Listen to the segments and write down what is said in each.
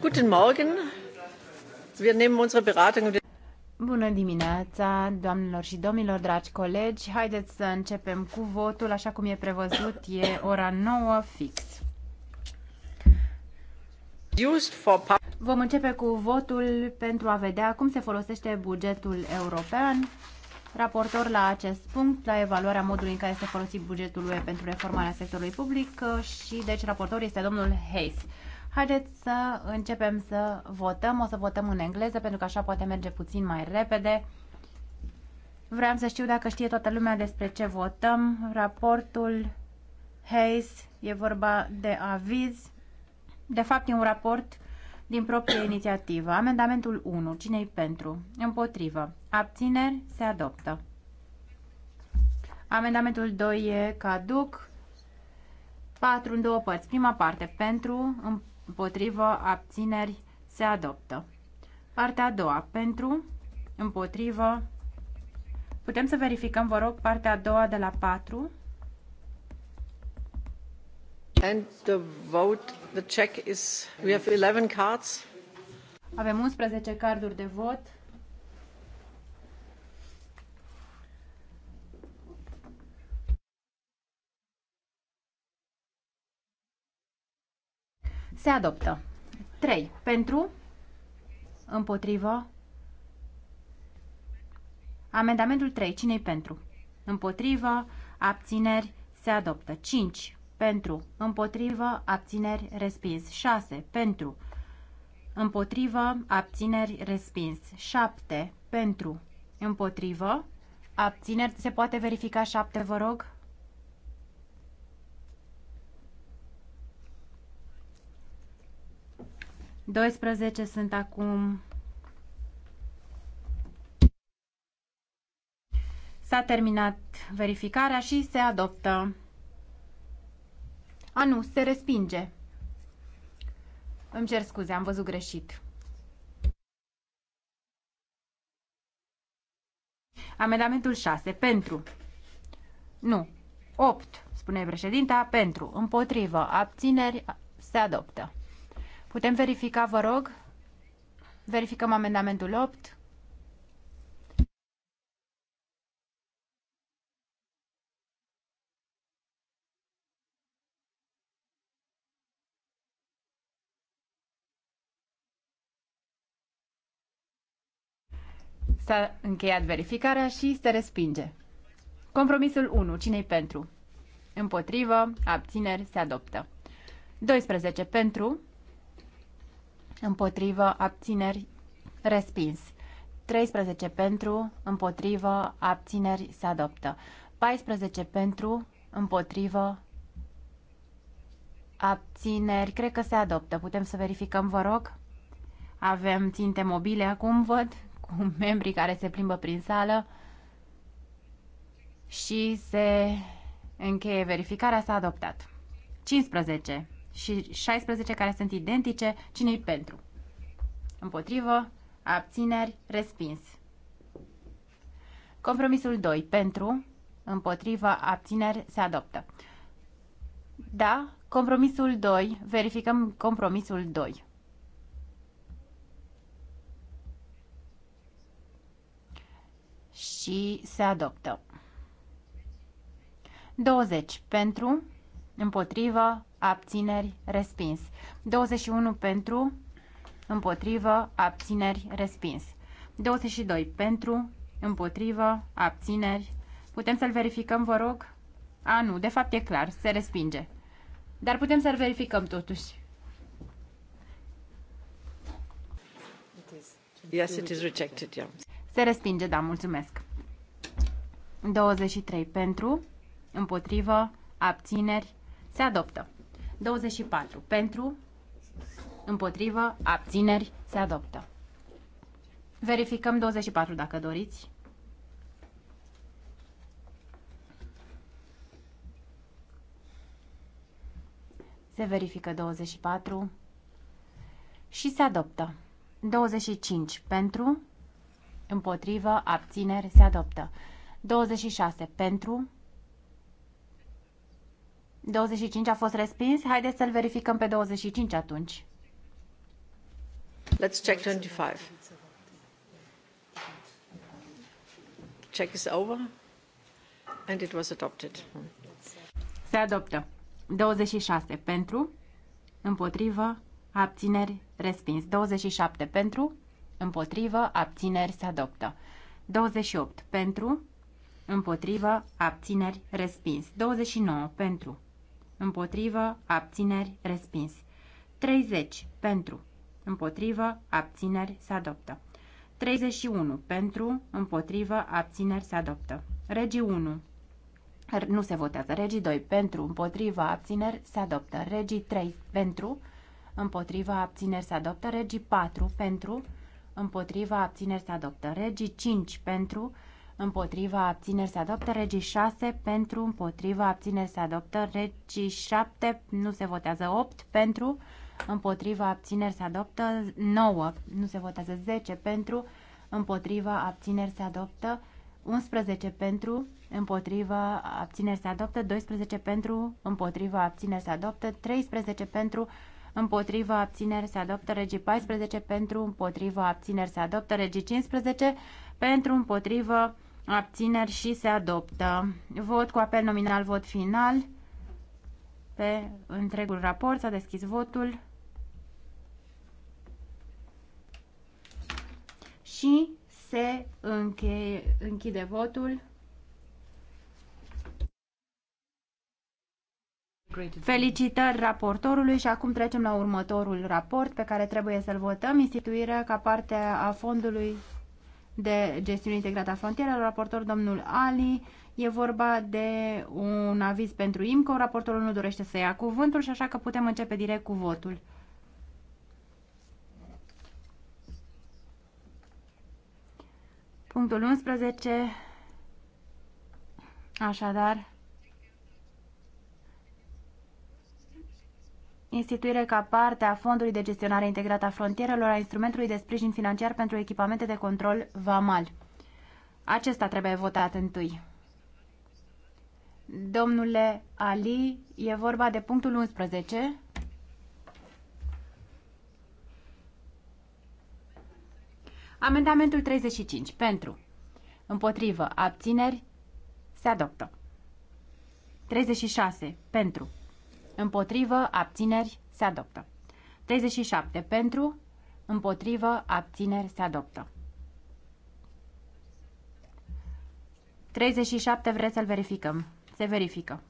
Guten Morgen. Wir nehmen unsere Beratung. Bună dimineața, doamnelor și domnilor, dragi colegi. Haideți să începem cu votul, așa cum e prevăzut, e ora 9 fix. Vom începe cu votul pentru a vedea cum se folosește bugetul european raportor la acest punct, la evaluarea modului în care este folosit bugetul UE pentru reformarea sectorului public uh, și deci raportor este domnul Hayes. Haideți să începem să votăm. O să votăm în engleză pentru că așa poate merge puțin mai repede. Vreau să știu dacă știe toată lumea despre ce votăm. Raportul Hayes e vorba de aviz. De fapt, e un raport din proprie inițiativă. Amendamentul 1. Cine-i pentru? Împotrivă. Abțineri? Se adoptă. Amendamentul 2 e caduc. 4 în două părți. Prima parte. Pentru, împotrivă, abțineri? Se adoptă. Partea a doua. Pentru, împotrivă, Putem să verificăm, vă rog, partea a doua de la 4. Avem unsprezece carduri de vot. Se adoptă. 3. Pentru, împotrivă, amendamentul 3. Cine-i pentru? Împotrivă, abțineri, se adoptă. 5 pentru, împotrivă, abțineri, respins. 6. Pentru, împotrivă, abțineri, respins. 7. Pentru, împotrivă, abțineri, se poate verifica 7, vă rog? Doisprezece sunt acum. S-a terminat verificarea și se adoptă. A, nu, se respinge. Îmi cer scuze, am văzut greșit. Amendamentul 6. Pentru. Nu. 8, spune președinta, pentru. Împotrivă. Abțineri. Se adoptă. Putem verifica, vă rog? Verificăm amendamentul 8. S-a încheiat verificarea și se respinge. Compromisul 1. cine pentru? Împotrivă, abțineri, se adoptă. 12. Pentru, împotrivă, abțineri, respins. 13 pentru, împotrivă, abțineri, se adoptă. 14 pentru, împotrivă, abțineri, cred că se adoptă. Putem să verificăm, vă rog? Avem ținte mobile acum, văd, membrii care se plimbă prin sală și se încheie verificarea, s-a adoptat. 15 și 16 care sunt identice, cine-i pentru? Împotrivă, abțineri, respins. Compromisul 2, pentru, împotrivă, abțineri, se adoptă. Da, compromisul 2, verificăm compromisul 2. și se adoptă. 20 pentru, împotrivă, abțineri, respins. 21 pentru, împotrivă, abțineri, respins. 22 pentru, împotrivă, abțineri. Putem să-l verificăm, vă rog? A, nu, de fapt e clar, se respinge. Dar putem să-l verificăm totuși. Yes, it is rejected, yeah. Se respinge, da, mulțumesc. 23 pentru, împotrivă, abțineri, se adoptă. 24 pentru, împotrivă, abțineri, se adoptă. Verificăm 24 dacă doriți. Se verifică 24 și se adoptă. 25 pentru, Împotrivă, abțineri, se adoptă. 26 pentru. 25 a fost respins. Haideți să-l verificăm pe 25 atunci. Let's check 25. Check is over and it was adopted. Se adoptă. 26 pentru, împotrivă, abțineri, respins. 27 pentru, Împotrivă, abțineri se adoptă. 28. Pentru. Împotrivă, abțineri, respins. 29. Pentru. Împotrivă, abțineri, respins. 30. Pentru. Împotrivă, abțineri, se adoptă. 31. Pentru, împotrivă, abțineri, se adoptă. Regi 1. Nu se votează. Regii 2. Pentru, împotrivă, abțineri, se adoptă. Regii 3. Er, pentru, împotrivă, abțineri, se adoptă. Regii 4. Pentru, împotriva, abțineri se adoptă. Regii 5 pentru, împotriva, abțineri se adoptă. Regii 6 pentru, împotriva, abțineri se adoptă. Regii 7 nu se votează. 8 pentru, împotriva, abțineri se adoptă. 9 nu se votează. 10 pentru, împotriva, abțineri se adoptă. 11 pentru, împotriva, abțineri se adoptă. 12 pentru, împotriva, abțineri se adoptă. 13 pentru, împotriva abțineri se adoptă, regii 14 pentru, împotriva abțineri se adoptă, regii 15 pentru, împotriva abțineri și se adoptă. Vot cu apel nominal, vot final. Pe întregul raport s-a deschis votul. Și se închide votul. Felicitări raportorului și acum trecem la următorul raport pe care trebuie să-l votăm, instituirea ca parte a Fondului de Gestiune Integrată a Frontierelor, raportor domnul Ali. E vorba de un aviz pentru IMCO, raportorul nu dorește să ia cuvântul și așa că putem începe direct cu votul. Punctul 11. Așadar, instituire ca parte a Fondului de Gestionare Integrată a Frontierelor a Instrumentului de Sprijin Financiar pentru Echipamente de Control VAMAL. Acesta trebuie votat întâi. Domnule Ali, e vorba de punctul 11. Amendamentul 35. Pentru. Împotrivă. Abțineri. Se adoptă. 36. Pentru. Împotrivă, abțineri, se adoptă. 37. Pentru, împotrivă, abțineri, se adoptă. 37. Vreți să-l verificăm? Se verifică.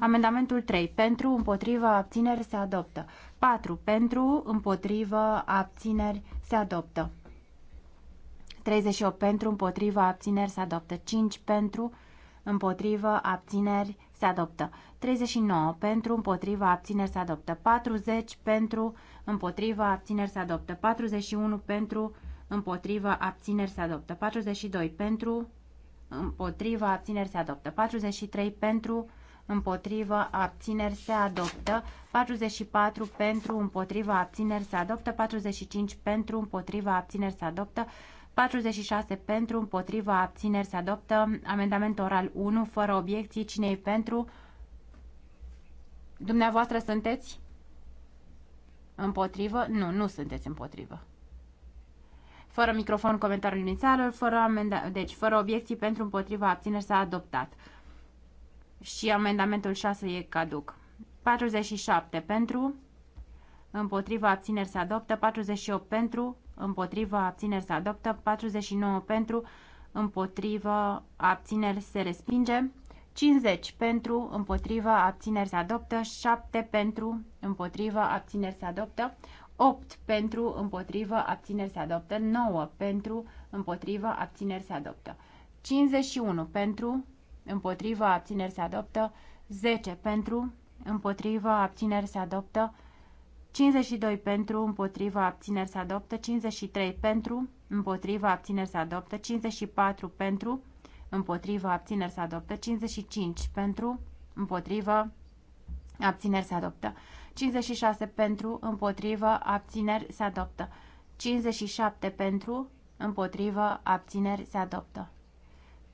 Amendamentul 3. Pentru, împotrivă, abțineri se adoptă. 4. Pentru, împotrivă, abțineri se adoptă. 38 pentru, împotrivă, abțineri se adoptă. 5 pentru, împotrivă, abțineri se adoptă. 39 pentru, împotrivă, abțineri se adoptă. 40 pentru, împotrivă, abțineri se adoptă. 41 pentru, împotrivă, abțineri se adoptă. 42 pentru, împotrivă, abțineri se adoptă. 43 pentru, împotrivă, abțineri se adoptă, 44 pentru, împotrivă, abțineri se adoptă, 45 pentru, împotrivă, abțineri se adoptă, 46 pentru, împotriva, abțineri se adoptă. Amendament oral 1, fără obiecții. cine e pentru? Dumneavoastră sunteți? Împotrivă? Nu, nu sunteți împotrivă. Fără microfon comentariul inițial, fără amenda deci fără obiecții pentru împotriva abțineri s-a adoptat. Și amendamentul 6 e caduc. 47 pentru, împotriva abțineri se adoptă, 48 pentru, împotrivă, abțineri se adoptă, 49 pentru, împotrivă, abțineri se respinge, 50 pentru, împotrivă, abțineri se adoptă, 7 pentru, împotrivă, abțineri se adoptă, 8 pentru, împotrivă, abțineri se adoptă, 9 pentru, împotrivă, abțineri se adoptă, 51 pentru, împotrivă, abțineri se adoptă, 10 pentru, împotrivă, abțineri se adoptă, 52 pentru, împotriva, abțineri se adoptă. 53 pentru, împotriva, abțineri se adoptă. 54 pentru, împotriva, abțineri se adoptă. 55 pentru, împotriva, abțineri se adoptă. 56 pentru, împotriva, abțineri se adoptă. 57 pentru, împotrivă, abțineri se adoptă.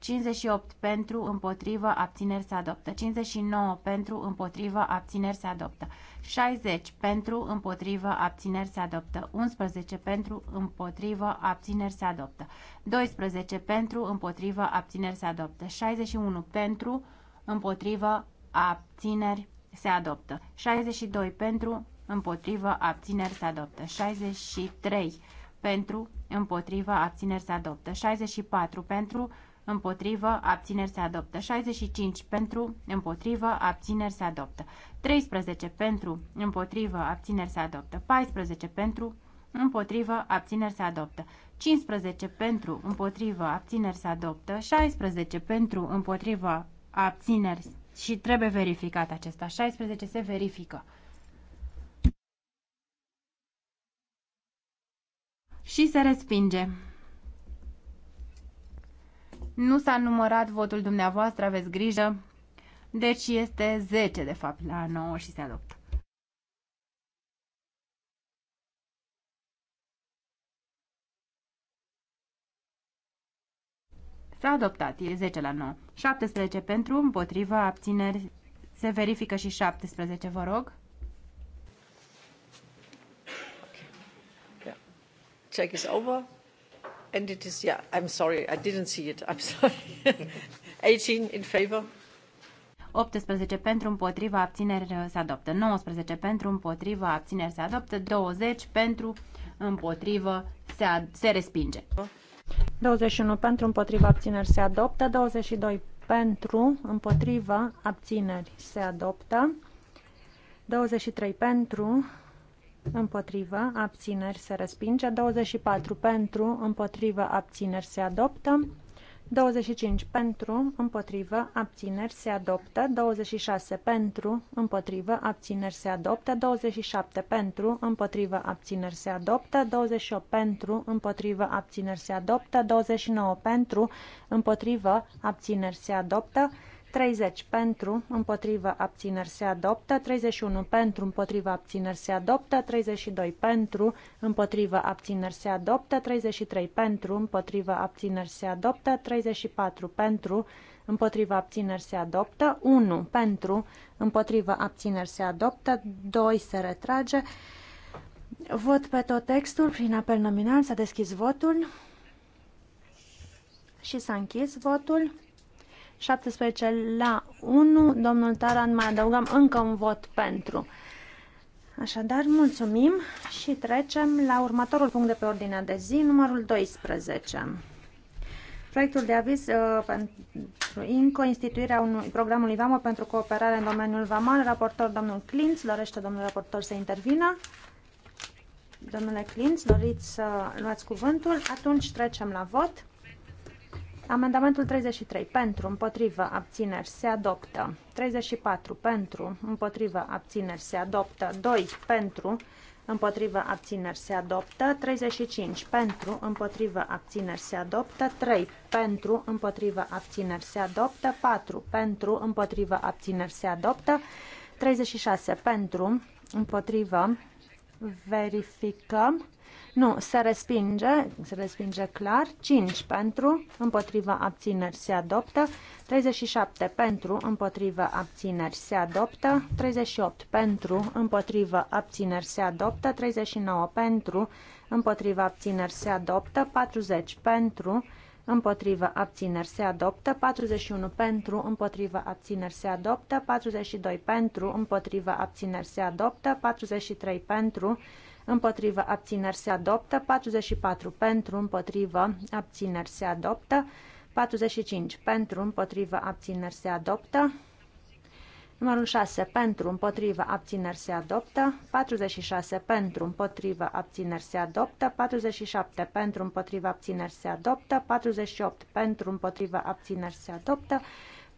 58 pentru, împotrivă, abțineri se adoptă. 59 pentru, împotrivă, abțineri se adoptă. 60 pentru, împotrivă, abțineri se adoptă. 11 pentru, împotrivă, abțineri se adoptă. 12 pentru, împotrivă, abțineri se adoptă. 61 pentru, împotrivă, abțineri se adoptă. 62 pentru, împotrivă, abțineri se adoptă. 63 pentru, împotrivă, abțineri se adoptă. 64 pentru, împotrivă, abțineri se adoptă. 65 pentru, împotrivă, abțineri se adoptă. 13 pentru, împotrivă, abțineri se adoptă. 14 pentru, împotrivă, abțineri se adoptă. 15 pentru, împotrivă, abțineri se adoptă. 16 pentru, împotrivă, abțineri și trebuie verificat acesta. 16 se verifică. Și se respinge. Nu s-a numărat votul dumneavoastră, aveți grijă. Deci este 10, de fapt, la 9 și se adoptă. S-a adoptat, e 10 la 9. 17 pentru, împotriva, abțineri, se verifică și 17, vă rog. Check is over and it is, yeah, I'm sorry, I didn't see it, I'm sorry. 18 in favor. 18 uh, pentru împotriva abțineri se adoptă, 19 pentru împotriva abțineri se adoptă, 20 pentru împotrivă se, ad- se respinge. 21 pentru împotriva abțineri se adoptă, 22 pentru împotriva abțineri se adoptă, 23 pentru împotrivă, abțineri se respinge, 24 pentru, împotrivă, abțineri se adoptă, 25 pentru, împotrivă, abțineri se adoptă, 26 pentru, împotrivă, abțineri se adoptă, 27 pentru, împotrivă, abțineri se adoptă, 28 pentru, împotrivă, abțineri se adoptă, 29 pentru, împotrivă, abțineri se adoptă, 30 pentru, împotrivă, abțineri se adoptă, 31 pentru, împotrivă, abțineri se adoptă, 32 pentru, împotrivă, abțineri se adoptă, 33 pentru, împotrivă, abțineri se adoptă, 34 pentru, împotrivă, abțineri se adoptă, 1 pentru, împotrivă, abțineri se adoptă, 2 se retrage. Vot pe tot textul, prin apel nominal s-a deschis votul și s-a închis votul. 17 la 1. Domnul Taran, mai adăugăm încă un vot pentru. Așadar, mulțumim și trecem la următorul punct de pe ordinea de zi, numărul 12. Proiectul de aviz uh, pentru INCO, instituirea unui programului VAMO pentru cooperare în domeniul VAMAL, raportor domnul Clinț, dorește domnul raportor să intervină. Domnule Clinț, doriți să luați cuvântul, atunci trecem la vot. Amendamentul 33. Pentru, împotrivă, abțineri, se adoptă. 34. Pentru, împotrivă, abțineri, se adoptă. 2. Pentru, împotrivă, abțineri, se adoptă. 35. Pentru, împotrivă, abțineri, se adoptă. 3. Pentru, împotrivă, abțineri, se adoptă. 4. Pentru, împotrivă, abțineri, se adoptă. 36. Pentru, împotrivă, verificăm. Nu, se respinge, se respinge clar. 5 pentru, împotriva abțineri se adoptă. 37 pentru, împotriva abțineri se adoptă. 38 pentru, împotriva abțineri se adoptă. 39 pentru, împotriva abțineri se adoptă. 40 pentru, împotriva abțineri se adoptă, 41 pentru, împotriva abțineri se adoptă, 42 pentru, împotriva abțineri se adoptă, 43 pentru, împotrivă, abțineri se adoptă, 44 pentru, împotrivă, abțineri se adoptă, 45 pentru, împotrivă, abțineri se adoptă, Numărul 6 pentru, împotrivă, abțineri se adoptă. 46 pentru, împotrivă, abțineri se adoptă. 47 pentru, împotrivă, abțineri se adoptă. 48 pentru, împotrivă, abțineri se adoptă.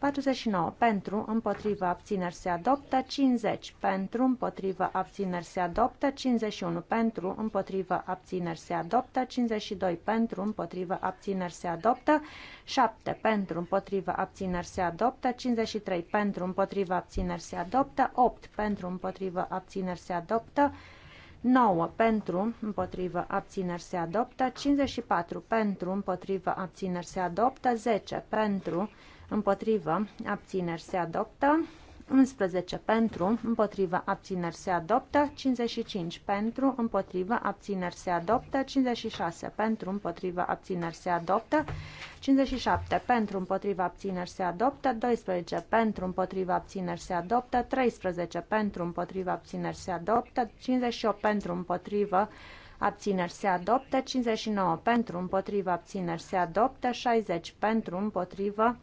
49 pentru, împotrivă, abțineri se adoptă, 50 pentru, împotrivă, abțineri se adoptă, 51 pentru, împotrivă, abțineri se adoptă, 52 pentru, împotrivă, abțineri se adoptă, 7 pentru, împotrivă, abțineri se adoptă, 53 pentru, împotrivă, abțineri se adoptă, 8 pentru, împotrivă, abțineri se adoptă, 9 pentru, împotrivă, abțineri se adoptă, 54 pentru, împotrivă, abțineri se adoptă, 10 pentru, împotrivă, abțineri se adoptă. 11 pentru, împotrivă, abțineri se adoptă, 55 pentru, împotrivă, abțineri se adoptă, 56 pentru, împotrivă, abțineri se adoptă, 57 pentru, împotrivă, abțineri se adoptă, 12 pentru, împotrivă, abțineri se adoptă, 13 pentru, împotrivă, abțineri se adoptă, 58 pentru, împotrivă, abțineri se adoptă, 59 pentru, împotrivă, abțineri se adoptă, 60 pentru, împotrivă,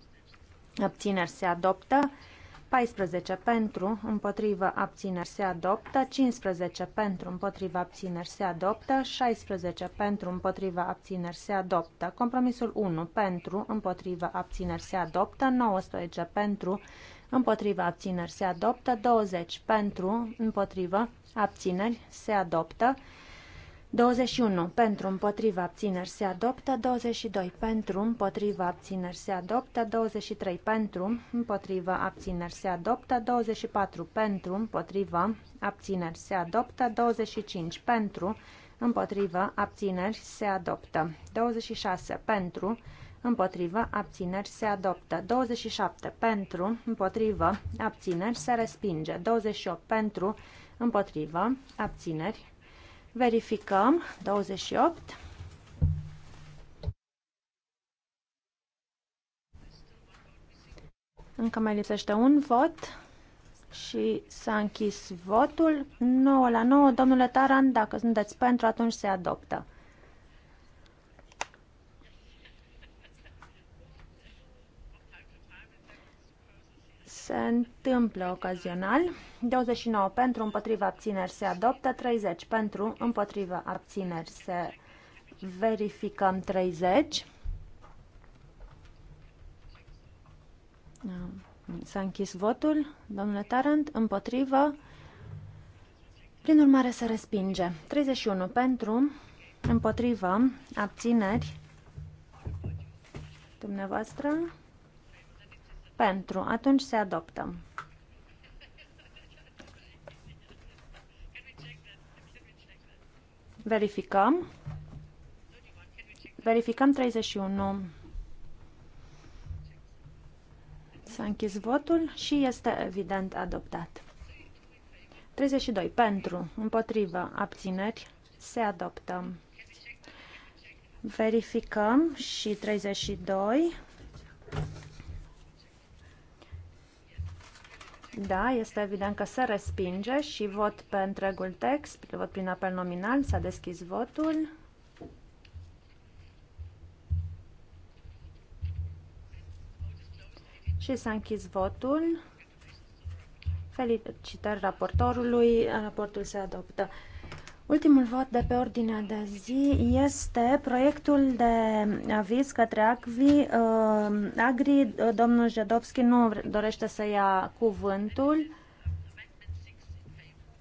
abțineri se adoptă, 14 pentru, împotrivă abțineri se adoptă, 15 pentru, împotrivă, abțineri se adoptă, 16 pentru, împotrivă, abțineri se adoptă, compromisul 1 pentru, împotrivă, abțineri se adoptă, 19 pentru, împotrivă, abțineri se adoptă, 20 pentru, împotrivă, abțineri se adoptă, 21 pentru împotriva abțineri se adoptă, 22 pentru împotriva abțineri se adoptă, 23 pentru împotriva abțineri se adoptă, 24 pentru împotriva abțineri se adoptă, 25 pentru împotriva abțineri se adoptă, 26 pentru împotriva abțineri se adoptă, 27 pentru împotriva abțineri se respinge, 28 pentru împotriva abțineri Verificăm. 28. Încă mai lipsește un vot și s-a închis votul. 9 la 9, domnule Taran, dacă sunteți pentru, atunci se adoptă. se întâmplă ocazional. 29 pentru, împotriva abțineri se adoptă, 30 pentru, împotriva abțineri se verificăm 30. S-a închis votul, domnule Tarant, împotrivă. Prin urmare se respinge. 31 pentru, împotrivă, abțineri. Dumneavoastră? Pentru. Atunci se adoptă. Verificăm. Verificăm 31. S-a închis votul și este evident adoptat. 32. Pentru, împotrivă, abțineri, se adoptă. Verificăm și 32. Da, este evident că se respinge și vot pe întregul text, vot prin apel nominal, s-a deschis votul. Și s-a închis votul. Felicitări raportorului, raportul se adoptă. Ultimul vot de pe ordinea de zi este proiectul de aviz către ACVI. Uh, Agri, uh, domnul Jedovski nu dorește să ia cuvântul.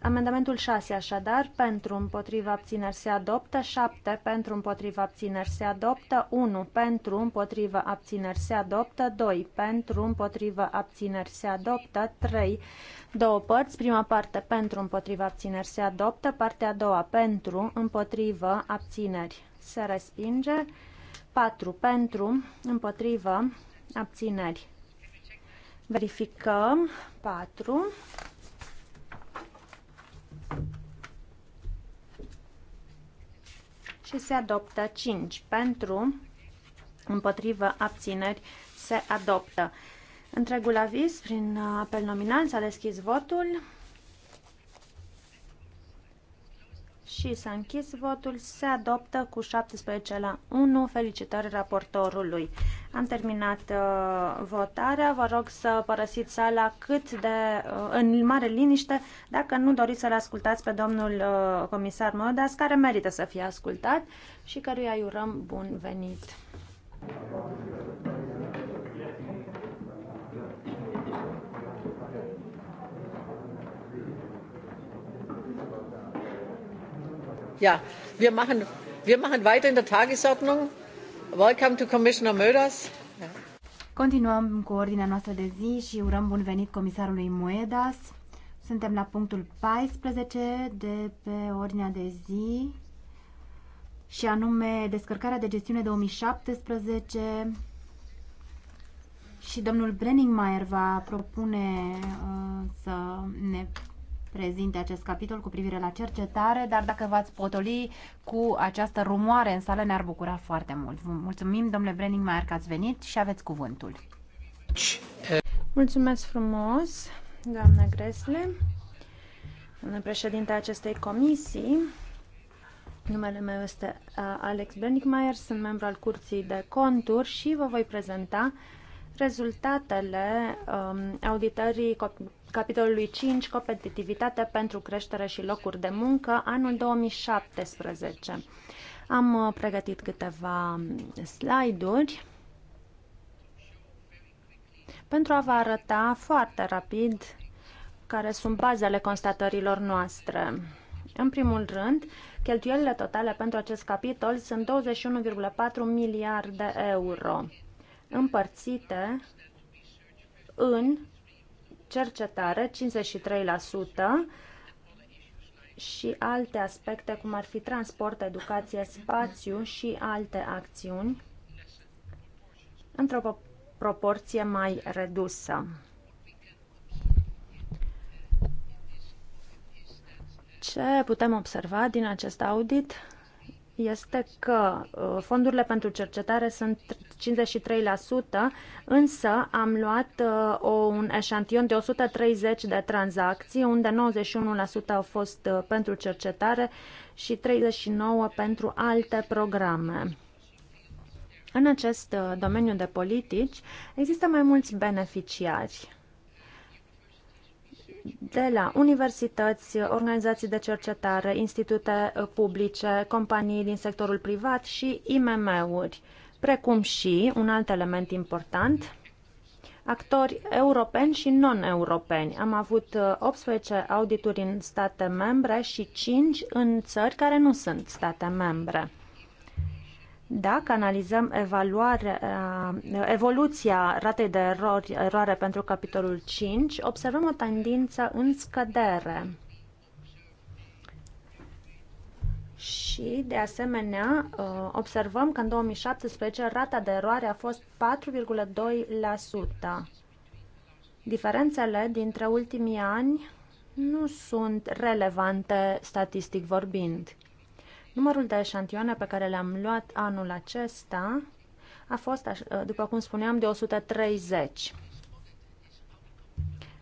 Amendamentul 6, așadar, pentru împotriva abțineri se adoptă, 7 pentru împotriva abțineri se adoptă, 1 pentru împotriva abțineri se adoptă, 2 pentru împotriva abțineri se adoptă, 3 Două părți, prima parte pentru, împotriva, abțineri se adoptă, partea a doua pentru, împotriva, abțineri se respinge, 4 pentru, împotriva, abțineri. Verificăm, 4. și se adoptă 5 pentru, împotrivă abțineri se adoptă. Întregul aviz, prin uh, apel nominal, s-a deschis votul și s-a închis votul. Se adoptă cu 17 la 1. Felicitări raportorului. Am terminat uh, votarea. Vă rog să părăsiți sala cât de uh, în mare liniște, dacă nu doriți să-l ascultați pe domnul uh, comisar Mădas, care merită să fie ascultat și căruia îi urăm bun venit. Ja, wir machen, wir machen weiter in der Tagesordnung. Welcome to Commissioner Möders. Continuăm cu ordinea noastră de zi și urăm bun venit comisarului Moedas. Suntem la punctul 14 de pe ordinea de zi și anume descărcarea de gestiune 2017 și domnul Brenningmeier va propune uh, prezinte acest capitol cu privire la cercetare, dar dacă v-ați potoli cu această rumoare în sală, ne-ar bucura foarte mult. Vă mulțumim, domnule Brenningmeier, că ați venit și aveți cuvântul. Mulțumesc frumos, doamna Gresle, domnule președinte acestei comisii. Numele meu este uh, Alex Brenningmeier, sunt membru al Curții de Conturi și vă voi prezenta uh, rezultatele um, auditării capitolului 5, competitivitate pentru creștere și locuri de muncă, anul 2017. Am uh, pregătit câteva slide-uri pentru a vă arăta foarte rapid care sunt bazele constatărilor noastre. În primul rând, cheltuielile totale pentru acest capitol sunt 21,4 miliarde euro împărțite în cercetare 53% și alte aspecte cum ar fi transport, educație, spațiu și alte acțiuni într-o proporție mai redusă. Ce putem observa din acest audit este că uh, fondurile pentru cercetare sunt 53 însă am luat uh, o, un eșantion de 130 de tranzacții, unde 91% au fost uh, pentru cercetare și 39% pentru alte programe. În acest uh, domeniu de politici există mai mulți beneficiari de la universități, organizații de cercetare, institute publice, companii din sectorul privat și IMM-uri precum și un alt element important, actori europeni și non-europeni. Am avut 18 uh, audituri în state membre și 5 în țări care nu sunt state membre. Dacă analizăm evaluare, uh, evoluția ratei de erori, eroare pentru capitolul 5, observăm o tendință în scădere. Și, de asemenea, uh, observăm că în 2017 rata de eroare a fost 4,2%. Diferențele dintre ultimii ani nu sunt relevante statistic vorbind. Numărul de eșantioane pe care le-am luat anul acesta a fost, după cum spuneam, de 130.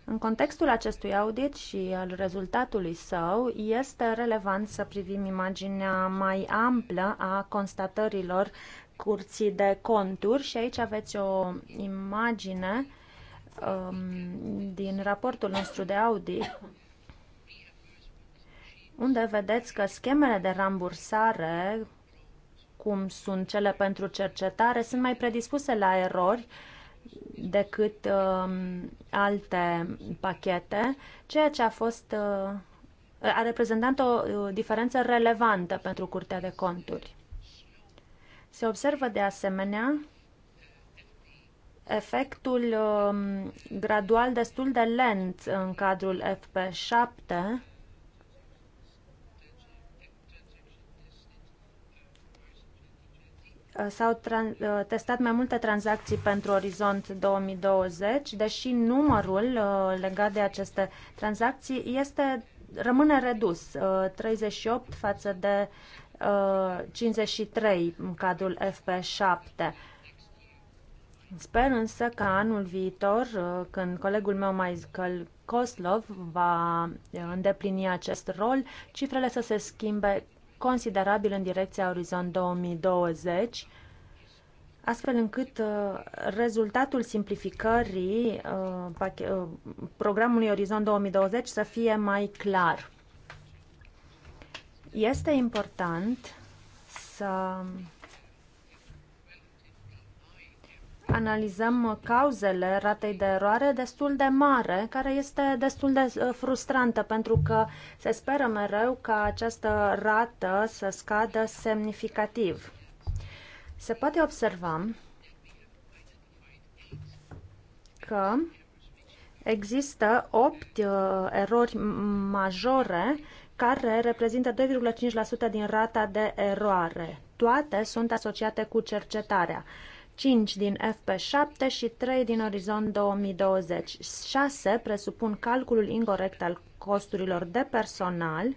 În contextul acestui audit și al rezultatului său, este relevant să privim imaginea mai amplă a constatărilor curții de conturi și aici aveți o imagine um, din raportul nostru de audit unde vedeți că schemele de rambursare, cum sunt cele pentru cercetare, sunt mai predispuse la erori uh, decât uh, alte pachete, ceea ce a fost uh, a reprezentat o diferență relevantă pentru Curtea de Conturi. Se observă de asemenea efectul um, gradual destul de lent în cadrul FP7 s-au uh, testat mai multe tranzacții pentru Orizont 2020, deși numărul uh, legat de aceste tranzacții este rămâne redus, 38 uh, față de 53 în cadrul FP7. Sper însă că anul viitor, când colegul meu Michael Koslov va îndeplini acest rol, cifrele să se schimbe considerabil în direcția Orizont 2020, astfel încât uh, rezultatul simplificării uh, uh, programului Orizont 2020 să fie mai clar. Este important să analizăm cauzele ratei de eroare destul de mare, care este destul de uh, frustrantă, pentru că se speră mereu ca această rată să scadă semnificativ. Se poate observa că există 8 uh, erori majore care reprezintă 2,5% din rata de eroare. Toate sunt asociate cu cercetarea. 5 din FP7 și 3 din Orizont 2020. 6 presupun calculul incorrect al costurilor de personal.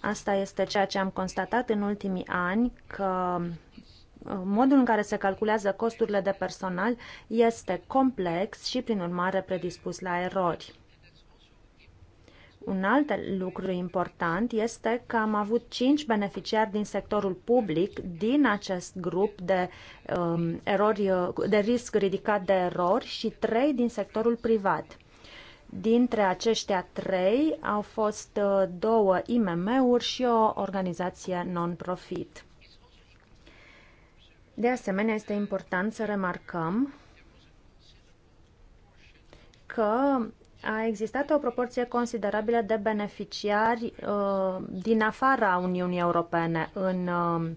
Asta este ceea ce am constatat în ultimii ani, că uh, modul în care se calculează costurile de personal este complex și, prin urmare, predispus la erori. Un alt lucru important este că am avut cinci beneficiari din sectorul public din acest grup de, um, erori, de risc ridicat de erori și trei din sectorul privat. Dintre aceștia trei au fost uh, două IMM-uri și o organizație non-profit. De asemenea, este important să remarcăm că a existat o proporție considerabilă de beneficiari uh, din afara Uniunii Europene în uh,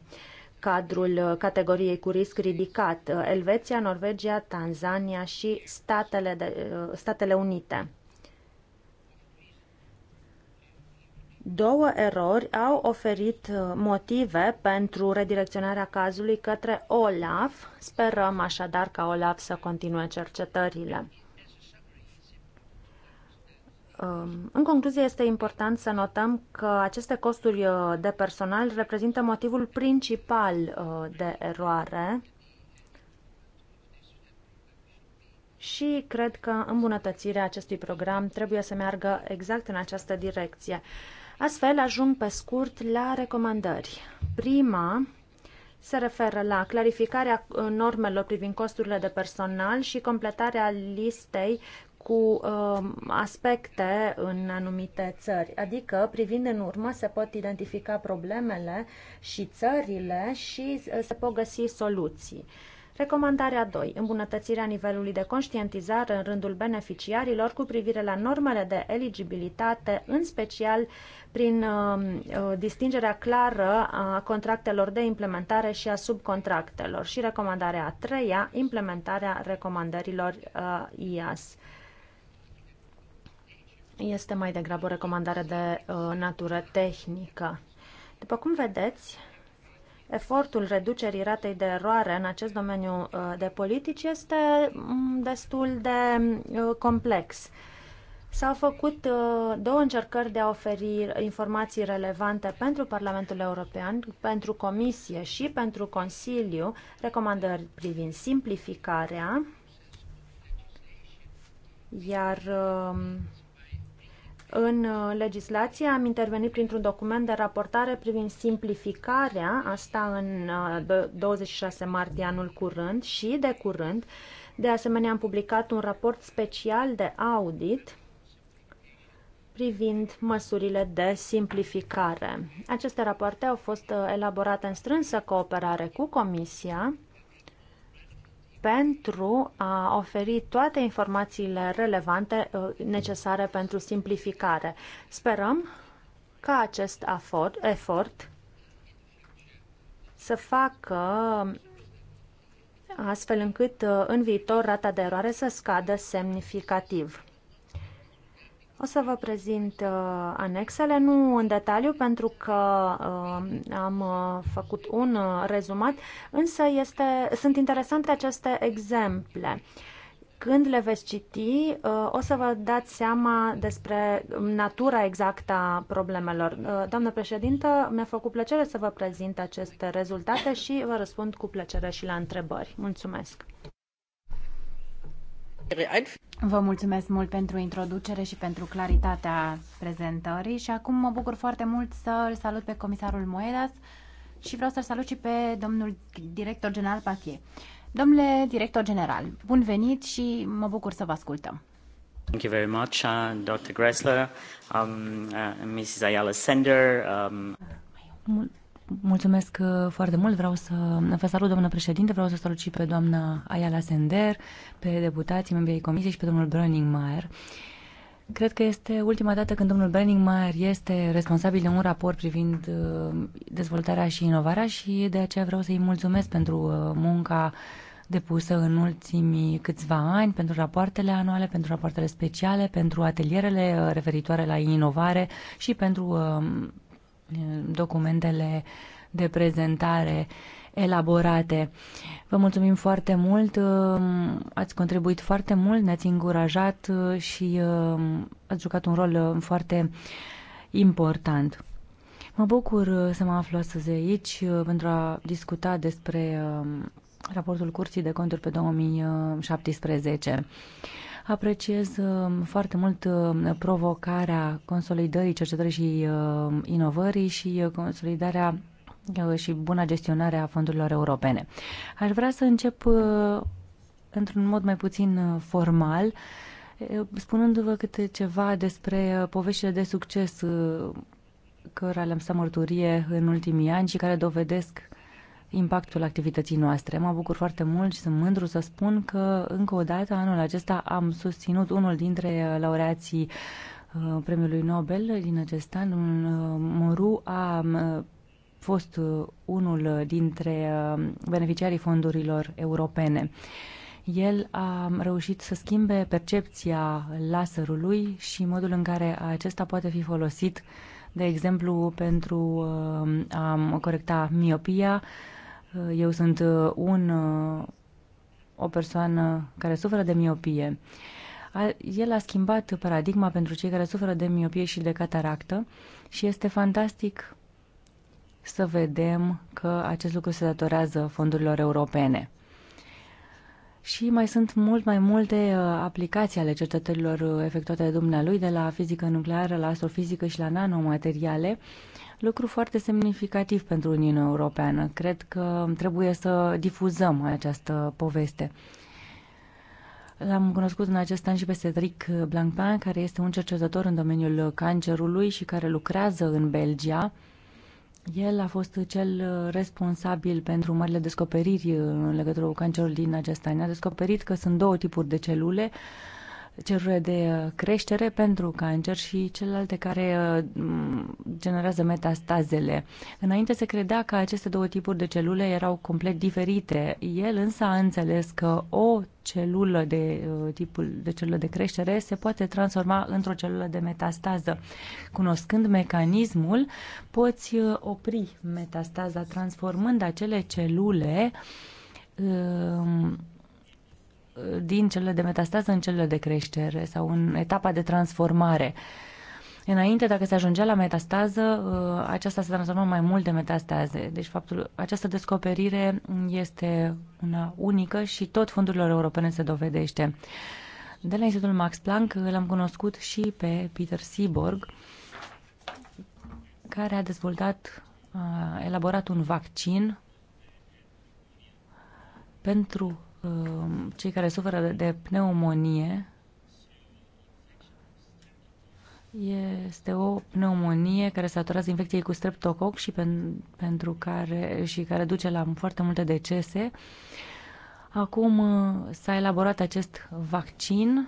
cadrul categoriei cu risc ridicat, uh, Elveția, Norvegia, Tanzania și Statele, de, Statele Unite. Două erori au oferit motive pentru redirecționarea cazului către OLAF. Sperăm așadar ca OLAF să continue cercetările. Um, în concluzie, este important să notăm că aceste costuri uh, de personal reprezintă motivul principal uh, de eroare și cred că îmbunătățirea acestui program trebuie să meargă exact în această direcție. Astfel, ajung pe scurt la recomandări. Prima se referă la clarificarea uh, normelor privind costurile de personal și completarea listei cu uh, aspecte în anumite țări. Adică, privind în urmă, se pot identifica problemele și țările și uh, se pot găsi soluții. Recomandarea 2. Îmbunătățirea nivelului de conștientizare în rândul beneficiarilor cu privire la normele de eligibilitate, în special prin um, uh, distingerea clară a contractelor de implementare și a subcontractelor. Și recomandarea a treia, implementarea recomandărilor uh, IAS este mai degrabă o recomandare de uh, natură tehnică. După cum vedeți, efortul reducerii ratei de eroare în acest domeniu uh, de politici este um, destul de uh, complex. S-au făcut uh, două încercări de a oferi informații relevante pentru Parlamentul European, pentru Comisie și pentru Consiliu, recomandări privind simplificarea, iar uh, în uh, legislație. Am intervenit printr-un document de raportare privind simplificarea, asta în 26 uh, martie anul curând și de curând. De asemenea, am publicat un raport special de audit privind măsurile de simplificare. Aceste rapoarte au fost uh, elaborate în strânsă cooperare cu Comisia pentru a oferi toate informațiile relevante uh, necesare pentru simplificare. Sperăm ca acest efort, să facă astfel încât uh, în viitor rata de eroare să scadă semnificativ. O să vă prezint uh, anexele, nu în detaliu, pentru că uh, am uh, făcut un uh, rezumat, însă este, sunt interesante aceste exemple. Când le veți citi, uh, o să vă dați seama despre natura exactă a problemelor. Uh, doamnă președintă, mi-a făcut plăcere să vă prezint aceste rezultate și vă răspund cu plăcere și la întrebări. Mulțumesc! Vă mulțumesc mult pentru introducere și pentru claritatea prezentării și acum mă bucur foarte mult să îl salut pe comisarul Moedas și vreau să-l salut și pe domnul director general Patie. Domnule director general, bun venit și mă bucur să vă ascultăm. Thank you very much, uh, Dr. Gressler, um, uh, Mrs. Ayala Sender. Um... Mulțumesc uh, foarte mult. Vreau să vă salut, doamnă președinte, vreau să salut și pe doamna Ayala Sender, pe deputații, membrii comisiei și pe domnul Browning Mayer. Cred că este ultima dată când domnul Browning Mayer este responsabil de un raport privind uh, dezvoltarea și inovarea și de aceea vreau să-i mulțumesc pentru uh, munca depusă în ultimii câțiva ani, pentru rapoartele anuale, pentru rapoartele speciale, pentru atelierele referitoare la inovare și pentru documentele de prezentare elaborate. Vă mulțumim foarte mult, uh, ați contribuit foarte mult, ne-ați încurajat uh, și uh, ați jucat un rol foarte important. Mă bucur să mă aflu astăzi aici pentru a discuta despre raportul Curții de Conturi pe 2017. Apreciez uh, foarte mult uh, provocarea consolidării cercetării și uh, inovării și consolidarea și buna gestionare a fondurilor europene. Aș vrea să încep într-un mod mai puțin formal, spunându-vă câte ceva despre poveștile de succes cărora le-am stat mărturie în ultimii ani și care dovedesc impactul activității noastre. Mă bucur foarte mult și sunt mândru să spun că încă o dată anul acesta am susținut unul dintre uh, laureații uh, premiului Nobel din acest an. Uh, Moru a um, fost unul dintre beneficiarii fondurilor europene. El a um, reușit să schimbe percepția laserului și modul în care acesta poate fi folosit, de exemplu, pentru a um, corecta miopia, Uh, eu sunt uh, un, uh, o persoană care suferă de miopie. El a schimbat paradigma pentru cei care suferă de miopie și de cataractă și este fantastic să vedem că acest lucru se datorează fondurilor europene. Și mai sunt mult mai multe aplicații ale cercetărilor efectuate de dumnealui, de la fizică nucleară la astrofizică și la nanomateriale, lucru foarte semnificativ pentru Uniunea Europeană. Cred că trebuie să difuzăm această poveste. L-am cunoscut în acest an și pe Cedric Blancpain, care este un cercetător în domeniul cancerului și care lucrează în Belgia. El a fost cel responsabil pentru marile descoperiri în legătură cu cancerul din acest an. A descoperit că sunt două tipuri de celule, uh, cerurile de uh, creștere pentru cancer și celelalte care uh, generează metastazele. Înainte se credea că aceste două tipuri de celule erau complet diferite. El însă a înțeles că o celulă de uh, tipul de celulă de creștere se poate transforma într-o celulă de metastază. Cunoscând mecanismul, poți opri metastaza transformând acele celule um, din cele de metastază în cele de creștere sau în etapa de transformare. Înainte, dacă se ajungea la metastază, ă, aceasta se transforma mai mult de metastaze. Deci, faptul, această descoperire este una unică și tot fondurilor europene se dovedește. De la Institutul Max Planck l-am cunoscut și pe Peter Seaborg, care a dezvoltat, a elaborat un vaccin pentru Um, cei care suferă de pneumonie este o pneumonie care se datorează infecției cu streptococ și pen, pentru care și care duce la foarte multe decese. Acum uh, s-a elaborat acest vaccin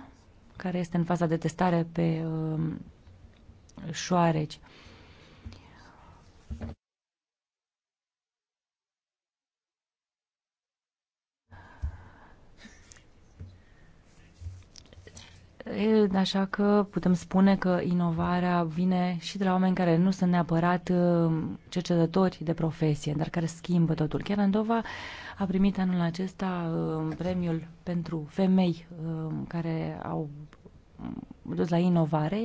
care este în faza de testare pe um, șoareci. Așa că putem spune că inovarea vine și de la oameni care nu sunt neapărat uh, cercetători de profesie, dar care schimbă totul. Chiar Andova a primit anul acesta uh, premiul pentru femei uh, care au mm, dus la inovare.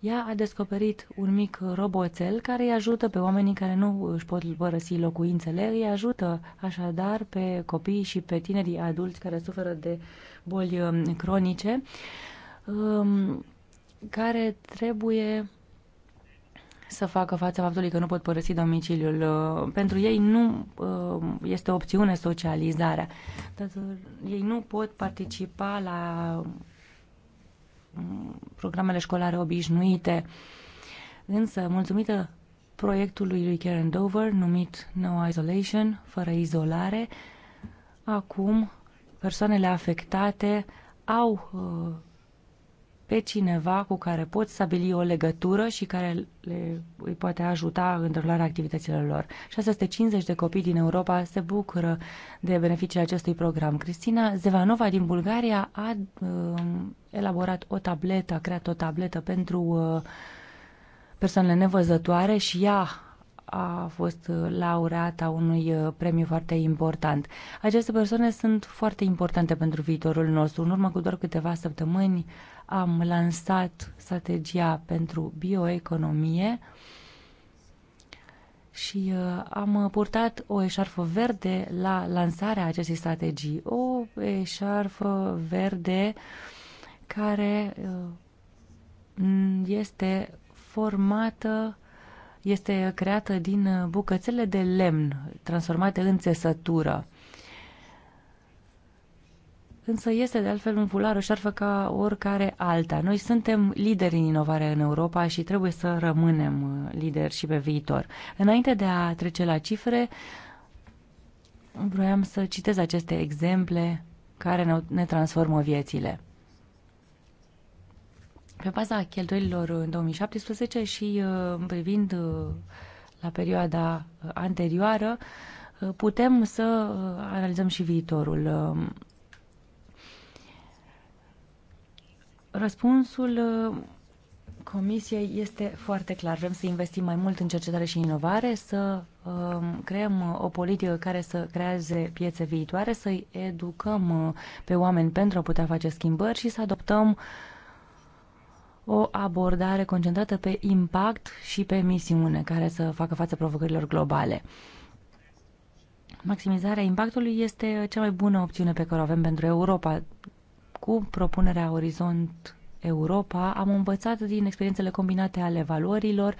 Ea a descoperit un mic roboțel care îi ajută pe oamenii care nu își pot părăsi locuințele, îi ajută așadar pe copii și pe tinerii adulți care suferă de boli cronice Um, care trebuie să facă față faptului că nu pot părăsi domiciliul. Uh, pentru ei nu um, este o opțiune socializarea. ei nu pot participa la um, programele școlare obișnuite. Însă, mulțumită proiectului lui Karen Dover, numit No Isolation, fără izolare, acum persoanele afectate au uh, pe cineva cu care pot stabili o legătură și care le, îi poate ajuta în derularea activităților lor. 650 de copii din Europa se bucură de beneficiile acestui program. Cristina Zevanova din Bulgaria a uh, elaborat o tabletă, a creat o tabletă pentru uh, persoanele nevăzătoare și ea a fost uh, laureata unui uh, premiu foarte important. Aceste persoane sunt foarte importante pentru viitorul nostru. În urmă cu doar câteva săptămâni am lansat strategia pentru bioeconomie și uh, am purtat o eșarfă verde la lansarea acestei strategii. O eșarfă verde care uh, este formată, este creată din uh, bucățele de lemn transformate în țesătură însă este de altfel un fular o șarfă ca oricare alta. Noi suntem lideri în inovare în Europa și trebuie să rămânem uh, lideri și pe viitor. Înainte de a trece la cifre, vroiam să citez aceste exemple care ne transformă viețile. Pe baza cheltuielilor în 2017 și uh, privind uh, la perioada anterioară, putem să analizăm și viitorul. Um, Răspunsul uh, Comisiei este foarte clar. Vrem să investim mai mult în cercetare și inovare, să um, creăm uh, o politică care să creeze piețe viitoare, să educăm uh, pe oameni pentru a putea face schimbări și să adoptăm o abordare concentrată pe impact și pe misiune, care să facă față provocărilor globale. Maximizarea impactului este cea mai bună opțiune pe care o avem pentru Europa cu propunerea Orizont Europa am învățat din experiențele combinate ale valorilor,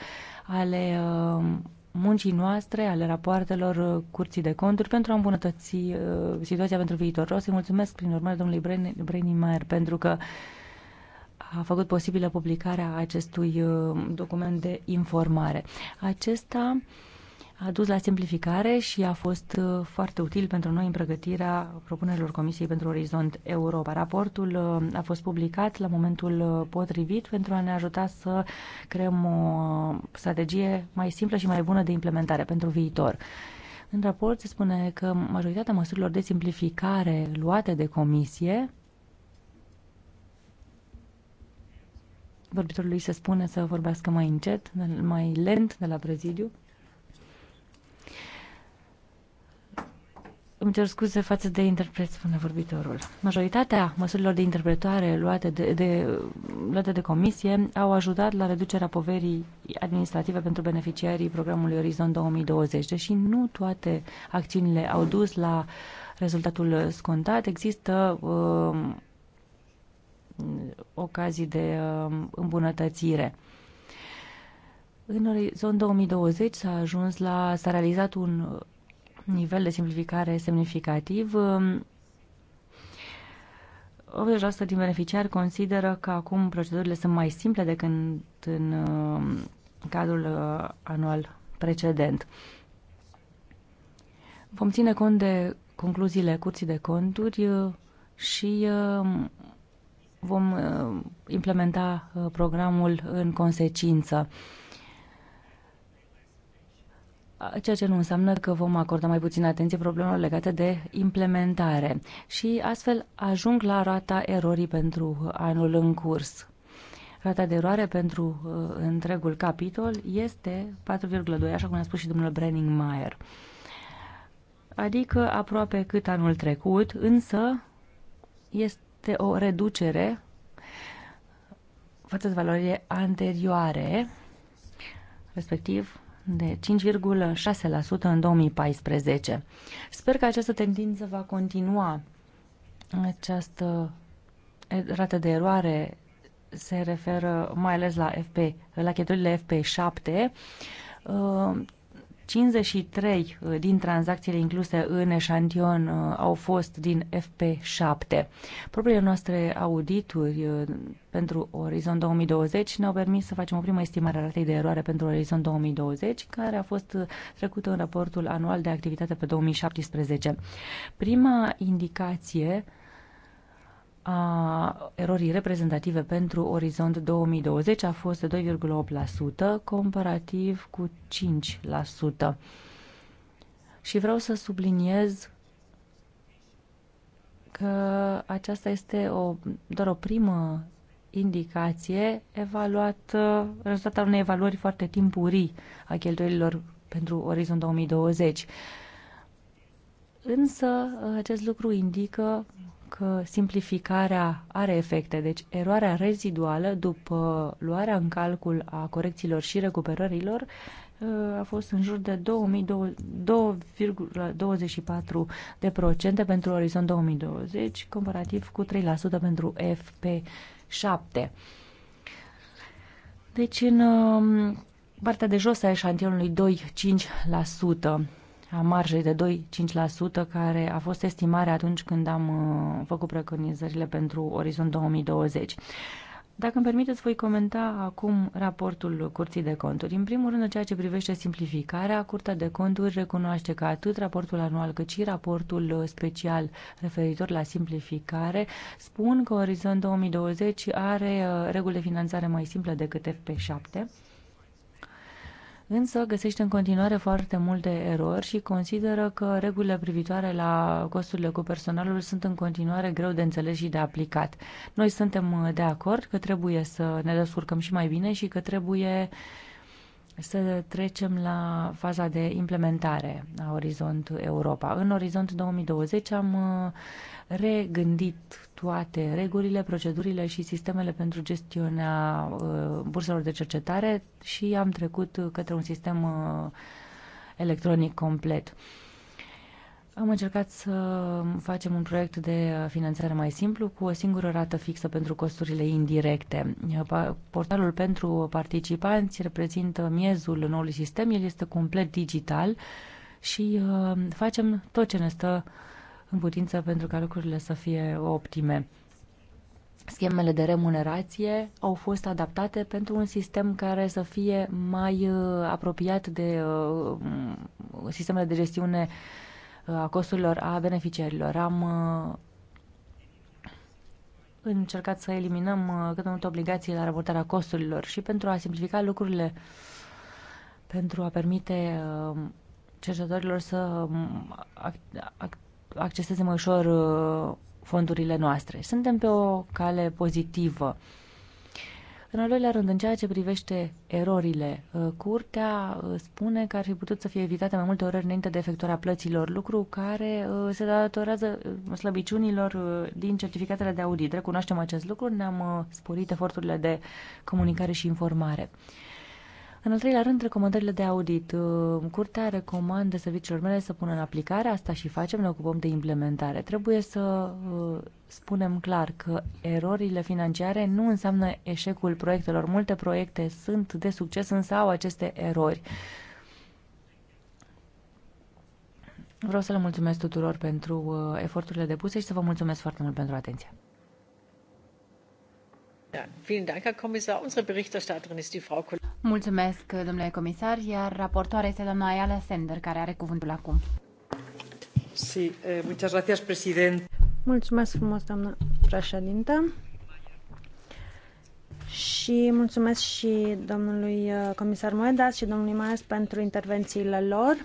ale uh, muncii noastre, ale rapoartelor uh, curții de conturi pentru a îmbunătăți uh, situația pentru viitor. Vreau să mulțumesc prin urmare domnului mayer pentru că a făcut posibilă publicarea acestui document de informare. Acesta a dus la simplificare și a fost uh, foarte util pentru noi în pregătirea propunerilor Comisiei pentru Orizont Europa. Raportul uh, a fost publicat la momentul uh, potrivit pentru a ne ajuta să creăm o strategie mai simplă și mai bună de implementare pentru viitor. În raport se spune că majoritatea măsurilor de simplificare luate de Comisie vorbitorului se spune să vorbească mai încet, mai lent de la prezidiu. Îmi cer scuze față de interpret, spune vorbitorul. Majoritatea măsurilor de interpretare luate de, de, luate de comisie au ajutat la reducerea poverii administrative pentru beneficiarii programului Orizont 2020, deși nu toate acțiunile au dus la rezultatul scontat. Există uh, ocazii de uh, îmbunătățire. În orizont 2020 s-a ajuns la, s-a realizat un nivel de simplificare semnificativ. 80% din beneficiari consideră că acum procedurile sunt mai simple decât în, uh, cadrul uh, anual precedent. Vom ține cont de concluziile Curții de Conturi uh, și vom implementa programul în consecință ceea ce nu înseamnă că vom acorda mai puțin atenție problemelor legate de implementare și astfel ajung la rata erorii pentru anul în curs. Rata de eroare pentru uh, întregul capitol este 4,2, așa cum a spus și domnul Brenning Mayer. Adică aproape cât anul trecut, însă este o reducere față de valorile anterioare, respectiv de 5,6% în 2014. Sper că această tendință va continua. Această rată de eroare se referă mai ales la, FP, la cheltuielile FP7, 53 uh, din tranzacțiile incluse în eșantion uh, au fost din FP7. Propriile noastre audituri uh, pentru Orizont 2020 ne-au permis să facem o primă estimare a ratei de eroare pentru Orizont 2020, care a fost trecută în raportul anual de activitate pe 2017. Prima indicație a erorii reprezentative pentru Orizont 2020 a fost de 2,8% comparativ cu 5%. Și vreau să subliniez că aceasta este o, doar o primă indicație evaluată, rezultatul unei evaluări foarte timpurii a cheltuielilor pentru Orizont 2020. Însă acest lucru indică că simplificarea are efecte, deci eroarea reziduală după luarea în calcul a corecțiilor și recuperărilor uh, a fost în jur de 2,24% pentru orizont 2020, comparativ cu 3% pentru FP7. Deci în um, partea de jos a eșantionului 2,5% a marjei de 2-5% care a fost estimarea atunci când am uh, făcut preconizările pentru Orizont 2020. Dacă îmi permiteți, voi comenta acum raportul Curții de Conturi. În primul rând, în ceea ce privește simplificarea, Curtea de Conturi recunoaște că atât raportul anual cât și raportul uh, special referitor la simplificare spun că Orizont 2020 are uh, reguli de finanțare mai simple decât FP7 însă găsește în continuare foarte multe erori și consideră că regulile privitoare la costurile cu personalul sunt în continuare greu de înțeles și de aplicat. Noi suntem de acord că trebuie să ne descurcăm și mai bine și că trebuie să trecem la faza de implementare a Orizont Europa. În Orizont 2020 am uh, regândit toate regulile, procedurile și sistemele pentru gestiunea uh, burselor de cercetare și am trecut către un sistem uh, electronic complet. Am încercat să facem un proiect de finanțare mai simplu cu o singură rată fixă pentru costurile indirecte. Portalul pentru participanți reprezintă miezul noului sistem, el este complet digital și uh, facem tot ce ne stă în putință pentru ca lucrurile să fie optime. Schemele de remunerație au fost adaptate pentru un sistem care să fie mai uh, apropiat de uh, sistemele de gestiune uh, a costurilor a beneficiarilor. Am uh, încercat să eliminăm uh, cât de multe obligații la raportarea costurilor și pentru a simplifica lucrurile, pentru a permite uh, cercetătorilor să um, acceseze mai ușor fondurile noastre. Suntem pe o cale pozitivă. În al doilea rând, în ceea ce privește erorile, uh, curtea uh, spune că ar fi putut să fie evitate mai multe orări înainte de efectuarea plăților, lucru care uh, se datorează slăbiciunilor din certificatele de audit. Recunoaștem acest lucru, ne-am sporit eforturile de comunicare și informare. În al treilea rând, recomandările de audit. Uh, curtea recomandă serviciilor mele să pună în aplicare, asta și facem, ne ocupăm de implementare. Trebuie să uh, spunem clar că erorile financiare nu înseamnă eșecul proiectelor. Multe proiecte sunt de succes, însă au aceste erori. Vreau să le mulțumesc tuturor pentru uh, eforturile depuse și să vă mulțumesc foarte mult pentru atenție. Mulțumesc, domnule comisar, iar raportoarea este doamna Ayala Sender, care are cuvântul acum. Sí, eh, muchas gracias, president. Mulțumesc frumos, doamna președintă. Și mulțumesc și domnului eh, comisar Moedas și domnului Maes pentru intervențiile lor.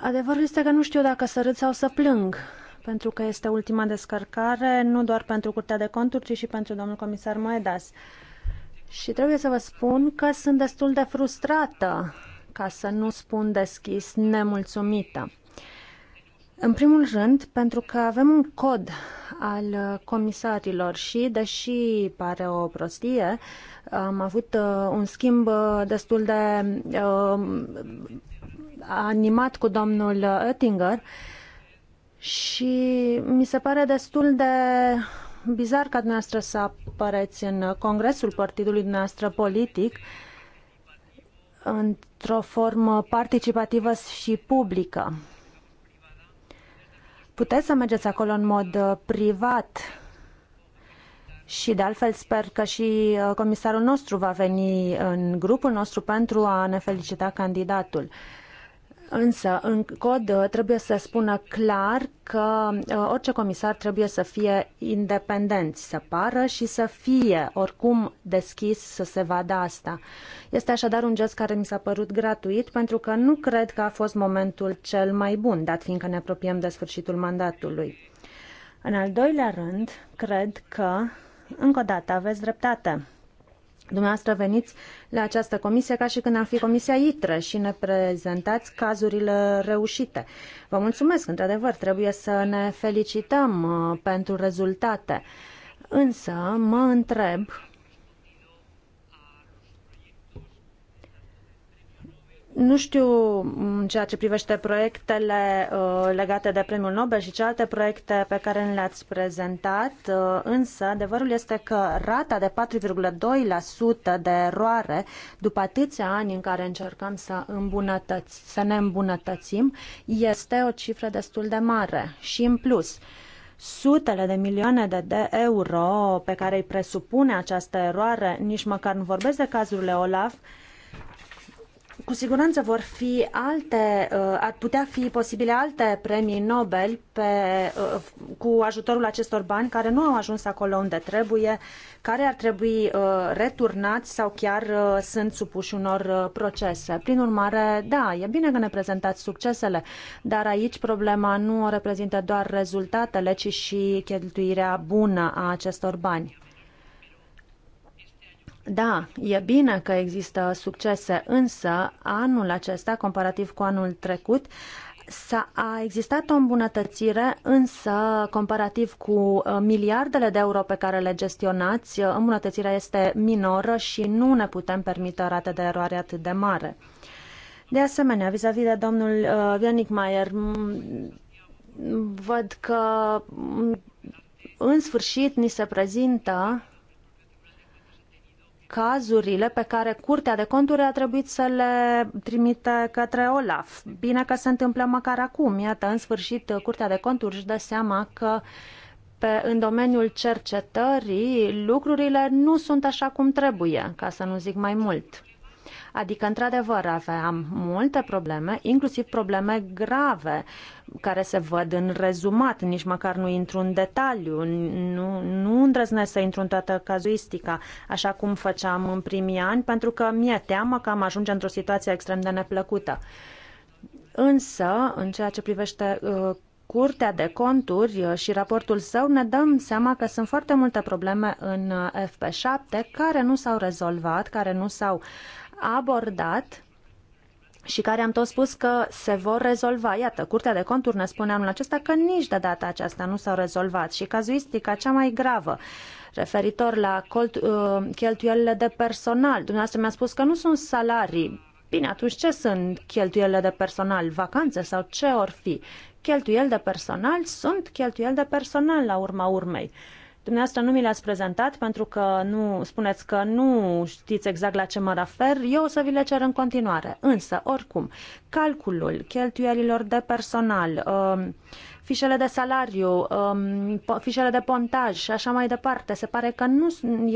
Adevărul este că nu știu dacă să râd sau să plâng pentru că este ultima descărcare, nu doar pentru Curtea de Conturi, ci și pentru domnul comisar Moedas. Și trebuie să vă spun că sunt destul de frustrată, ca să nu spun deschis, nemulțumită. În primul rând, pentru că avem un cod al comisarilor și, deși pare o prostie, am avut uh, un schimb destul de uh, animat cu domnul Oettinger și mi se pare destul de bizar ca dumneavoastră să apăreți în congresul partidului dumneavoastră politic într-o formă participativă și publică. Puteți să mergeți acolo în mod uh, privat și de altfel sper că și uh, comisarul nostru va veni în grupul nostru pentru a ne felicita candidatul. Uh, Însă, în cod uh, trebuie să spună clar că uh, orice comisar trebuie să fie independent, să pară și să fie oricum deschis să se vadă asta. Este așadar un gest care mi s-a părut gratuit pentru că nu cred că a fost momentul cel mai bun, dat fiindcă ne apropiem de sfârșitul mandatului. În al doilea rând, cred că, încă o dată, aveți dreptate. Dumneavoastră veniți la această comisie ca și când am fi comisia ITRE și ne prezentați cazurile reușite. Vă mulțumesc, într-adevăr, trebuie să ne felicităm uh, pentru rezultate. Însă mă întreb Nu știu în ceea ce privește proiectele uh, legate de Premiul Nobel și celelalte proiecte pe care ne le-ați prezentat, uh, însă adevărul este că rata de 4,2% de eroare după atâția ani în care încercăm să, îmbunătăți, să ne îmbunătățim este o cifră destul de mare și în plus sutele de milioane de, de euro pe care îi presupune această eroare, nici măcar nu vorbesc de cazurile Olaf, uh, cu siguranță vor fi alte, uh, ar putea fi posibile alte premii Nobel pe, uh, cu ajutorul acestor bani care nu au ajuns acolo unde trebuie, care ar trebui uh, returnați sau chiar sunt supuși unor procese. Prin urmare, da, e bine că ne prezentați succesele, dar aici problema nu o reprezintă doar rezultatele, ci și cheltuirea bună a acestor bani. Da, e bine că există succese, însă anul acesta, comparativ cu anul trecut, S-a, a existat o îmbunătățire, însă comparativ cu uh, miliardele de euro pe care le gestionați, uh, îmbunătățirea este minoră și nu ne putem permite o rată de eroare atât de mare. De asemenea, vis-a-vis -vis de domnul uh, Vianic Maier, văd că în sfârșit ni se prezintă cazurile pe care Curtea de Conturi a trebuit să le trimite către Olaf. Bine că se întâmplă măcar acum. Iată, în sfârșit, Curtea de Conturi își dă seama că pe, în domeniul cercetării lucrurile nu sunt așa cum trebuie, ca să nu zic mai mult. Adică, într-adevăr, aveam multe probleme, inclusiv probleme grave, care se văd în rezumat, nici măcar nu intru în detaliu, nu, nu îndrăznesc să intru în toată cazuistica, așa cum făceam în primii ani, pentru că mi-e teamă că am ajunge într-o situație extrem de neplăcută. Însă, în ceea ce privește uh, Curtea de Conturi uh, și raportul său ne dăm seama că sunt foarte multe probleme în uh, FP7 care nu s-au rezolvat, care nu s-au abordat și care am tot spus că se vor rezolva. Iată, Curtea de Conturi ne spune anul acesta că nici de data aceasta nu s-au rezolvat și cazuistica cea mai gravă referitor la colt, uh, cheltuielile de personal. Dumneavoastră mi-a spus că nu sunt salarii. Bine, atunci ce sunt cheltuielile de personal? Vacanțe sau ce or fi? Cheltuieli de personal sunt cheltuieli de personal la urma urmei. Uh, Dumneavoastră nu mi le-ați prezentat pentru că nu spuneți că nu știți exact la ce mă refer. Eu o să vi le cer în continuare. Însă, oricum, calculul cheltuielilor de personal, um, fișele de salariu, um, fișele de pontaj și așa mai departe, se pare că nu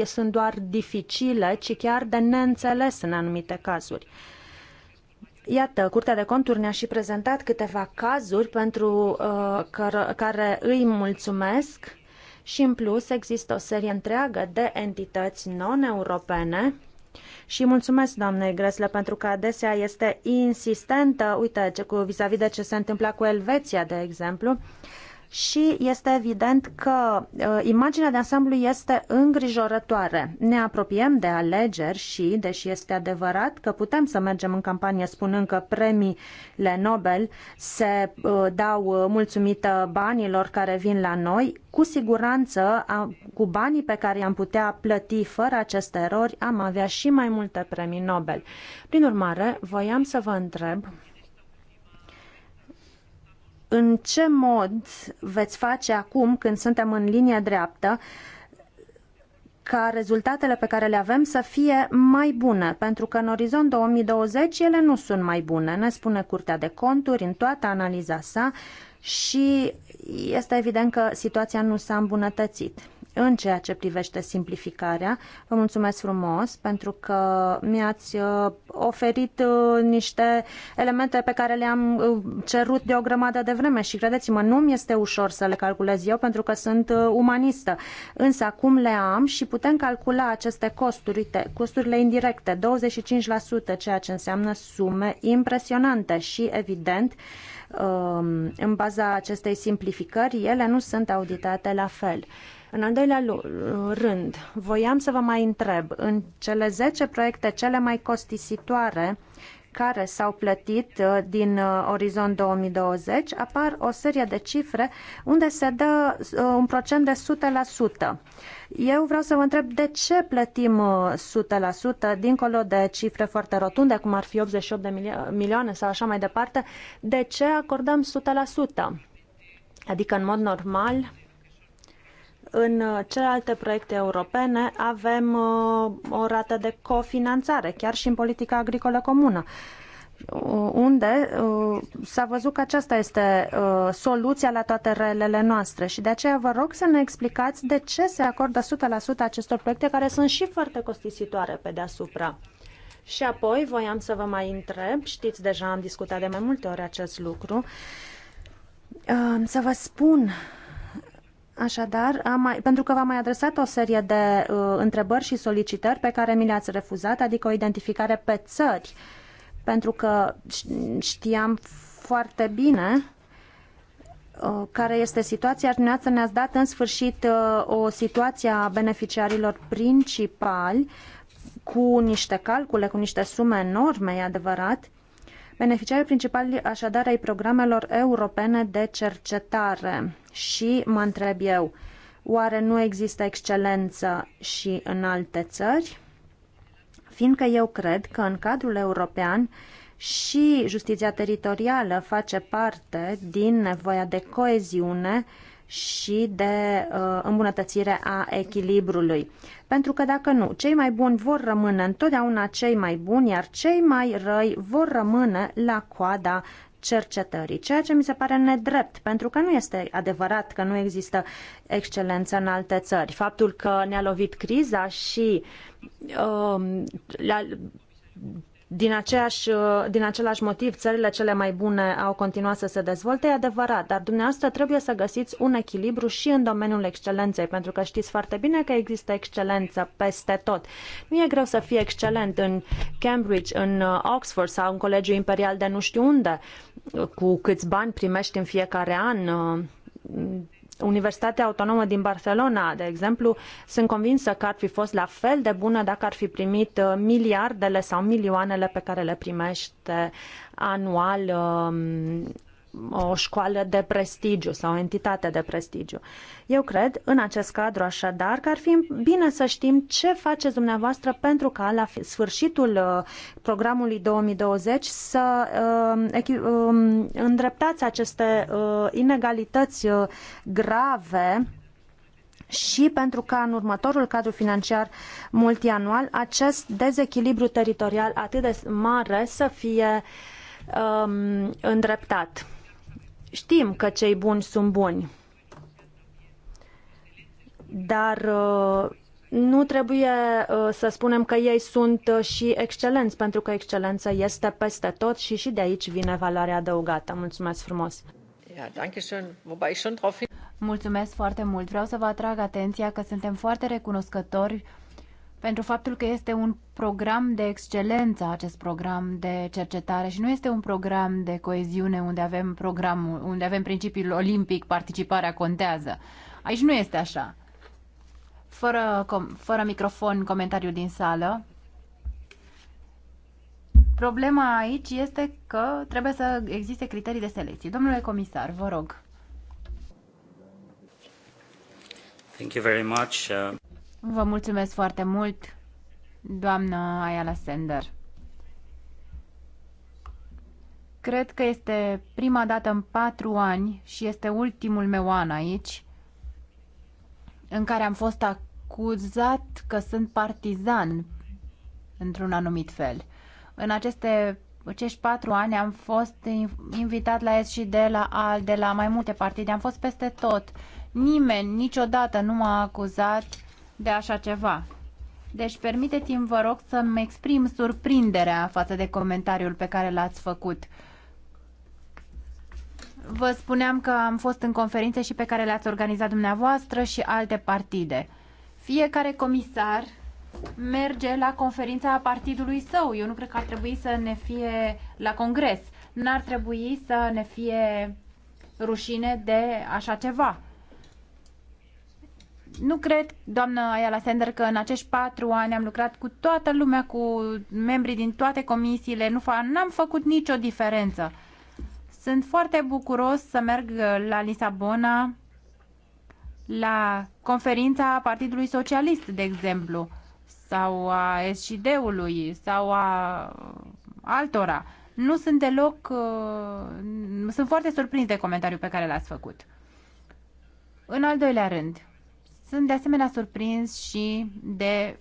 sunt doar dificile, ci chiar de neînțeles în anumite cazuri. Iată, Curtea de Conturi ne-a și prezentat câteva cazuri pentru uh, care, care îi mulțumesc și în plus există o serie întreagă de entități non-europene și mulțumesc doamnei Gresle pentru că adesea este insistentă, uite, ce, cu, vis-a-vis -vis de ce se întâmpla cu Elveția, de exemplu, uh, și este evident că uh, imaginea de ansamblu este îngrijorătoare. Ne apropiem de alegeri și, deși este adevărat că putem să mergem în campanie spunând că premiile Nobel se uh, dau uh, mulțumită banilor care vin la noi, cu siguranță a, cu banii pe care i-am putea plăti fără aceste erori am avea și mai multe premii Nobel. Prin urmare, voiam să vă întreb în ce mod veți face acum când suntem în linia dreaptă ca rezultatele pe care le avem să fie mai bune, pentru că în orizont 2020 ele nu sunt mai bune, ne spune Curtea de Conturi în toată analiza sa și este evident că situația nu s-a îmbunătățit în ceea ce privește simplificarea. Vă mulțumesc frumos pentru că mi-ați uh, oferit uh, niște elemente pe care le-am uh, cerut de o grămadă de vreme și credeți-mă, nu mi este ușor să le calculez eu pentru că sunt umanistă. Însă acum le am și putem calcula aceste costuri, uite, costurile indirecte, 25%, ceea ce înseamnă sume impresionante și evident um, în baza acestei simplificări, ele nu sunt auditate la fel. În al doilea rând, voiam să vă mai întreb, în cele 10 proiecte cele mai costisitoare care s-au plătit uh, din uh, Orizont 2020, apar o serie de cifre unde se dă uh, un procent de 100%. Eu vreau să vă întreb de ce plătim 100% dincolo de cifre foarte rotunde, cum ar fi 88 de milioane sau așa mai departe, de ce acordăm 100%? Adică, în mod normal, în uh, celelalte proiecte europene avem uh, o rată de cofinanțare, chiar și în politica agricolă comună uh, unde s-a văzut că aceasta este soluția la toate relele noastre și de aceea vă rog să ne explicați de ce se acordă 100% acestor proiecte care sunt și foarte costisitoare pe deasupra. Și apoi voiam să vă mai întreb, știți deja am discutat de mai multe ori acest lucru, să vă spun Așadar, am mai, pentru că v-am mai adresat o serie de uh, întrebări și solicitări pe care mi le-ați refuzat, adică o identificare pe țări, pentru că știam foarte bine uh, care este situația. Dumneavoastră ne-ați dat în sfârșit uh, o situație a beneficiarilor principali cu niște calcule, cu niște sume enorme, e adevărat, Beneficiarii principali așadar ai programelor europene de cercetare și mă întreb eu, oare nu există excelență și în alte țări? Fiindcă eu cred că în cadrul european și justiția teritorială face parte din nevoia de coeziune și de uh, îmbunătățire a echilibrului. Pentru că dacă nu, cei mai buni vor rămâne întotdeauna cei mai buni, iar cei mai răi vor rămâne la coada cercetării, ceea ce mi se pare nedrept, pentru că nu este adevărat că nu există excelență în alte țări. Faptul că ne-a lovit criza și uh, la, din, aceeași, uh, din același motiv, țările cele mai bune au continuat să se dezvolte, e adevărat, dar dumneavoastră trebuie să găsiți un echilibru și în domeniul excelenței, pentru că știți foarte bine că există excelență peste tot. Nu e greu să fii excelent în Cambridge, în uh, Oxford sau în Colegiul Imperial de nu știu unde, cu câți bani primești în fiecare an uh, Universitatea Autonomă din Barcelona, de exemplu, sunt convinsă că ar fi fost la fel de bună dacă ar fi primit uh, miliardele sau milioanele pe care le primește anual um, o școală de prestigiu sau o entitate de prestigiu. Eu cred, în acest cadru așadar, că ar fi bine să știm ce faceți dumneavoastră pentru ca la sfârșitul uh, programului 2020 să uh, um, îndreptați aceste uh, inegalități grave și pentru ca în următorul cadru financiar multianual acest dezechilibru teritorial atât de mare să fie um, îndreptat. Știm că cei buni sunt buni, dar uh, nu trebuie uh, să spunem că ei sunt uh, și excelenți, pentru că excelența este peste tot și și de aici vine valoarea adăugată. Mulțumesc frumos! Mulțumesc foarte mult! Vreau să vă atrag atenția că suntem foarte recunoscători pentru faptul că este un program de excelență acest program de cercetare și nu este un program de coeziune unde avem programul, unde avem principiul olimpic, participarea contează. Aici nu este așa. Fără, com, fără microfon, comentariu din sală. Problema aici este că trebuie să existe criterii de selecție. Domnule comisar, vă rog. Thank you very much. Uh... Vă mulțumesc foarte mult, doamnă Ayala Sender. Cred că este prima dată în patru ani și este ultimul meu an aici în care am fost acuzat că sunt partizan într-un anumit fel. În aceste acești patru ani am fost invitat la S și de la AL, de la mai multe partide, am fost peste tot. Nimeni niciodată nu m-a acuzat de așa ceva. Deci permiteți-mi, vă rog, să-mi exprim surprinderea față de comentariul pe care l-ați făcut. Vă spuneam că am fost în conferințe și pe care le-ați organizat dumneavoastră și alte partide. Fiecare comisar merge la conferința partidului său. Eu nu cred că ar trebui să ne fie la congres. N-ar trebui să ne fie rușine de așa ceva. Nu cred, doamnă Ayala Sender, că în acești patru ani am lucrat cu toată lumea, cu membrii din toate comisiile, nu am făcut nicio diferență. Sunt foarte bucuros să merg la Lisabona, la conferința Partidului Socialist, de exemplu, sau a SCD-ului, sau a altora. Nu sunt deloc... Uh, sunt foarte surprins de comentariul pe care l-ați făcut. În al doilea rând, sunt de asemenea surprins și de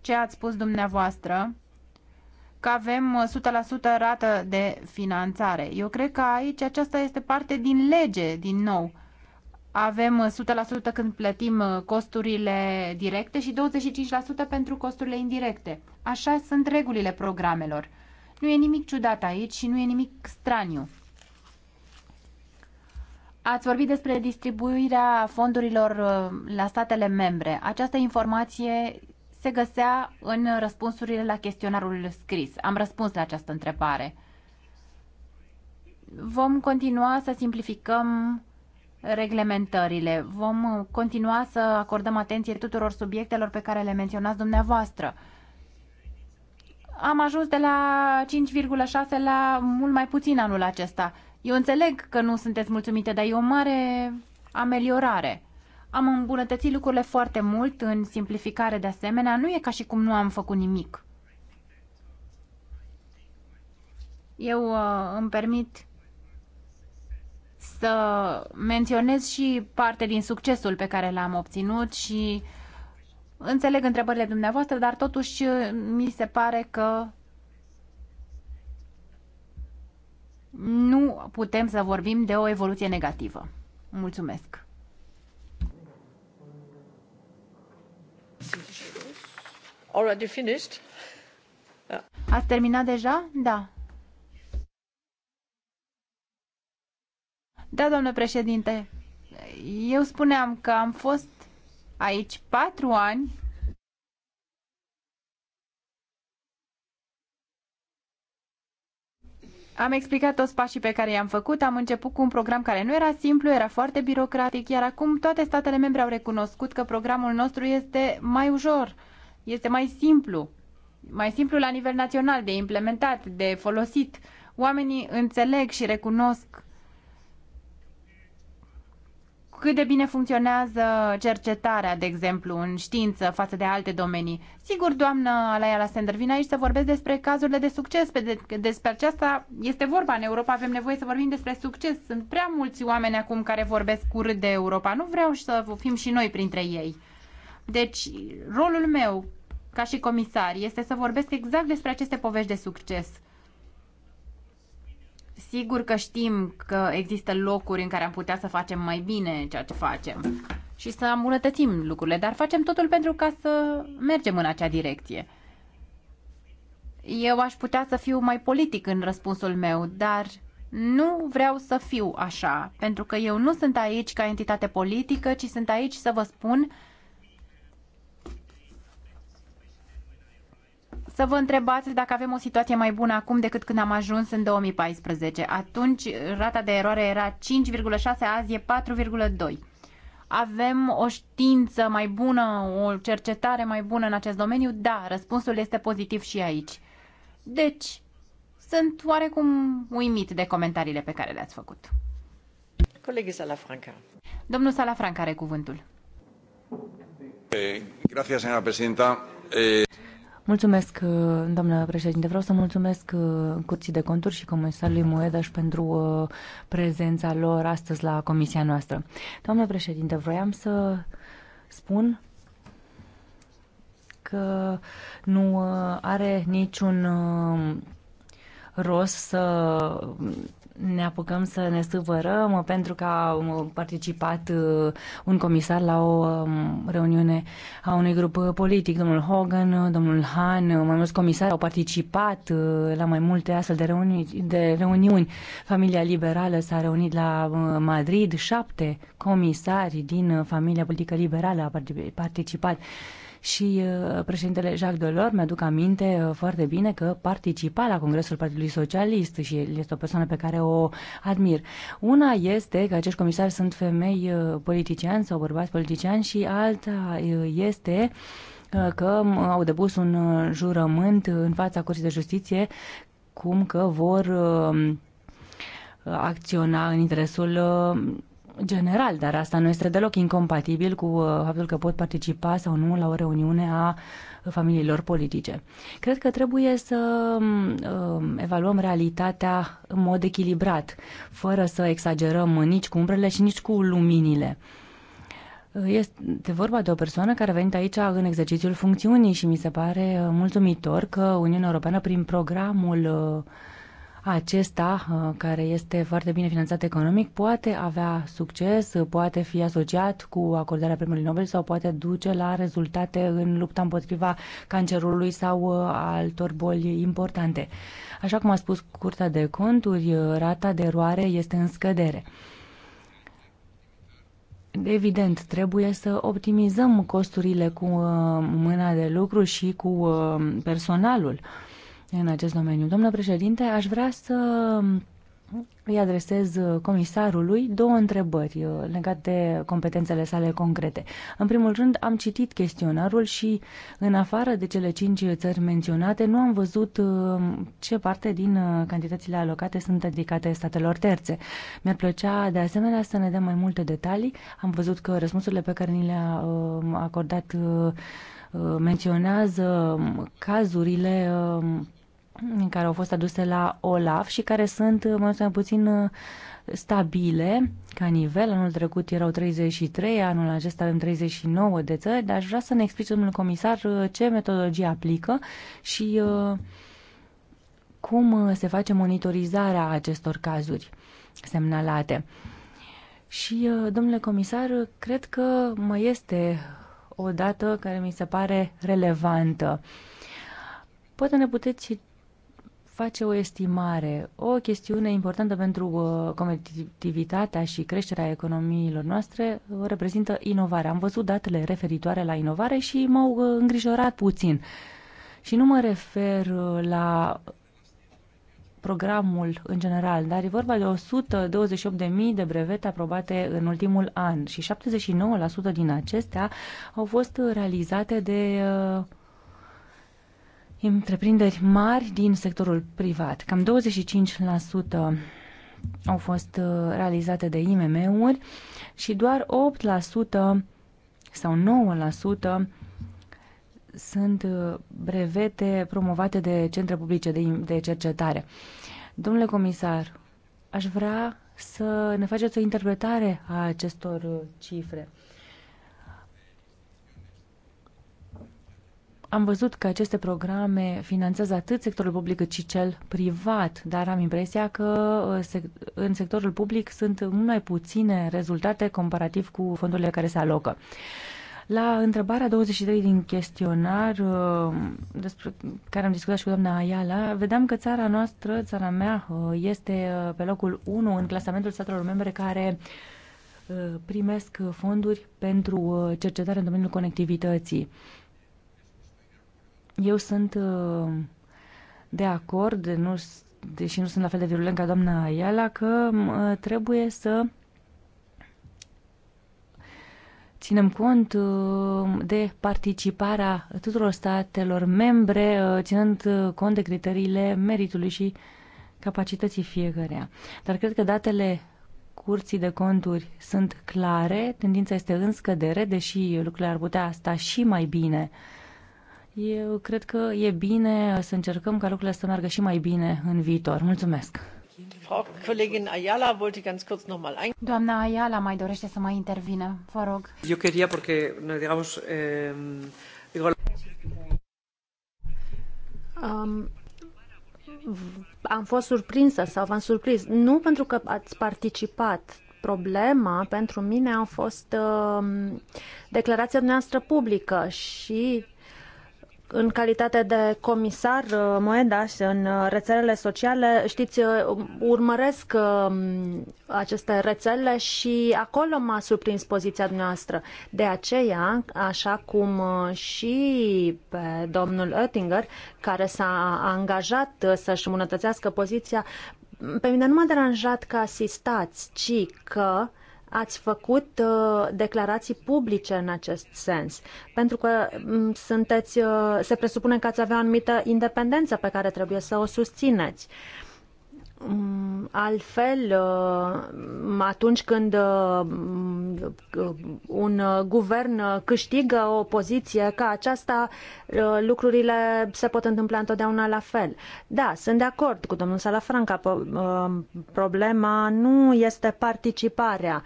ce ați spus dumneavoastră că avem 100% uh, rată de finanțare. Eu cred că aici aceasta este parte din lege, din nou. Avem 100% uh, când plătim uh, costurile directe și 25% pentru costurile indirecte. Așa sunt regulile programelor. Nu e nimic ciudat aici și nu e nimic straniu. Ați vorbit despre distribuirea fondurilor uh, la statele membre. Această informație se găsea în răspunsurile la chestionarul scris. Am răspuns la această întrebare. Vom continua să simplificăm reglementările. Vom uh, continua să acordăm atenție tuturor subiectelor pe care le menționați dumneavoastră. Am ajuns de la 5,6 la mult mai puțin anul acesta. Eu înțeleg că nu sunteți mulțumite, dar e o mare ameliorare. Am îmbunătățit lucrurile foarte mult în simplificare de asemenea. Nu e ca și cum nu am făcut nimic. Eu uh, îmi permit să menționez și parte din succesul pe care l-am obținut și înțeleg întrebările dumneavoastră, dar totuși uh, mi se pare că nu putem să vorbim de o evoluție negativă. Mulțumesc! Already finished? Yeah. Ați terminat deja? Da. Da, domnule președinte, eu spuneam că am fost aici patru ani Am explicat toți pașii pe care i-am făcut, am început cu un program care nu era simplu, era foarte birocratic, iar acum toate statele membre au recunoscut că programul nostru este mai ușor, este mai simplu, mai simplu la nivel național de implementat, de folosit. Oamenii înțeleg și recunosc cât de bine funcționează cercetarea, de exemplu, în știință față de alte domenii. Sigur, doamnă Alaia Sender, vin aici să vorbesc despre cazurile de succes. Despre aceasta este vorba. În Europa avem nevoie să vorbim despre succes. Sunt prea mulți oameni acum care vorbesc urât de Europa. Nu vreau să fim și noi printre ei. Deci, rolul meu ca și comisar este să vorbesc exact despre aceste povești de succes – Sigur că știm că există locuri în care am putea să facem mai bine ceea ce facem și să îmbunătățim lucrurile, dar facem totul pentru ca să mergem în acea direcție. Eu aș putea să fiu mai politic în răspunsul meu, dar nu vreau să fiu așa, pentru că eu nu sunt aici ca entitate politică, ci sunt aici să vă spun să vă întrebați dacă avem o situație mai bună acum decât când am ajuns în 2014. Atunci rata de eroare era 5,6, azi e 4,2. Avem o știință mai bună, o cercetare mai bună în acest domeniu? Da, răspunsul este pozitiv și aici. Deci, sunt oarecum uimit de comentariile pe care le-ați făcut. Colegii Salafranca. Domnul Salafranca are cuvântul. Eh, gracias, señora presidenta. Eh... Mulțumesc, uh, doamnă președinte. Vreau să mulțumesc uh, Curții de Conturi și Comisarului Moedaș pentru uh, prezența lor astăzi la comisia noastră. Doamnă președinte, vroiam să spun că nu are niciun rost să ne apucăm să ne stâvărăm pentru că a participat uh, un comisar la o um, reuniune a unui grup politic, domnul Hogan, domnul Han, mai mulți comisari au participat uh, la mai multe astfel de reuniuni. De reuniuni. Familia liberală s-a reunit la uh, Madrid, șapte comisari din familia politică liberală au participat și uh, președintele Jacques Delors mi-aduc aminte uh, foarte bine că participa la Congresul Partidului Socialist și el este o persoană pe care o admir. Una este că acești comisari sunt femei uh, politicieni sau bărbați politicieni și alta este că au depus un jurământ în fața Curții de Justiție cum că vor acționa în interesul general, dar asta nu este deloc incompatibil cu uh, faptul că pot participa sau nu la o reuniune a familiilor politice. Cred că trebuie să um, um, evaluăm realitatea în mod echilibrat, fără să exagerăm nici cu umbrele și nici cu luminile. Este vorba de o persoană care a venit aici în exercițiul funcțiunii și mi se pare uh, mulțumitor că Uniunea Europeană, prin programul uh, acesta, uh, care este foarte bine finanțat economic, poate avea succes, uh, poate fi asociat cu acordarea premiului Nobel sau poate duce la rezultate în lupta împotriva cancerului sau uh, altor boli importante. Așa cum a spus Curtea de Conturi, rata de eroare este în scădere. Evident, trebuie să optimizăm costurile cu mâna de lucru și cu personalul în acest domeniu. domnule președinte, aș vrea să îi adresez comisarului două întrebări uh, legate de competențele sale concrete. În primul rând, am citit chestionarul și, în afară de cele cinci țări menționate, nu am văzut uh, ce parte din uh, cantitățile alocate sunt dedicate statelor terțe. Mi-ar plăcea, de asemenea, să ne dăm mai multe detalii. Am văzut că răspunsurile pe care ni le-a acordat menționează um, cazurile um, care au fost aduse la OLAF și care sunt mai sau puțin uh, stabile ca nivel. Anul trecut erau 33, anul acesta avem 39 de țări, dar aș vrea să ne explice, domnul comisar, uh, ce metodologie aplică și uh, cum se face monitorizarea acestor cazuri semnalate. Și, domnule comisar, cred că mai este o dată care mi se pare relevantă. Poate ne puteți face o estimare, o chestiune importantă pentru uh, competitivitatea și creșterea economiilor noastre uh, reprezintă inovarea. Am văzut datele referitoare la inovare și m-au uh, îngrijorat puțin. Și nu mă refer la programul în general, dar e vorba de 128.000 de brevete aprobate în ultimul an și 79% din acestea au fost realizate de întreprinderi mari din sectorul privat. Cam 25% au fost uh, realizate de IMM-uri și doar 8% sau 9% sunt uh, brevete promovate de centre publice de, de cercetare. Domnule comisar, aș vrea să ne faceți o interpretare a acestor uh, cifre. Am văzut că aceste programe finanțează atât sectorul public cât și cel privat, dar am impresia că uh, în sectorul public sunt mult mai puține rezultate comparativ cu fondurile care se alocă. La întrebarea 23 din chestionar, uh, despre care am discutat și cu doamna Ayala, vedeam că țara noastră, țara mea, uh, este pe locul 1 în clasamentul statelor membre care primesc fonduri pentru cercetare în domeniul conectivității. Eu sunt uh, de acord, nu, deși nu sunt la fel de virulent ca doamna iala că uh, trebuie să ținem cont uh, de participarea tuturor statelor membre, ținând cont de criteriile meritului și capacității fiecăreia. Dar cred că datele curții de conturi sunt clare, tendința este în scădere, deși lucrurile ar putea sta și mai bine uh, eu cred că e bine să încercăm ca lucrurile să meargă și mai bine în viitor. Mulțumesc! Doamna Ayala mai dorește să mai intervină. Vă rog. Eu quería porque, digamos, eh, digo... um, am fost surprinsă sau v-am surprins. Nu pentru că ați participat, problema pentru mine a fost uh, declarația noastră publică și în calitate de comisar uh, Moedas în uh, rețelele sociale, știți, uh, urmăresc aceste rețele și acolo m-a surprins poziția noastră. De aceea, așa cum și pe domnul Oettinger, care s-a angajat să-și îmbunătățească poziția, pe mine nu m-a deranjat că asistați, ci că ați făcut uh, declarații publice în acest sens, pentru că um, sunteți, uh, se presupune că ați avea o anumită independență pe care trebuie să o susțineți. Uh, Mm, altfel, uh, atunci când uh, un guvern câștigă o poziție ca aceasta, uh, lucrurile se pot întâmpla întotdeauna la fel. Da, sunt de acord cu domnul Salafranca. Problema nu este participarea.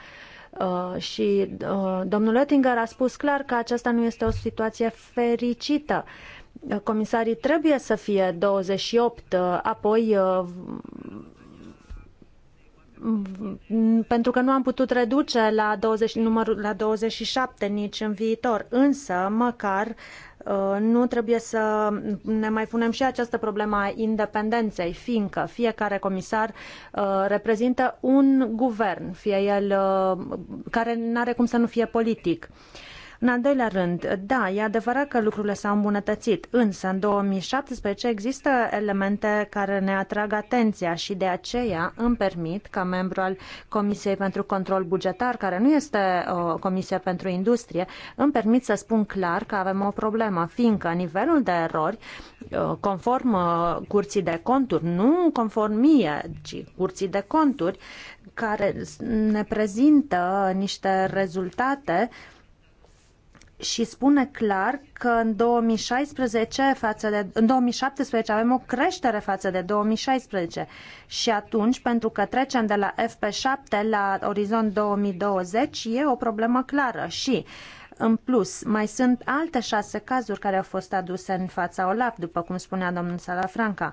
Uh, și uh, domnul Oettinger a spus clar că aceasta nu este o situație fericită. Uh, comisarii trebuie să fie 28, uh, apoi uh, pentru că nu am putut reduce la, 20, numărul, la 27 nici în viitor, însă măcar uh, nu trebuie să ne mai punem și această problemă a independenței, fiindcă fiecare comisar reprezintă un guvern, fie el care nu are cum să nu fie politic. Uh, în al doilea rând, da, e adevărat că lucrurile s-au îmbunătățit, însă în 2017 există elemente care ne atrag atenția și de aceea îmi permit, ca membru al Comisiei pentru Control Bugetar, care nu este o comisie pentru industrie, îmi permit să spun clar că avem o problemă, fiindcă nivelul de erori, conform curții de conturi, nu conform mie, ci curții de conturi, care ne prezintă niște rezultate uh, și spune clar că în 2016 față de, în 2017 avem o creștere față de 2016 și atunci, pentru că trecem de la FP7 la orizont 2020, e o problemă clară și în plus, mai sunt alte șase cazuri care au fost aduse în fața OLAF, după cum spunea domnul Salafranca.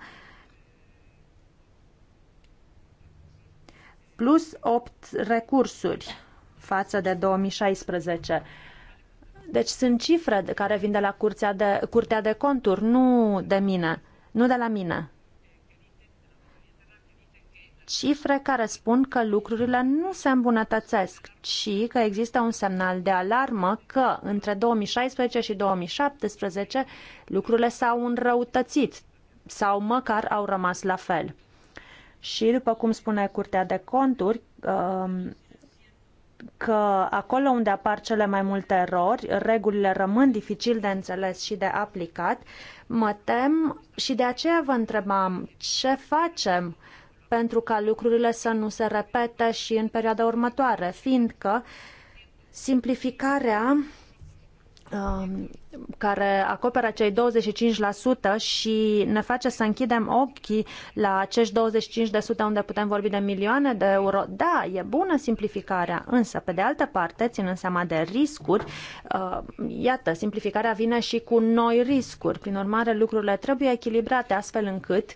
Plus opt recursuri față de 2016. Deci sunt cifre de care vin de la curtea de, curtea de conturi, nu de mine, nu de la mine. Cifre care spun că lucrurile nu se îmbunătățesc, ci că există un semnal de alarmă că între 2016 și 2017 lucrurile s-au înrăutățit sau măcar au rămas la fel. Și, după cum spune Curtea de Conturi, um, că acolo unde apar cele mai multe erori, regulile rămân dificil de înțeles și de aplicat. Mă tem și de aceea vă întrebam ce facem pentru ca lucrurile să nu se repete și în perioada următoare, fiindcă simplificarea Um, care acoperă cei 25% și ne face să închidem ochii la acești 25% unde putem vorbi de milioane de euro. Da, e bună simplificarea, însă, pe de altă parte, ținând seama de riscuri, uh, iată, simplificarea vine și cu noi riscuri. Prin urmare, lucrurile trebuie echilibrate astfel încât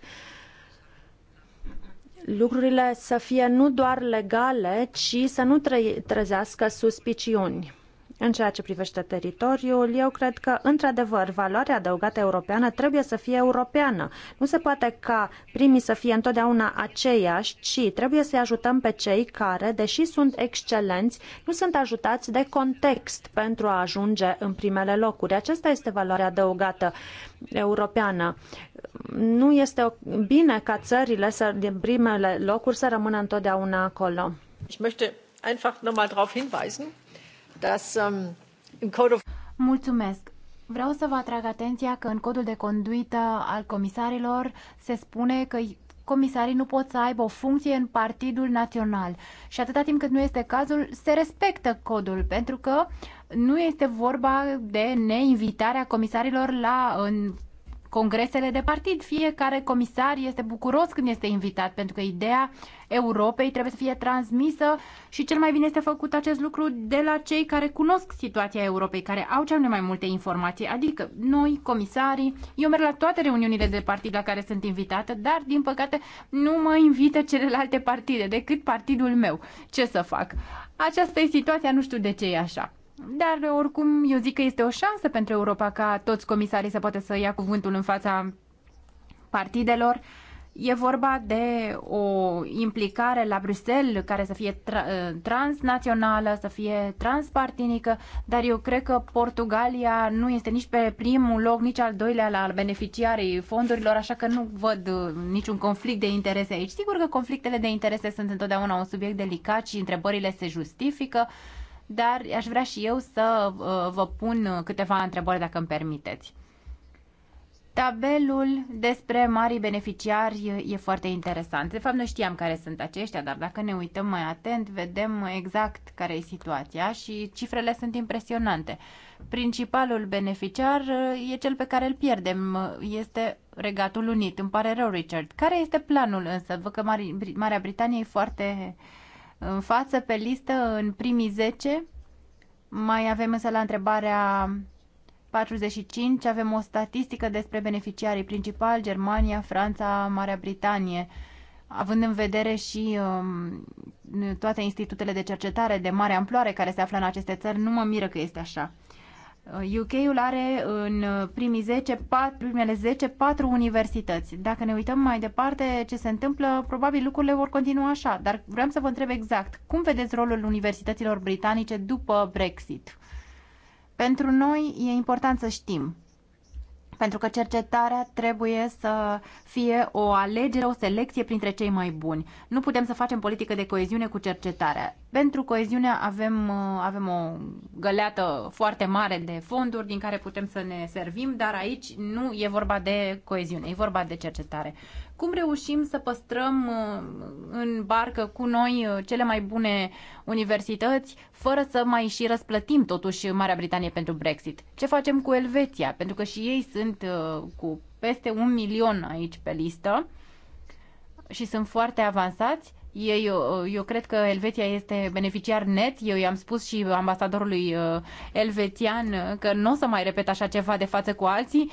lucrurile să fie nu doar legale, ci să nu trezească suspiciuni în ceea ce privește teritoriul, eu cred că, într-adevăr, valoarea adăugată europeană trebuie să fie europeană. Nu se poate ca primii să fie întotdeauna aceiași, ci trebuie să-i ajutăm pe cei care, deși sunt excelenți, nu sunt ajutați de context pentru a ajunge în primele locuri. Aceasta este valoarea adăugată europeană. Nu este bine ca țările să, din primele locuri să rămână întotdeauna acolo. Ich möchte einfach nochmal darauf hinweisen, Um, Mulțumesc. Vreau să vă atrag atenția că în codul de conduită al comisarilor se spune că comisarii nu pot să aibă o funcție în Partidul Național. Și atâta timp cât nu este cazul, se respectă codul, pentru că nu este vorba de neinvitarea comisarilor la în congresele de partid. Fiecare comisar este bucuros când este invitat, pentru că ideea Europei trebuie să fie transmisă și cel mai bine este făcut acest lucru de la cei care cunosc situația Europei, care au cel mai multe informații, adică noi, comisarii. Eu merg la toate reuniunile de partid la care sunt invitată, dar, din păcate, nu mă invită celelalte partide, decât partidul meu. Ce să fac? Aceasta e situația, nu știu de ce e așa. Dar oricum eu zic că este o șansă pentru Europa ca toți comisarii să poată să ia cuvântul în fața partidelor. E vorba de o implicare la Bruxelles care să fie tra- ă, transnațională, să fie transpartinică, dar eu cred că Portugalia nu este nici pe primul loc, nici al doilea la beneficiarii fondurilor, așa că nu văd ă, niciun conflict de interese aici. Sigur că conflictele de interese sunt întotdeauna un subiect delicat și întrebările se justifică, dar aș vrea și eu să uh, vă pun câteva întrebări, dacă îmi permiteți. Tabelul despre marii beneficiari e foarte interesant. De fapt, noi știam care sunt aceștia, dar dacă ne uităm mai atent, vedem exact care e situația și cifrele sunt impresionante. Principalul beneficiar uh, e cel pe care îl pierdem, uh, este Regatul Unit. Îmi pare rău, Richard. Care este planul însă? Văd că Marea Britanie e foarte uh, în față pe listă în primii 10. Mai avem însă la întrebarea 45 avem o statistică despre beneficiarii principali, Germania, Franța, Marea Britanie, având în vedere și um, toate institutele de cercetare de mare amploare care se află în aceste țări, nu mă miră că este așa. UK-ul uh, are în uh, primii 10, 4, primele 10, 4 universități. Dacă ne uităm mai departe ce se întâmplă, probabil lucrurile vor continua așa. Dar vreau să vă întreb exact, cum vedeți rolul universităților britanice după Brexit? Pentru noi e important să știm pentru că cercetarea trebuie să fie o alegere, o selecție printre cei mai buni. Nu putem să facem politică de coeziune cu cercetarea. Pentru coeziune avem, uh, avem o găleată foarte mare de fonduri din care putem să ne servim, dar aici nu e vorba de coeziune, e vorba de cercetare. Cum reușim să păstrăm uh, în barcă cu noi uh, cele mai bune universități, fără să mai și răsplătim totuși Marea Britanie pentru Brexit? Ce facem cu Elveția? Pentru că și ei sunt uh, cu peste un milion aici pe listă și sunt foarte avansați eu, eu cred că Elveția este beneficiar net. Eu i-am spus și ambasadorului uh, elvețian că nu o să mai repet așa ceva de față cu alții.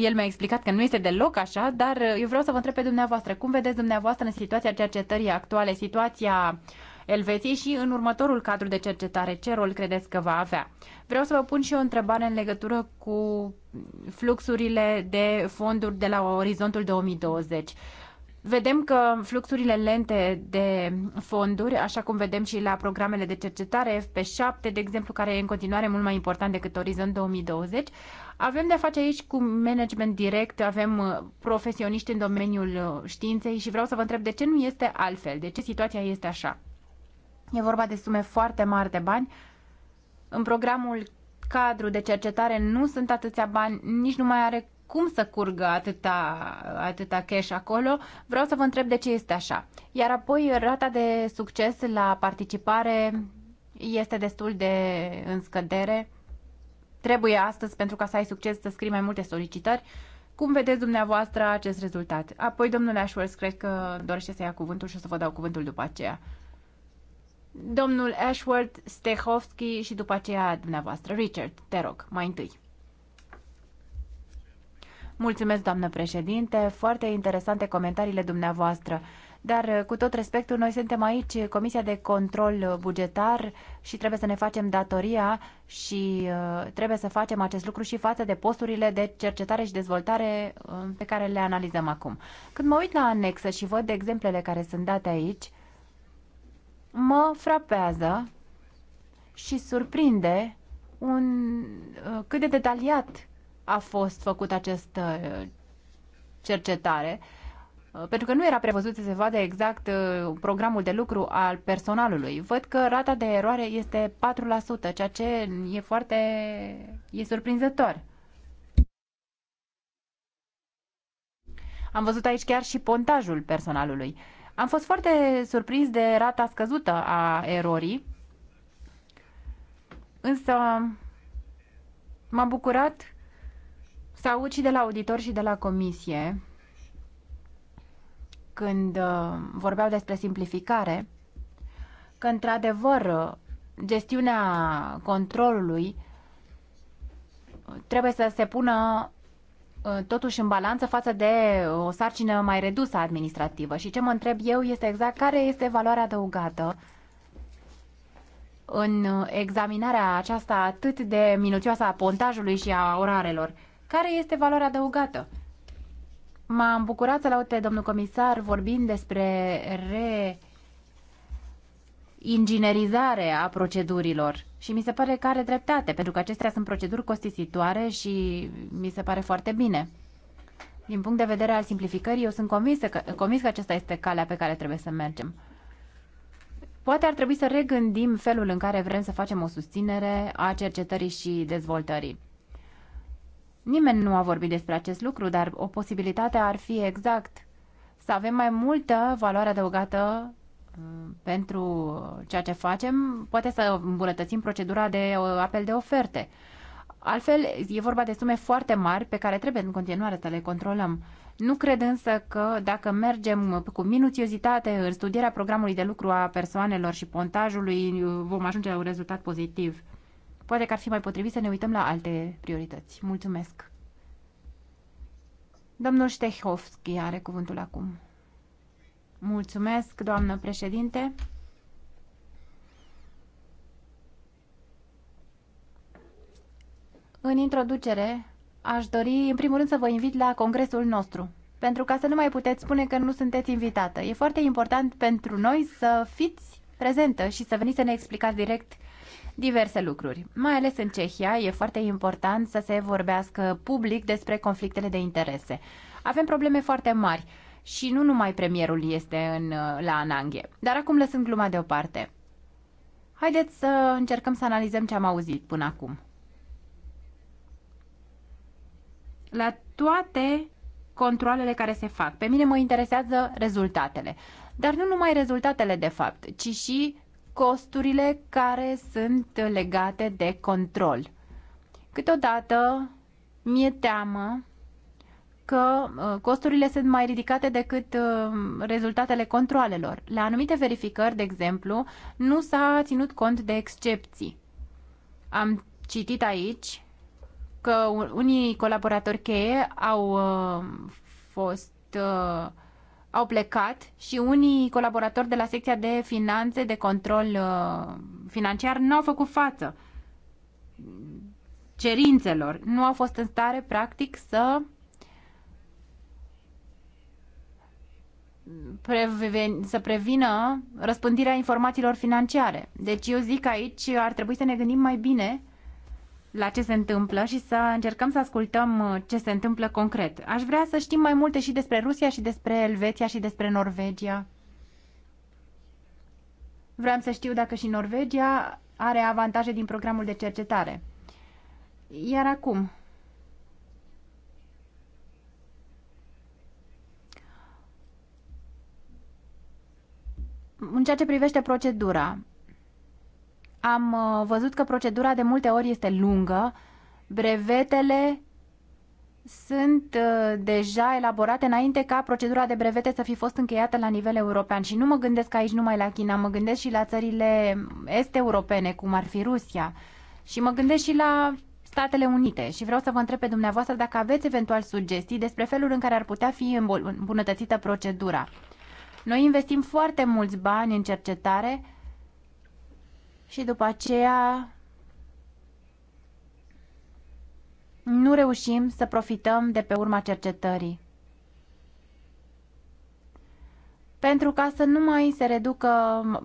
El mi-a explicat că nu este deloc așa, dar uh, eu vreau să vă întreb pe dumneavoastră. Cum vedeți dumneavoastră în situația cercetării actuale, situația Elveției și în următorul cadru de cercetare, ce rol credeți că va avea? Vreau să vă pun și o întrebare în legătură cu fluxurile de fonduri de la orizontul 2020. Vedem că fluxurile lente de fonduri, așa cum vedem și la programele de cercetare FP7, de exemplu, care e în continuare mult mai important decât Orizont 2020, avem de-a face aici cu management direct, avem uh, profesioniști în domeniul uh, științei și vreau să vă întreb de ce nu este altfel, de ce situația este așa. E vorba de sume foarte mari de bani. În programul cadru de cercetare nu sunt atâția bani, nici nu mai are cum să curgă atâta, atâta cash acolo, vreau să vă întreb de ce este așa. Iar apoi rata de succes la participare este destul de în scădere. Trebuie astăzi, pentru ca să ai succes, să scrii mai multe solicitări. Cum vedeți dumneavoastră acest rezultat? Apoi, domnule Ashworth, cred că dorește să ia cuvântul și o să vă dau cuvântul după aceea. Domnul Ashworth, Stehovski și după aceea dumneavoastră. Richard, te rog, mai întâi. Mulțumesc, doamnă președinte. Foarte interesante comentariile dumneavoastră. Dar, uh, cu tot respectul, noi suntem aici uh, Comisia de Control uh, Bugetar și trebuie să ne facem datoria și trebuie să facem acest lucru și față de posturile de cercetare și dezvoltare pe care le analizăm acum. Când mă uit la anexă și văd exemplele care sunt date aici, mă frapează și surprinde un, cât de detaliat a fost făcută această uh, cercetare, uh, pentru că nu era prevăzut să se vadă exact uh, programul de lucru al personalului. Văd că rata de eroare este 4%, ceea ce e foarte e surprinzător. Am văzut aici chiar și pontajul personalului. Am fost foarte surprins de rata scăzută a erorii, însă m am bucurat să aud și de la auditor și de la comisie, când uh, vorbeau despre simplificare, că într-adevăr gestiunea controlului trebuie să se pună uh, totuși în balanță față de uh, o sarcină mai redusă administrativă. Și ce mă întreb eu este exact care este valoarea adăugată în examinarea aceasta atât de minuțioasă a pontajului și a orarelor. Care este valoarea adăugată? M-am bucurat să laud pe domnul comisar vorbind despre re inginerizare a procedurilor și mi se pare că are dreptate, pentru că acestea sunt proceduri costisitoare și mi se pare foarte bine. Din punct de vedere al simplificării, eu sunt convins că, convins că acesta este calea pe care trebuie să mergem. Poate ar trebui să regândim felul în care vrem să facem o susținere a cercetării și dezvoltării. Nimeni nu a vorbit despre acest lucru, dar o posibilitate ar fi exact să avem mai multă valoare adăugată mm, pentru ceea ce facem, poate să îmbunătățim procedura de apel de oferte. Altfel, e vorba de sume foarte mari pe care trebuie în continuare să le controlăm. Nu cred însă că dacă mergem cu minuțiozitate în studierea programului de lucru a persoanelor și pontajului, vom ajunge la un rezultat pozitiv. Poate că ar fi mai potrivit să ne uităm la alte priorități. Mulțumesc! Domnul Ștehovski are cuvântul acum. Mulțumesc, doamnă președinte. În introducere, aș dori, în primul rând, să vă invit la congresul nostru, pentru ca să nu mai puteți spune că nu sunteți invitată. E foarte important pentru noi să fiți prezentă și să veniți să ne explicați direct diverse lucruri. Mai ales în Cehia e foarte important să se vorbească public despre conflictele de interese. Avem probleme foarte mari și nu numai premierul este în, uh, la ananghe. Dar acum lăsând gluma deoparte. Haideți să încercăm să analizăm ce am auzit până acum. La toate controlele care se fac, pe mine mă interesează rezultatele. Dar nu numai rezultatele, de fapt, ci și costurile care sunt legate de control. Câteodată mi-e teamă că uh, costurile sunt mai ridicate decât uh, rezultatele controalelor. La anumite verificări, de exemplu, nu s-a ținut cont de excepții. Am citit aici că unii colaboratori cheie au uh, fost uh, au plecat și unii colaboratori de la secția de finanțe, de control uh, financiar, nu au făcut față cerințelor. Nu au fost în stare, practic, să să prevină răspândirea informațiilor financiare. Deci eu zic aici ar trebui să ne gândim mai bine la ce se întâmplă și să încercăm să ascultăm uh, ce se întâmplă concret. Aș vrea să știm mai multe și despre Rusia și despre Elveția și despre Norvegia. Vreau să știu dacă și Norvegia are avantaje din programul de cercetare. Iar acum, în ceea ce privește procedura, am uh, văzut că procedura de multe ori este lungă, brevetele sunt uh, deja elaborate înainte ca procedura de brevete să fi fost încheiată la nivel european. Și nu mă gândesc aici numai la China, mă gândesc și la țările est-europene, cum ar fi Rusia. Și mă gândesc și la Statele Unite și vreau să vă întreb pe dumneavoastră dacă aveți eventual sugestii despre felul în care ar putea fi îmbunătățită procedura. Noi investim foarte mulți bani în cercetare, și după aceea nu reușim să profităm de pe urma cercetării. Pentru ca să nu mai se reducă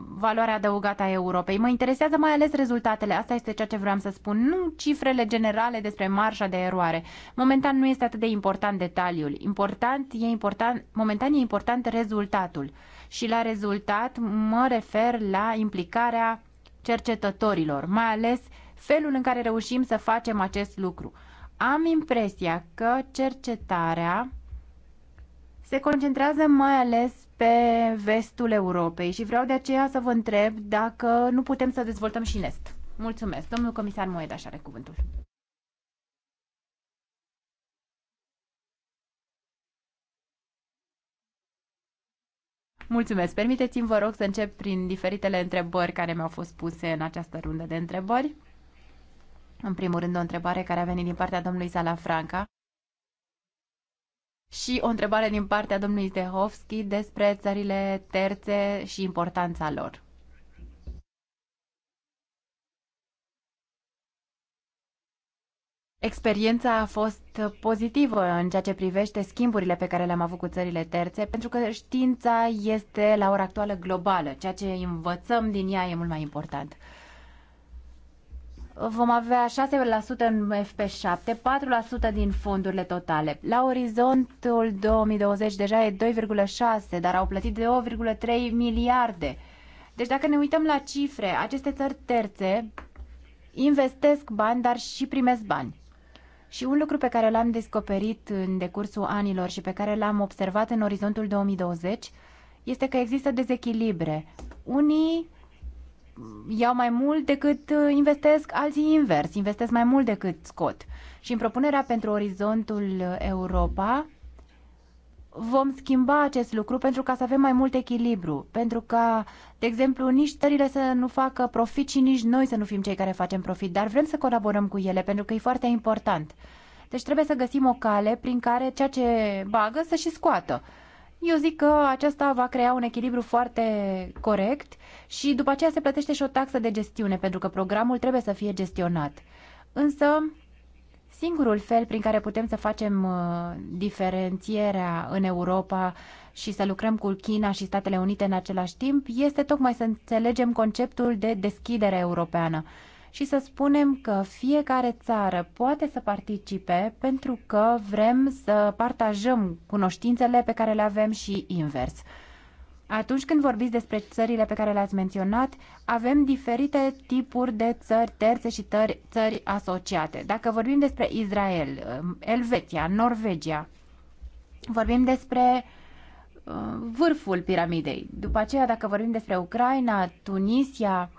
valoarea adăugată a Europei. Mă interesează mai ales rezultatele, asta este ceea ce vreau să spun, nu cifrele generale despre marja de eroare. Momentan nu este atât de important detaliul. Important e important, momentan e important rezultatul. Și la rezultat mă refer la implicarea cercetătorilor, mai ales felul în care reușim să facem acest lucru. Am impresia că cercetarea se concentrează mai ales pe vestul Europei și vreau de aceea să vă întreb dacă nu putem să dezvoltăm și est. Mulțumesc. Domnul comisar Moedaș are cuvântul. Mulțumesc. Permiteți-mi, vă rog, să încep prin diferitele întrebări care mi-au fost puse în această rundă de întrebări. În primul rând, o întrebare care a venit din partea domnului Salafranca și o întrebare din partea domnului Tehovski despre țările terțe și importanța lor. Experiența a fost pozitivă în ceea ce privește schimburile pe care le-am avut cu țările terțe, pentru că știința este la ora actuală globală. Ceea ce învățăm din ea e mult mai important. Vom avea 6% în FP7, 4% din fondurile totale. La orizontul 2020 deja e 2,6, dar au plătit de 8,3 miliarde. Deci dacă ne uităm la cifre, aceste țări terțe investesc bani, dar și primesc bani. Și un lucru pe care l-am descoperit în decursul anilor și pe care l-am observat în orizontul 2020 este că există dezechilibre. Unii iau mai mult decât uh, investesc, alții invers, investesc mai mult decât scot. Și în propunerea pentru orizontul Europa vom schimba acest lucru pentru ca să avem mai mult echilibru, pentru ca, de exemplu, nici țările să nu facă profit și nici noi să nu fim cei care facem profit, dar vrem să colaborăm cu ele pentru că e foarte important. Deci trebuie să găsim o cale prin care ceea ce bagă să și scoată. Eu zic că aceasta va crea un echilibru foarte corect și după aceea se plătește și o taxă de gestiune, pentru că programul trebuie să fie gestionat. Însă, Singurul fel prin care putem să facem uh, diferențierea în Europa și să lucrăm cu China și Statele Unite în același timp este tocmai să înțelegem conceptul de deschidere europeană și să spunem că fiecare țară poate să participe pentru că vrem să partajăm cunoștințele pe care le avem și invers. Atunci când vorbiți despre țările pe care le-ați menționat, avem diferite tipuri de țări terțe și țări, țări asociate. Dacă vorbim despre Israel, eh, Elveția, Norvegia, vorbim despre eh, vârful piramidei. După aceea, dacă vorbim despre Ucraina, Tunisia,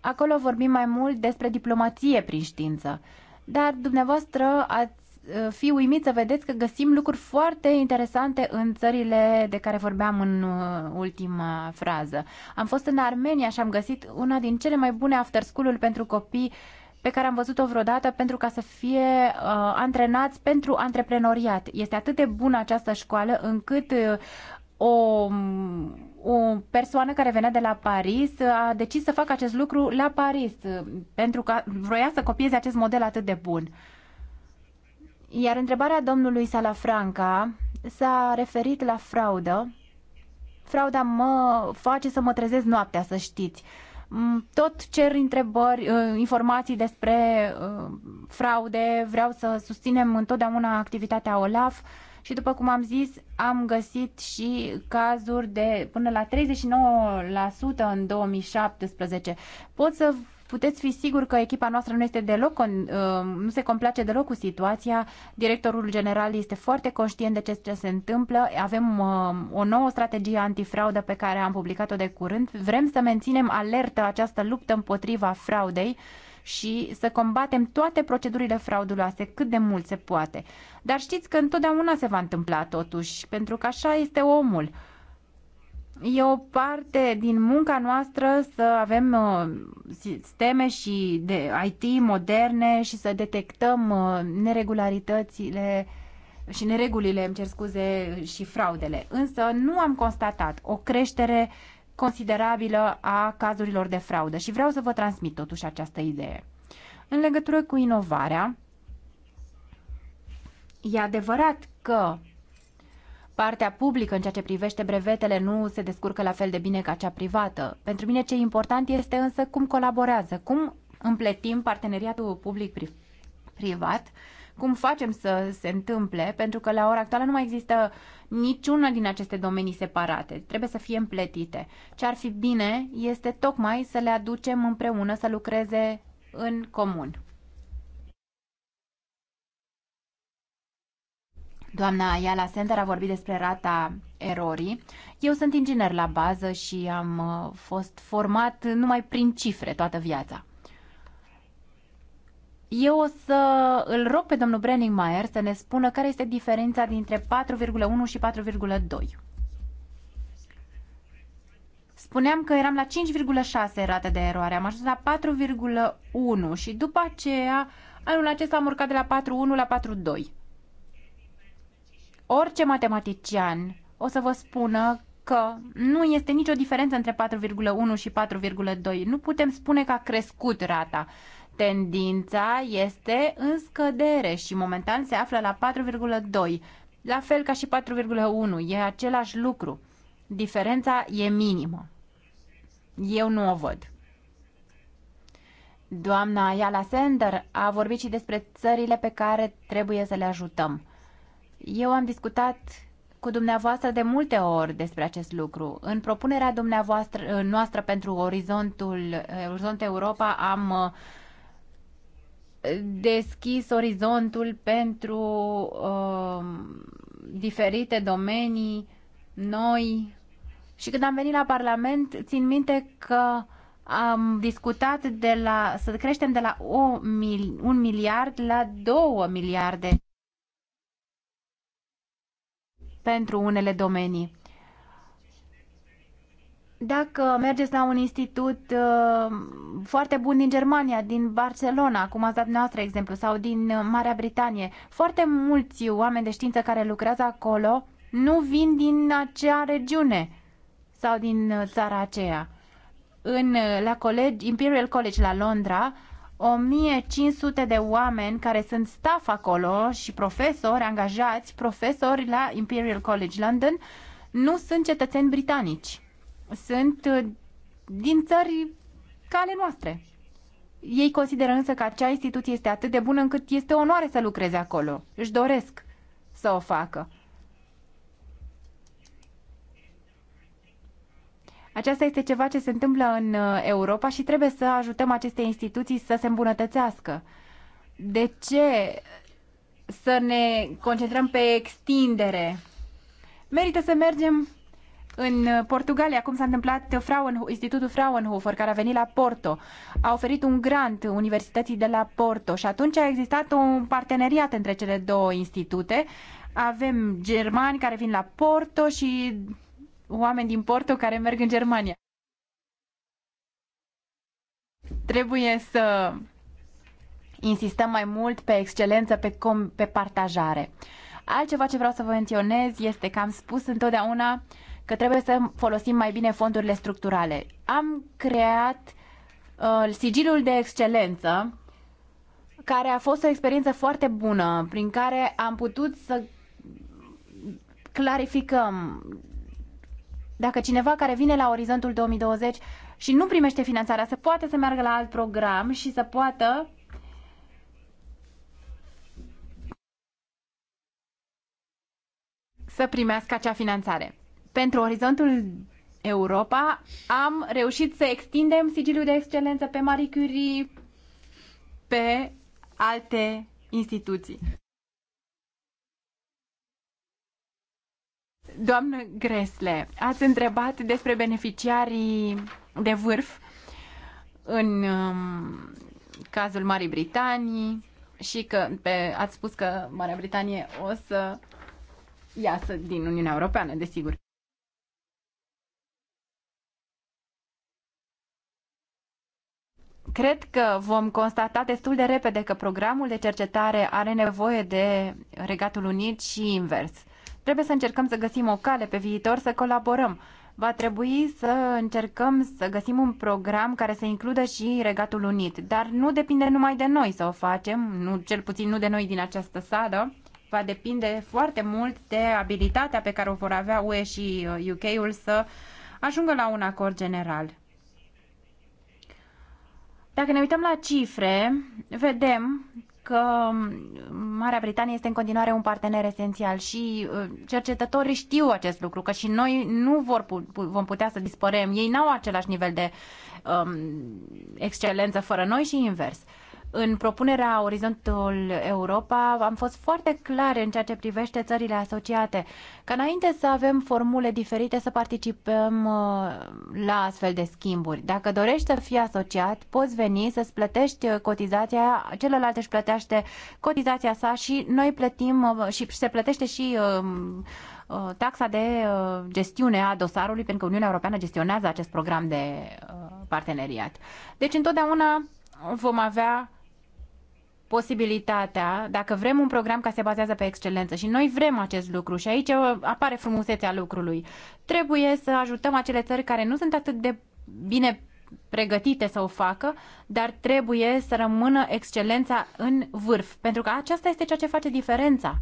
acolo vorbim mai mult despre diplomație prin știință. Dar dumneavoastră ați Uh, fi uimit să vedeți că găsim lucruri foarte interesante în țările de care vorbeam în uh, ultima frază. Am fost în Armenia și am găsit una din cele mai bune after school-uri pentru copii pe care am văzut-o vreodată pentru ca să fie uh, antrenați pentru antreprenoriat. Este atât de bună această școală încât uh, o, o persoană care venea de la Paris uh, a decis să facă acest lucru la Paris pentru că vroia să copieze acest model atât de bun. Uh, iar întrebarea domnului Salafranca s-a referit la fraudă. Frauda mă face să mă trezesc noaptea, să știți. Mm, tot cer întrebări, uh, informații despre uh, fraude, vreau să susținem întotdeauna activitatea OLAF și după cum am zis, am găsit și cazuri de până la 39% în 2017. Pot să puteți fi siguri că echipa noastră nu este deloc, uh, nu se complace deloc cu situația. Directorul general este foarte conștient de ce se întâmplă. Avem uh, o nouă strategie antifraudă pe care am publicat-o de curând. Vrem să menținem alertă această luptă împotriva fraudei și să combatem toate procedurile frauduloase cât de mult se poate. Dar știți că întotdeauna se va întâmpla totuși, pentru că așa este omul E o parte din munca noastră să avem uh, sisteme și de IT moderne și să detectăm uh, neregularitățile și neregulile, îmi cer scuze, și fraudele. Însă nu am constatat o creștere considerabilă a cazurilor de fraudă și vreau să vă transmit totuși această idee. În legătură cu inovarea, e adevărat că partea publică în ceea ce privește brevetele nu se descurcă la fel de bine ca cea privată. Pentru mine ce e important este însă cum colaborează, cum împletim parteneriatul public-privat, cum facem să se întâmple, pentru că la ora actuală nu mai există niciuna din aceste domenii separate. Trebuie să fie împletite. Ce ar fi bine este tocmai să le aducem împreună să lucreze în comun. Doamna Ayala Center a vorbit despre rata erorii. Eu sunt inginer la bază și am uh, fost format numai prin cifre toată viața. Eu o să îl rog pe domnul Brenning Mayer să ne spună care este diferența dintre 4,1 și 4,2. Spuneam că eram la 5,6 rate de eroare, am ajuns la 4,1 și după aceea anul acesta am urcat de la 4,1 la 4,2 orice matematician o să vă spună că nu este nicio diferență între 4,1 și 4,2. Nu putem spune că a crescut rata. Tendința este în scădere și momentan se află la 4,2, la fel ca și 4,1. E același lucru. Diferența e minimă. Eu nu o văd. Doamna Ayala Sender a vorbit și despre țările pe care trebuie să le ajutăm. Eu am discutat cu dumneavoastră de multe ori despre acest lucru. În propunerea dumneavoastră uh, noastră pentru orizontul uh, Orizont Europa am uh, deschis orizontul pentru uh, diferite domenii noi. Și când am venit la Parlament, țin minte că am discutat de la, să creștem de la 1 mil, miliard la 2 miliarde pentru unele domenii. Dacă mergeți la un institut uh, foarte bun din Germania, din Barcelona, cum ați dat noastră exemplu, sau din uh, Marea Britanie, foarte mulți oameni de știință care lucrează acolo nu vin din acea regiune sau din uh, țara aceea. În, uh, la College Imperial College la Londra, 1500 de oameni care sunt staff acolo și profesori angajați, profesori la Imperial College London, nu sunt cetățeni britanici. Sunt uh, din țări ca ale noastre. Ei consideră însă că acea instituție este atât de bună încât este onoare să lucreze acolo. Își doresc să o facă. Aceasta este ceva ce se întâmplă în uh, Europa și trebuie să ajutăm aceste instituții să se îmbunătățească. De ce să ne concentrăm pe extindere? Merită să mergem în uh, Portugalia, cum s-a întâmplat Fraunhofer, Institutul Fraunhofer, care a venit la Porto, a oferit un grant Universității de la Porto și atunci a existat un parteneriat între cele două institute. Avem germani care vin la Porto și oameni din Porto care merg în Germania. Trebuie să insistăm mai mult pe excelență, pe, com- pe partajare. Altceva ce vreau să vă menționez este că am spus întotdeauna că trebuie să folosim mai bine fondurile structurale. Am creat uh, sigilul de excelență, care a fost o experiență foarte bună, prin care am putut să clarificăm dacă cineva care vine la orizontul 2020 și nu primește finanțarea, să poată să meargă la alt program și să poată să primească acea finanțare. Pentru orizontul Europa am reușit să extindem sigiliul de excelență pe Marie Curie, pe alte instituții. Doamnă Gresle, ați întrebat despre beneficiarii de vârf în um, cazul Marii Britanii și că pe, ați spus că Marea Britanie o să iasă din Uniunea Europeană, desigur. Cred că vom constata destul de repede că programul de cercetare are nevoie de Regatul Unit și invers. Trebuie să încercăm să găsim o cale pe viitor să colaborăm. Va trebui să încercăm să găsim un program care să includă și Regatul Unit, dar nu depinde numai de noi să o facem, nu, cel puțin nu de noi din această sală, va depinde foarte mult de abilitatea pe care o vor avea UE și UK-ul uh, să ajungă la un acord general. Dacă ne uităm la cifre, vedem că Marea Britanie este în continuare un partener esențial și uh, cercetătorii știu acest lucru, că și noi nu vor, vom putea să dispărem. Ei n-au același nivel de um, excelență fără noi și invers. Uh, în propunerea Orizontul Europa am fost foarte clare în ceea ce privește țările asociate, ca înainte să avem formule diferite să participăm uh, la astfel de schimburi. Dacă dorești să fii asociat, poți veni să-ți plătești uh, cotizația, celălalt își plătește cotizația sa și noi plătim uh, și se plătește și taxa de gestiune a dosarului, pentru că Uniunea Europeană gestionează acest program de parteneriat. Deci întotdeauna vom avea posibilitatea, dacă vrem un program care se bazează pe excelență și noi vrem acest lucru și aici apare frumusețea lucrului, trebuie să ajutăm acele țări care nu sunt atât de bine pregătite să o facă, dar trebuie să rămână excelența în vârf, pentru că aceasta este ceea ce face diferența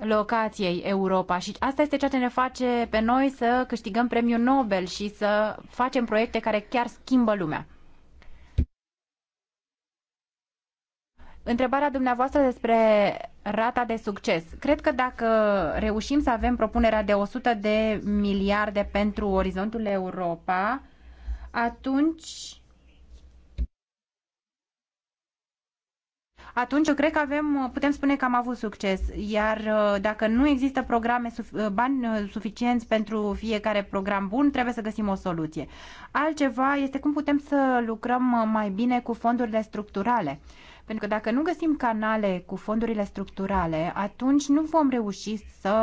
locației Europa și asta este ceea ce ne face pe noi să câștigăm premiul Nobel și să facem proiecte care chiar schimbă lumea. Întrebarea dumneavoastră despre rata de succes. Cred că dacă reușim să avem propunerea de 100 de miliarde pentru orizontul Europa, atunci atunci eu cred că avem, putem spune că am avut succes. Iar uh, dacă nu există programe, uh, bani uh, suficienți pentru fiecare program bun, trebuie să găsim o soluție. Altceva este cum putem să lucrăm mai bine cu fondurile structurale. Pentru că dacă nu găsim canale cu fondurile structurale, atunci nu vom reuși să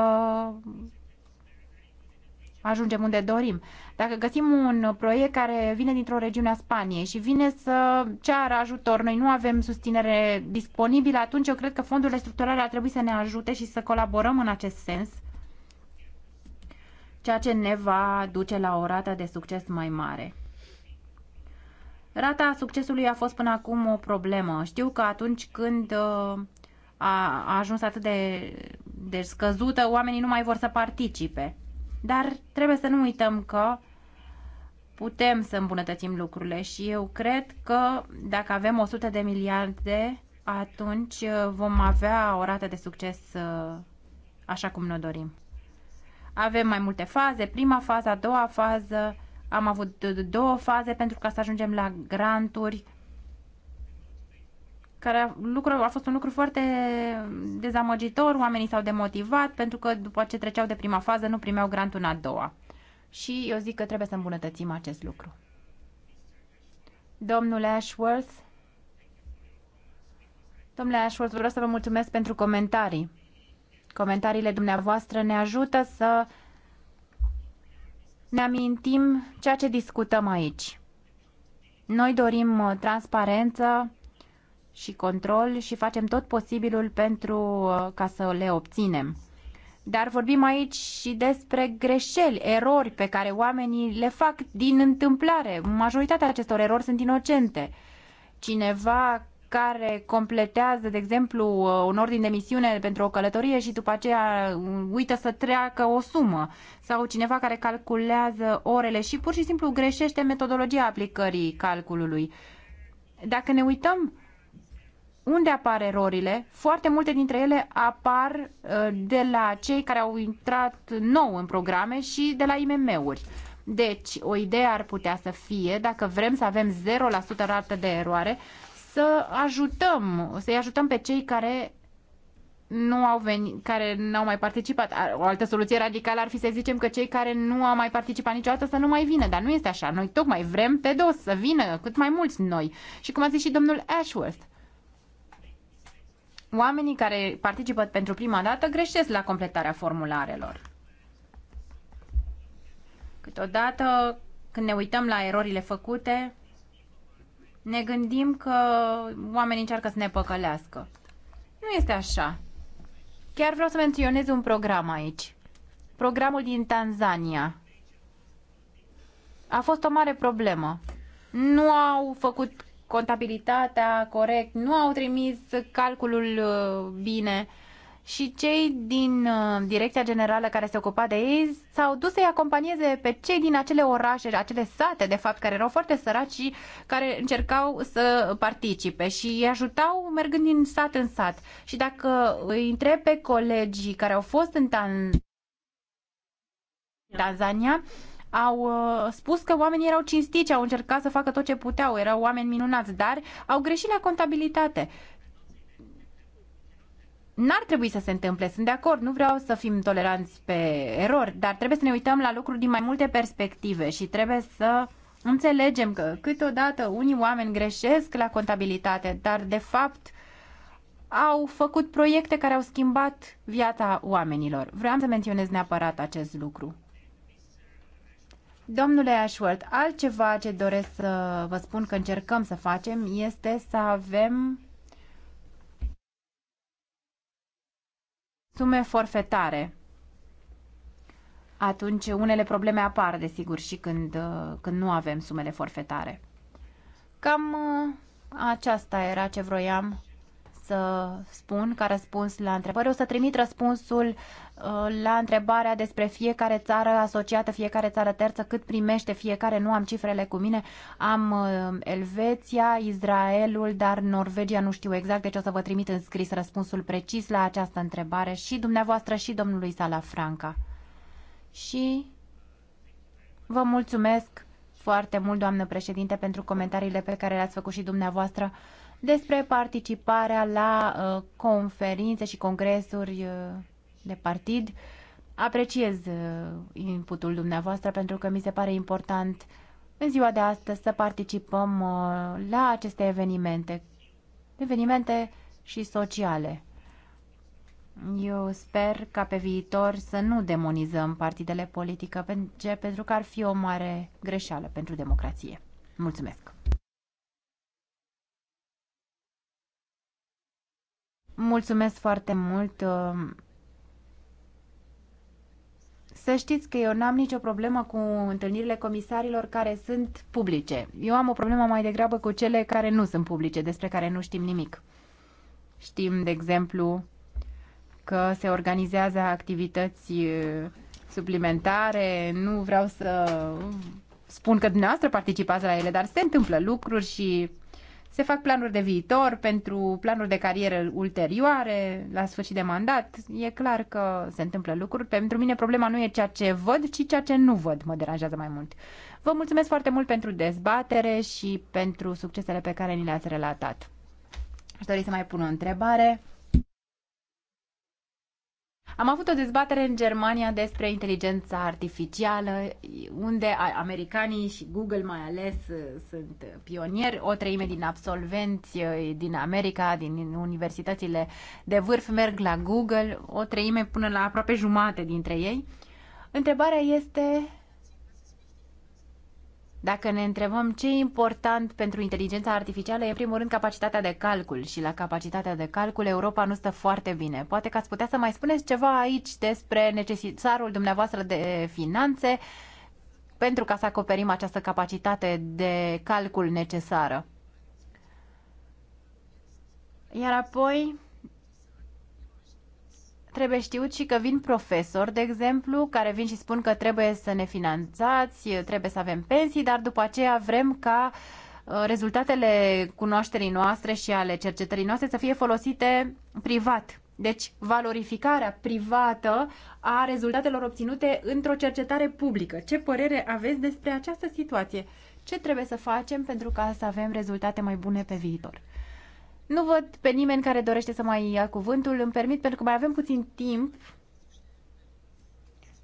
ajungem unde dorim. Dacă găsim un proiect care vine dintr-o regiune a Spaniei și vine să ceară ajutor, noi nu avem susținere disponibilă, atunci eu cred că fondurile structurale ar trebui să ne ajute și să colaborăm în acest sens, ceea ce ne va duce la o rată de succes mai mare. Rata succesului a fost până acum o problemă. Știu că atunci când uh, a ajuns atât de, de scăzută, oamenii nu mai vor să participe. Dar trebuie să nu uităm că putem să îmbunătățim lucrurile și eu cred că dacă avem 100 de miliarde, atunci uh, vom avea o rată de succes uh, așa cum ne dorim. Avem mai multe faze, prima fază, a doua fază am avut două faze pentru ca să ajungem la granturi, care a, lucru, a fost un lucru foarte dezamăgitor, oamenii s-au demotivat pentru că după ce treceau de prima fază nu primeau grantul în a doua. Și eu zic că trebuie să îmbunătățim acest lucru. Domnule Ashworth, domnule Ashworth, vreau să vă mulțumesc pentru comentarii. Comentariile dumneavoastră ne ajută să ne amintim ceea ce discutăm aici. Noi dorim uh, transparență și control și facem tot posibilul pentru uh, ca să le obținem. Dar vorbim aici și despre greșeli, erori pe care oamenii le fac din întâmplare. Majoritatea acestor erori sunt inocente. Cineva care completează, de exemplu, uh, un ordin de misiune pentru o călătorie și după aceea uh, uită să treacă o sumă sau cineva care calculează orele și pur și simplu greșește metodologia aplicării calculului. Dacă ne uităm unde apar erorile, foarte multe dintre ele apar uh, de la cei care au intrat nou în programe și de la IMM-uri. Deci, o idee ar putea să fie, dacă vrem să avem 0% rată de eroare, să ajutăm, să-i ajutăm pe cei care nu au venit, care nu au mai participat. O altă soluție radicală ar fi să zicem că cei care nu au mai participat niciodată să nu mai vină, dar nu este așa. Noi tocmai vrem pe dos să vină cât mai mulți noi. Și cum a zis și domnul Ashworth, oamenii care participă pentru prima dată greșesc la completarea formularelor. Câteodată, când ne uităm la erorile făcute, ne gândim că oamenii încearcă să ne păcălească. Nu este așa. Chiar vreau să menționez un program aici. Programul din Tanzania. A fost o mare problemă. Nu au făcut contabilitatea corect, nu au trimis calculul uh, bine și cei din uh, direcția generală care se ocupa de ei s-au dus să-i acompanieze pe cei din acele orașe, acele sate, de fapt, care erau foarte săraci și care încercau să participe și îi ajutau mergând din sat în sat. Și dacă îi întreb pe colegii care au fost în Tan- Tanzania, au uh, spus că oamenii erau cinstiți, au încercat să facă tot ce puteau, erau oameni minunați, dar au greșit la contabilitate N-ar trebui să se întâmple, sunt de acord, nu vreau să fim toleranți pe erori, dar trebuie să ne uităm la lucruri din mai multe perspective și trebuie să înțelegem că câteodată unii oameni greșesc la contabilitate, dar de fapt au făcut proiecte care au schimbat viața oamenilor. Vreau să menționez neapărat acest lucru. Domnule Ashworth, altceva ce doresc să vă spun că încercăm să facem este să avem sume forfetare. Atunci unele probleme apar, desigur, și când, când nu avem sumele forfetare. Cam uh, aceasta era ce vroiam să spun ca răspuns la întrebări. O să trimit răspunsul uh, la întrebarea despre fiecare țară asociată, fiecare țară terță, cât primește fiecare, nu am cifrele cu mine. Am uh, Elveția, Israelul, dar Norvegia nu știu exact, deci o să vă trimit în scris răspunsul precis la această întrebare și dumneavoastră și domnului Salafranca. Și vă mulțumesc foarte mult, doamnă președinte, pentru comentariile pe care le-ați făcut și dumneavoastră despre participarea la uh, conferințe și congresuri uh, de partid. Apreciez uh, inputul dumneavoastră pentru că mi se pare important în ziua de astăzi să participăm uh, la aceste evenimente, evenimente și sociale. Eu sper ca pe viitor să nu demonizăm partidele politică, pentru că ar fi o mare greșeală pentru democrație. Mulțumesc! Mulțumesc foarte mult. Să știți că eu n-am nicio problemă cu întâlnirile comisarilor care sunt publice. Eu am o problemă mai degrabă cu cele care nu sunt publice, despre care nu știm nimic. Știm, de exemplu, că se organizează activități suplimentare, nu vreau să spun că dumneavoastră participați la ele, dar se întâmplă lucruri și se fac planuri de viitor pentru planuri de carieră ulterioare, la sfârșit de mandat. E clar că se întâmplă lucruri. Pentru mine problema nu e ceea ce văd, ci ceea ce nu văd mă deranjează mai mult. Vă mulțumesc foarte mult pentru dezbatere și pentru succesele pe care ni le-ați relatat. Aș dori să mai pun o întrebare. Am avut o dezbatere în Germania despre inteligența artificială, unde americanii și Google mai ales uh, sunt pionieri. O treime din absolvenți uh, din America, din universitățile de vârf, merg la Google, o treime până la aproape jumate dintre ei. Întrebarea este dacă ne întrebăm ce e important pentru inteligența artificială, e primul rând capacitatea de calcul și la capacitatea de calcul Europa nu stă foarte bine. Poate că ați putea să mai spuneți ceva aici despre necesarul dumneavoastră de finanțe pentru ca să acoperim această capacitate de calcul necesară. Iar apoi, Trebuie știut și că vin profesori, de exemplu, care vin și spun că trebuie să ne finanțați, trebuie să avem pensii, dar după aceea vrem ca uh, rezultatele cunoașterii noastre și ale cercetării noastre să fie folosite privat. Deci, valorificarea privată a rezultatelor obținute într-o cercetare publică. Ce părere aveți despre această situație? Ce trebuie să facem pentru ca să avem rezultate mai bune pe viitor? Nu văd pe nimeni care dorește să mai ia cuvântul. Îmi permit, pentru că mai avem puțin timp,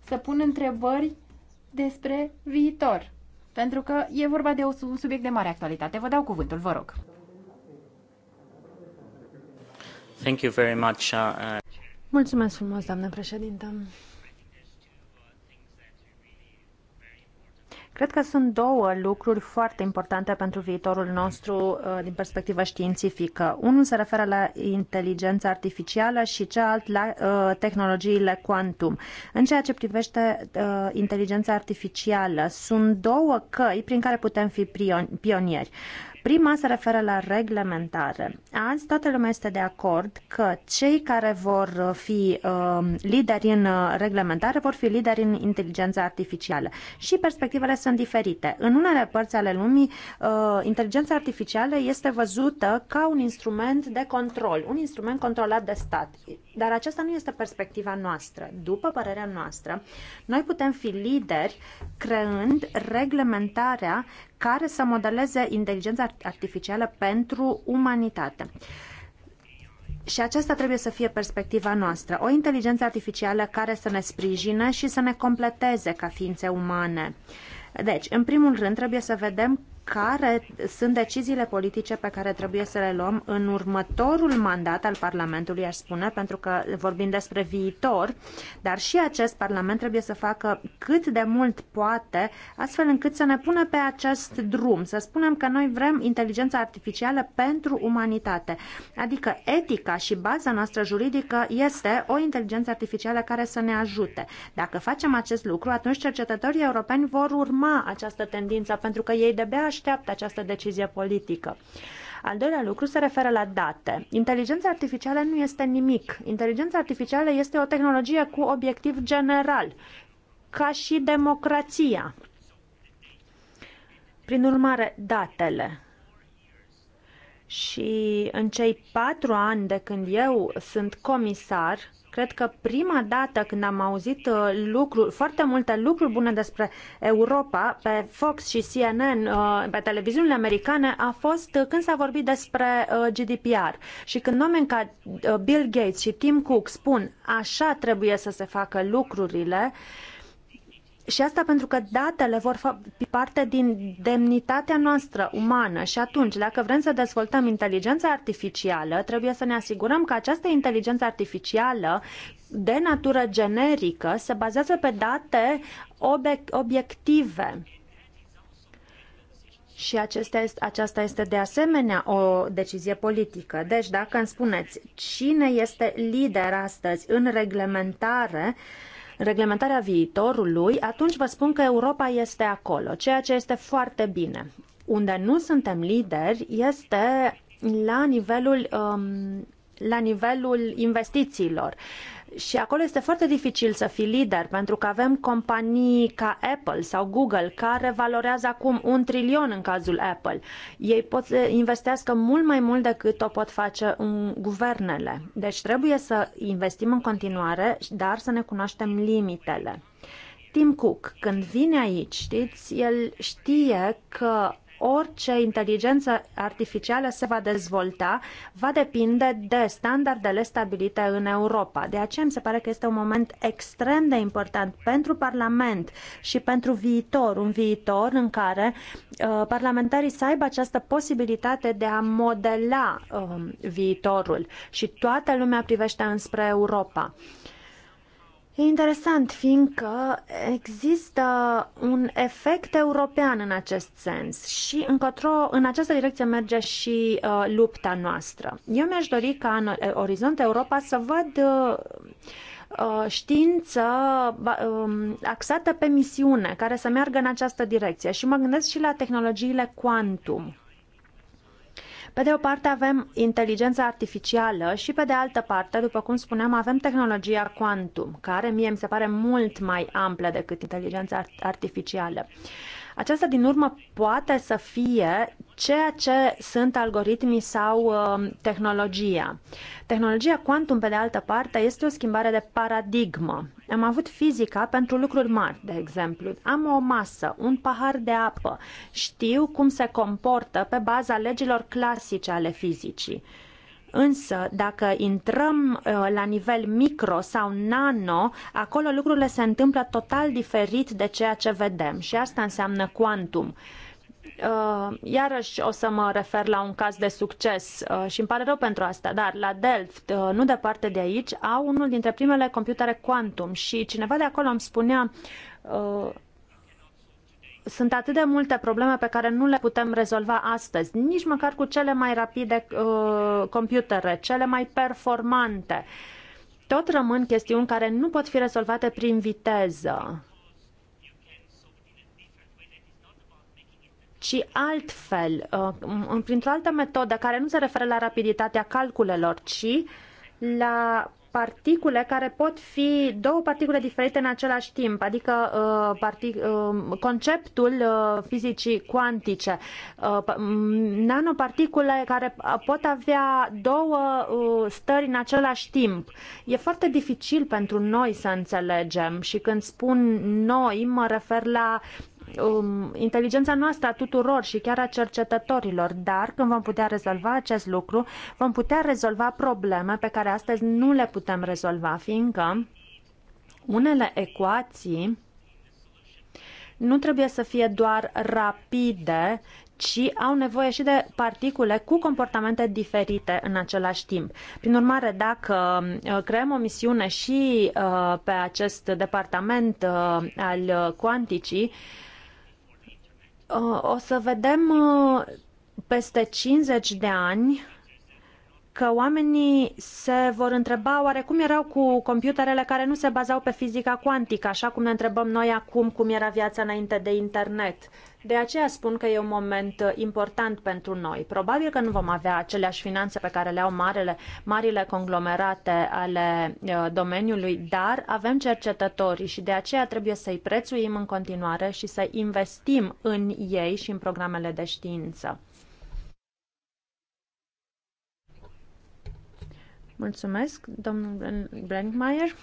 să pun întrebări despre viitor. Pentru că e vorba de un subiect de mare actualitate. Vă dau cuvântul, vă rog. Thank you very much. Uh, uh. Mulțumesc frumos, doamnă președintă. Cred că sunt două lucruri foarte importante pentru viitorul nostru uh, din perspectivă științifică. Unul se referă la inteligența artificială și cealalt la uh, tehnologiile quantum. În ceea ce privește uh, inteligența artificială, sunt două căi prin care putem fi pionieri. Prima se referă la reglementare. Azi toată lumea este de acord că cei care vor fi uh, lideri în reglementare vor fi lideri în inteligența artificială și perspectivele sunt diferite. În unele părți ale lumii, uh, inteligența artificială este văzută ca un instrument de control, un instrument controlat de stat. Dar aceasta nu este perspectiva noastră. După părerea noastră, noi putem fi lideri creând reglementarea care să modeleze inteligența artificială pentru umanitate. Și aceasta trebuie să fie perspectiva noastră. O inteligență artificială care să ne sprijine și să ne completeze ca ființe umane. Deci, în primul rând, trebuie să vedem care sunt deciziile politice pe care trebuie să le luăm în următorul mandat al Parlamentului, aș spune, pentru că vorbim despre viitor, dar și acest Parlament trebuie să facă cât de mult poate, astfel încât să ne pună pe acest drum, să spunem că noi vrem inteligența artificială pentru umanitate, adică etica și baza noastră juridică este o inteligență artificială care să ne ajute. Dacă facem acest lucru, atunci cercetătorii europeni vor urma această tendință, pentru că ei de-abia așteaptă această decizie politică. Al doilea lucru se referă la date. Inteligența artificială nu este nimic. Inteligența artificială este o tehnologie cu obiectiv general, ca și democrația. Prin urmare, datele. Și în cei patru ani de când eu sunt comisar, Cred că prima dată când am auzit uh, lucruri, foarte multe lucruri bune despre Europa pe Fox și CNN, uh, pe televiziunile americane, a fost uh, când s-a vorbit despre GDPR. Și când oameni ca Bill Gates și Tim Cook spun așa trebuie să se facă lucrurile, și asta pentru că datele vor fi parte din demnitatea noastră umană și atunci, dacă vrem să dezvoltăm inteligența artificială, trebuie să ne asigurăm că această inteligență artificială de natură generică se bazează pe date obiective. Și acesta este, aceasta este de asemenea o decizie politică. Deci, dacă îmi spuneți cine este lider astăzi în reglementare, uh, reglementarea viitorului, atunci vă spun că Europa este acolo, ceea ce este foarte bine. Unde nu suntem lideri este la nivelul, um, la nivelul investițiilor. Uh, și acolo este foarte dificil să fii lider, pentru că avem companii ca Apple sau Google, care valorează acum un trilion în cazul Apple. Ei pot să investească mult mai mult decât o pot face în guvernele. Deci trebuie să investim în continuare, dar să ne cunoaștem limitele. Tim Cook, când vine aici, știți, el știe că orice inteligență artificială se va dezvolta va depinde de standardele stabilite în Europa. De aceea mi se pare că este un moment extrem de important pentru Parlament și pentru viitor, un viitor în care uh, parlamentarii să aibă această posibilitate de a modela uh, viitorul și toată lumea privește înspre Europa. Uh, E interesant, fiindcă există un efect european în acest sens și încotro, în această direcție merge și uh, lupta noastră. Eu mi-aș dori ca în Orizont Europa să văd uh, uh știință uh, axată pe misiune, care să meargă în această direcție. Și mă gândesc și la tehnologiile quantum pe de o parte avem inteligența artificială și pe de altă parte, după cum spuneam, avem tehnologia quantum, care mie mi se pare mult mai amplă decât inteligența artificială. Aceasta, din urmă, poate să fie ceea ce sunt algoritmii sau uh, tehnologia. Tehnologia quantum, pe de altă parte, este o schimbare de paradigmă. Am avut fizica pentru lucruri mari, de exemplu. Am o masă, un pahar de apă. Știu cum se comportă pe baza legilor clasice ale fizicii. Însă, dacă intrăm uh, la nivel micro sau nano, acolo lucrurile se întâmplă total diferit de ceea ce vedem și asta înseamnă quantum. Uh, iarăși o să mă refer la un caz de succes uh, și îmi pare rău pentru asta, dar la Delft, nu departe de aici, au unul dintre primele computere quantum și cineva de acolo îmi spunea sunt atât de multe probleme pe care nu le putem rezolva astăzi, nici măcar cu cele mai rapide uh, computere, cele mai performante. Tot rămân chestiuni care nu pot fi rezolvate prin viteză, ci altfel, uh, printr-o altă metodă care nu se referă la rapiditatea calculelor, ci la particule care pot fi două particule diferite în același timp, adică uh, partic- uh, conceptul uh, fizicii cuantice, uh, nanoparticule care uh, pot avea două uh, stări în același timp. E foarte dificil pentru noi să înțelegem și când spun noi mă refer la um, inteligența noastră a tuturor și chiar a cercetătorilor, dar când vom putea rezolva acest lucru, vom putea rezolva probleme pe care astăzi nu le putem rezolva, fiindcă unele ecuații nu trebuie să fie doar rapide, ci au nevoie și de particule cu comportamente diferite în același timp. Prin urmare, dacă uh, creăm o misiune și uh, pe acest departament uh, al cuanticii, o să vedem uh, peste 50 de ani că oamenii se vor întreba oare cum erau cu computerele care nu se bazau pe fizica cuantică, așa cum ne întrebăm noi acum cum era viața înainte de internet. De aceea spun că e un moment uh, important pentru noi. Probabil că nu vom avea aceleași finanțe pe care le au marele, marile conglomerate ale uh, domeniului, dar avem cercetători și de aceea trebuie să-i prețuim în continuare și să investim în ei și în programele de știință. Mulțumesc, domnul Brenkmeier.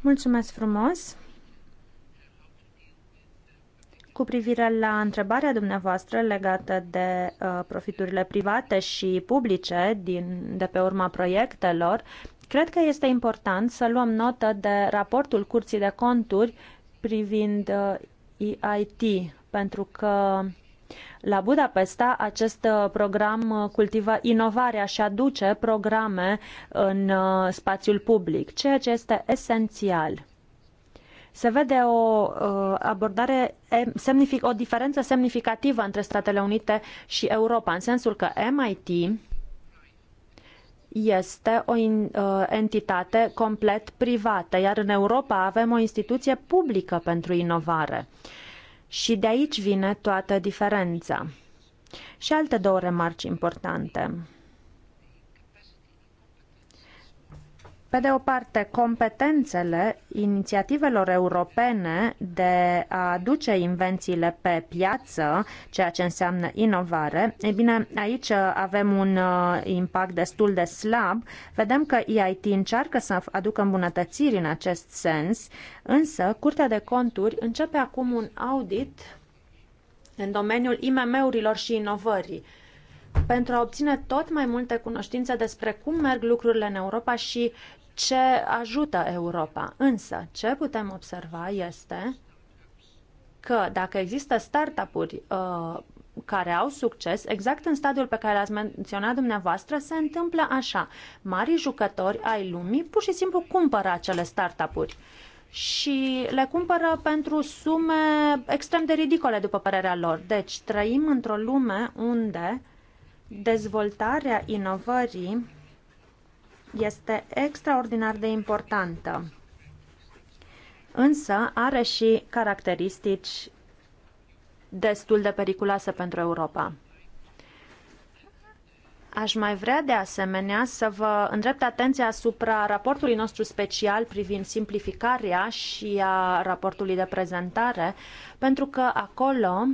Mulțumesc frumos. Cu privire la întrebarea dumneavoastră legată de uh, profiturile private și publice din, de pe urma proiectelor, cred că este important să luăm notă de raportul Curții de Conturi privind uh, EIT, pentru că la Budapesta, acest uh, program uh, cultivă inovarea și aduce programe în uh, spațiul public, ceea ce este esențial se vede o uh, abordare, semnific, o diferență semnificativă între Statele Unite și Europa, în sensul că MIT este o uh, entitate complet privată, iar în Europa avem o instituție publică pentru inovare. Și de aici vine toată diferența. Și alte două remarci importante. Pe de o parte, competențele inițiativelor europene de a aduce invențiile pe piață, ceea ce înseamnă inovare, e bine, aici avem un uh, impact destul de slab. Vedem că EIT încearcă să aducă îmbunătățiri în acest sens, însă Curtea de Conturi începe acum un audit în domeniul IMM-urilor și inovării pentru a obține tot mai multe cunoștințe despre cum merg lucrurile în Europa și ce ajută Europa. Însă, ce putem observa este că dacă există startup-uri uh, care au succes, exact în stadiul pe care l-ați menționat dumneavoastră, se întâmplă așa. Mari jucători ai lumii pur și simplu cumpără acele startup-uri și le cumpără pentru sume extrem de ridicole, după părerea lor. Deci, trăim într-o lume unde dezvoltarea inovării este extraordinar de importantă, însă are și caracteristici destul de periculoase pentru Europa. Aș mai vrea de asemenea să vă îndrept atenția asupra raportului nostru special privind simplificarea și a raportului de prezentare, pentru că acolo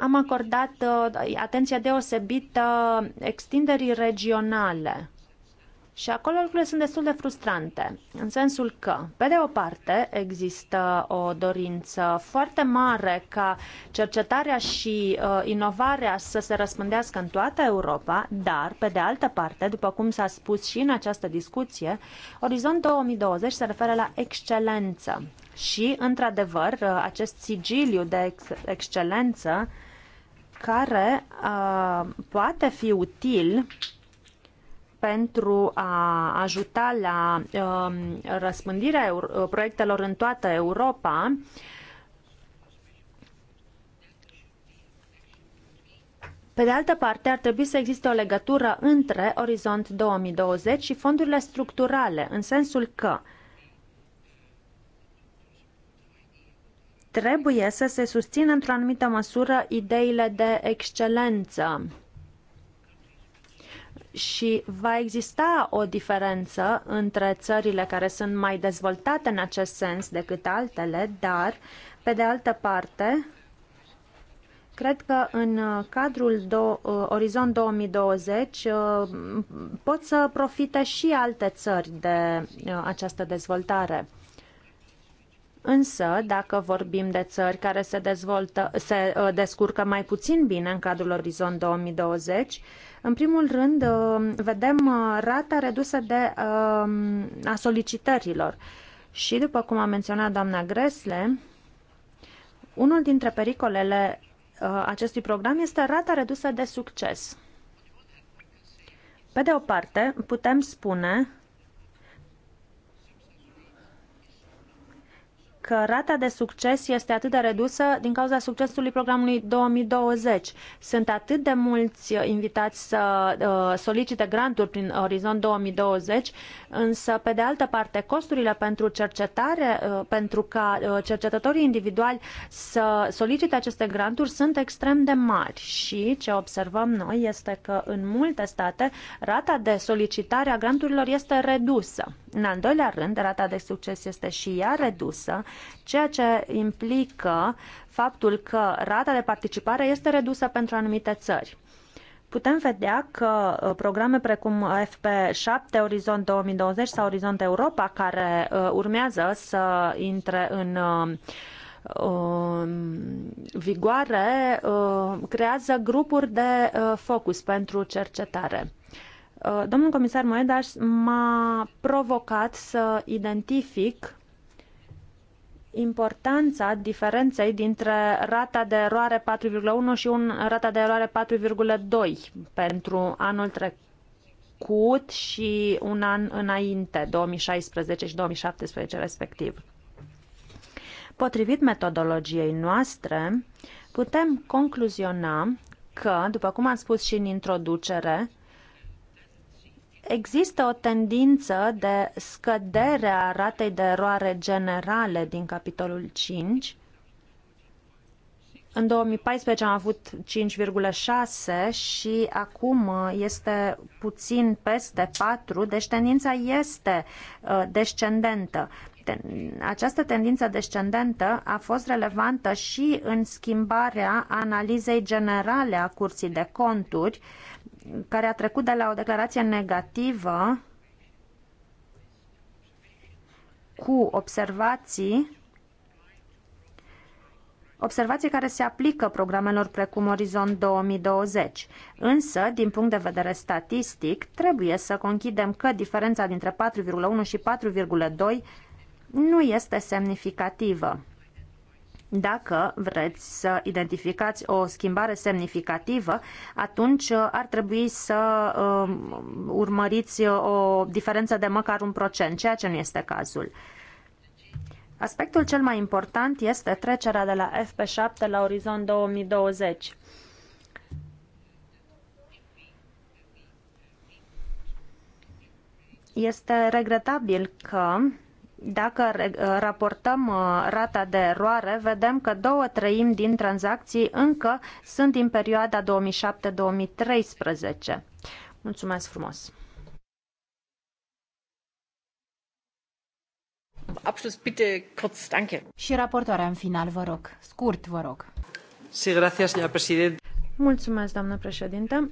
am acordat uh, atenția deosebită extinderii regionale și acolo lucrurile sunt destul de frustrante, în sensul că, pe de o parte, există o dorință foarte mare ca cercetarea și uh, inovarea să se răspândească în toată Europa, dar, pe de altă parte, după cum s-a spus și în această discuție, Orizont 2020 se referă la excelență. Și, într-adevăr, uh, acest sigiliu de ex- excelență care uh, poate fi util pentru a ajuta la um, răspândirea proiectelor în toată Europa, Pe de altă parte, ar trebui să existe o legătură între Orizont 2020 și fondurile structurale, în sensul că trebuie să se susțină într-o anumită măsură ideile de excelență și va exista o diferență între țările care sunt mai dezvoltate în acest sens decât altele, dar, pe de altă parte, cred că în cadrul do, uh, Orizont 2020 uh, pot să profite și alte țări de uh, această dezvoltare. Însă, dacă vorbim de țări care se, dezvoltă, se descurcă mai puțin bine în cadrul Orizont 2020, în primul rând, uh, vedem uh, rata redusă de, um, a solicitărilor. Și, după cum a menționat doamna Gresle, unul dintre pericolele uh, acestui program este rata redusă de succes. Pe de o parte, putem spune că rata de succes este atât de redusă din cauza succesului programului 2020. Sunt atât de mulți invitați să uh, solicite granturi prin Orizont 2020, însă, pe de altă parte, costurile pentru cercetare, uh, pentru ca uh, cercetătorii individuali să solicite aceste granturi sunt extrem de mari și ce observăm noi este că în multe state rata de solicitare a granturilor este redusă. În al doilea rând, rata de succes este și ea redusă, ceea ce implică faptul că rata de participare este redusă pentru anumite țări. Putem vedea că uh, programe precum FP7, Orizont 2020 sau Orizont Europa, care uh, urmează să intre în uh, um, vigoare, creează grupuri de focus pentru cercetare. Uh, domnul comisar Moedas m-a provocat să identific importanța diferenței dintre rata de eroare 4,1 și un rata de eroare 4,2 pentru anul trecut și un an înainte, 2016 și 2017 respectiv. Potrivit metodologiei noastre, putem concluziona că, după cum am spus și în introducere, există o tendință de scădere a ratei de eroare generale din capitolul 5. În 2014 am avut 5,6 și acum este puțin peste 4, deci tendința este uh, descendentă. Această tendință descendentă a fost relevantă și în schimbarea analizei generale a curții de conturi, uh, care a trecut de la o declarație negativă cu observații observații care se aplică programelor precum Orizont 2020. Însă, din punct de vedere statistic, trebuie să conchidem că diferența dintre 4,1 și 4,2 nu este semnificativă. Dacă vreți să identificați o schimbare semnificativă, atunci uh, ar trebui să um, urmăriți uh, o diferență de măcar un procent, ceea ce nu este cazul. Aspectul cel mai important este trecerea de la FP7 la orizont 2020. Este regretabil că dacă raportăm uh, rata de eroare, vedem că două treimi din tranzacții încă sunt din perioada 2007-2013. Mulțumesc frumos! Abschluss bitte kurz, danke. Și raportoarea în final, vă rog. Scurt, vă rog. Sí, gracias, señora presidente. Mulțumesc, doamnă președinte.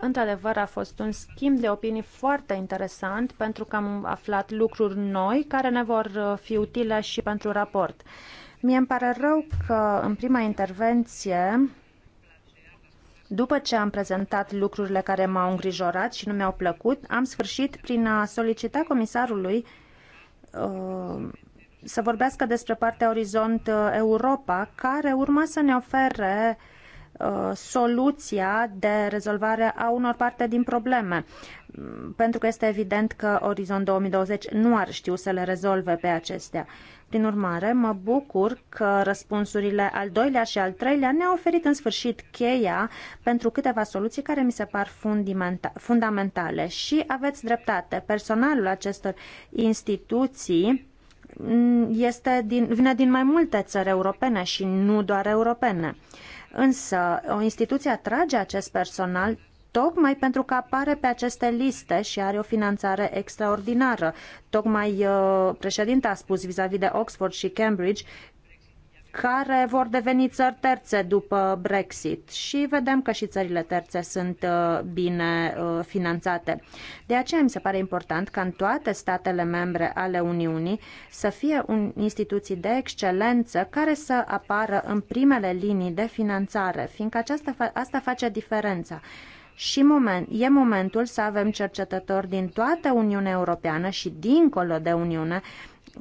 Într-adevăr, a fost un schimb de opinii foarte interesant pentru că am aflat lucruri noi care ne vor uh, fi utile și pentru raport. Mie îmi pare rău că în prima intervenție, după ce am prezentat lucrurile care m-au îngrijorat și nu mi-au plăcut, am sfârșit prin a solicita comisarului uh, să vorbească despre partea Orizont uh, Europa, care urma să ne ofere uh, Uh, soluția de rezolvare a unor parte din probleme. Pentru că este evident că Orizont 2020 nu ar știu să le rezolve pe acestea. Prin urmare, mă bucur că răspunsurile al doilea și al treilea ne-au oferit în sfârșit cheia pentru câteva soluții care mi se par fundamentale și aveți dreptate. Personalul acestor instituții este din, vine din mai multe țări europene și nu doar europene. Uh, Însă, o instituție atrage acest personal tocmai pentru că apare pe aceste liste și are o finanțare extraordinară. Tocmai uh, președinta a spus vis-a-vis de Oxford și Cambridge care vor deveni țări terțe după Brexit și vedem că și țările terțe sunt uh, bine uh, finanțate. De aceea mi se pare important ca în toate statele membre ale Uniunii să fie un instituții de excelență care să apară în primele linii de finanțare, fiindcă aceasta, asta face diferența și moment, e momentul să avem cercetători din toată Uniunea Europeană și dincolo de Uniune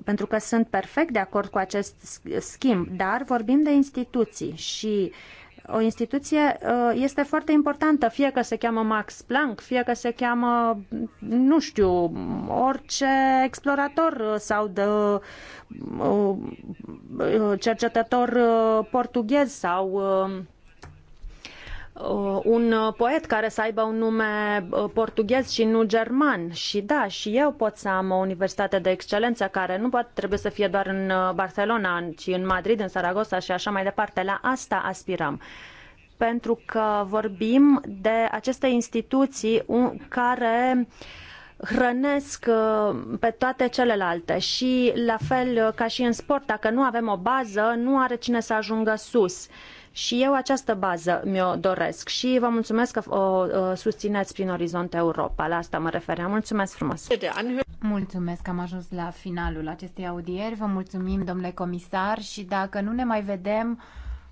pentru că sunt perfect de acord cu acest schimb, dar vorbim de instituții și o instituție uh, este foarte importantă, fie că se cheamă Max Planck, fie că se cheamă, nu știu, orice explorator sau de uh, uh, cercetător portughez sau Uh, un uh, poet care să aibă un nume uh, portughez și nu german. Și da, și eu pot să am o universitate de excelență care nu poate trebuie să fie doar în Barcelona, ci în Madrid, în Saragossa și așa mai departe. La asta aspirăm pentru că vorbim de aceste instituții care hrănesc pe toate celelalte și la fel ca și în sport, dacă nu avem o bază, nu are cine să ajungă sus. Și eu această bază mi-o doresc și vă mulțumesc că o susțineți prin Orizont Europa. La asta mă refeream. Mulțumesc frumos! Mulțumesc că am ajuns la finalul acestei audieri. Vă mulțumim, domnule comisar, și dacă nu ne mai vedem,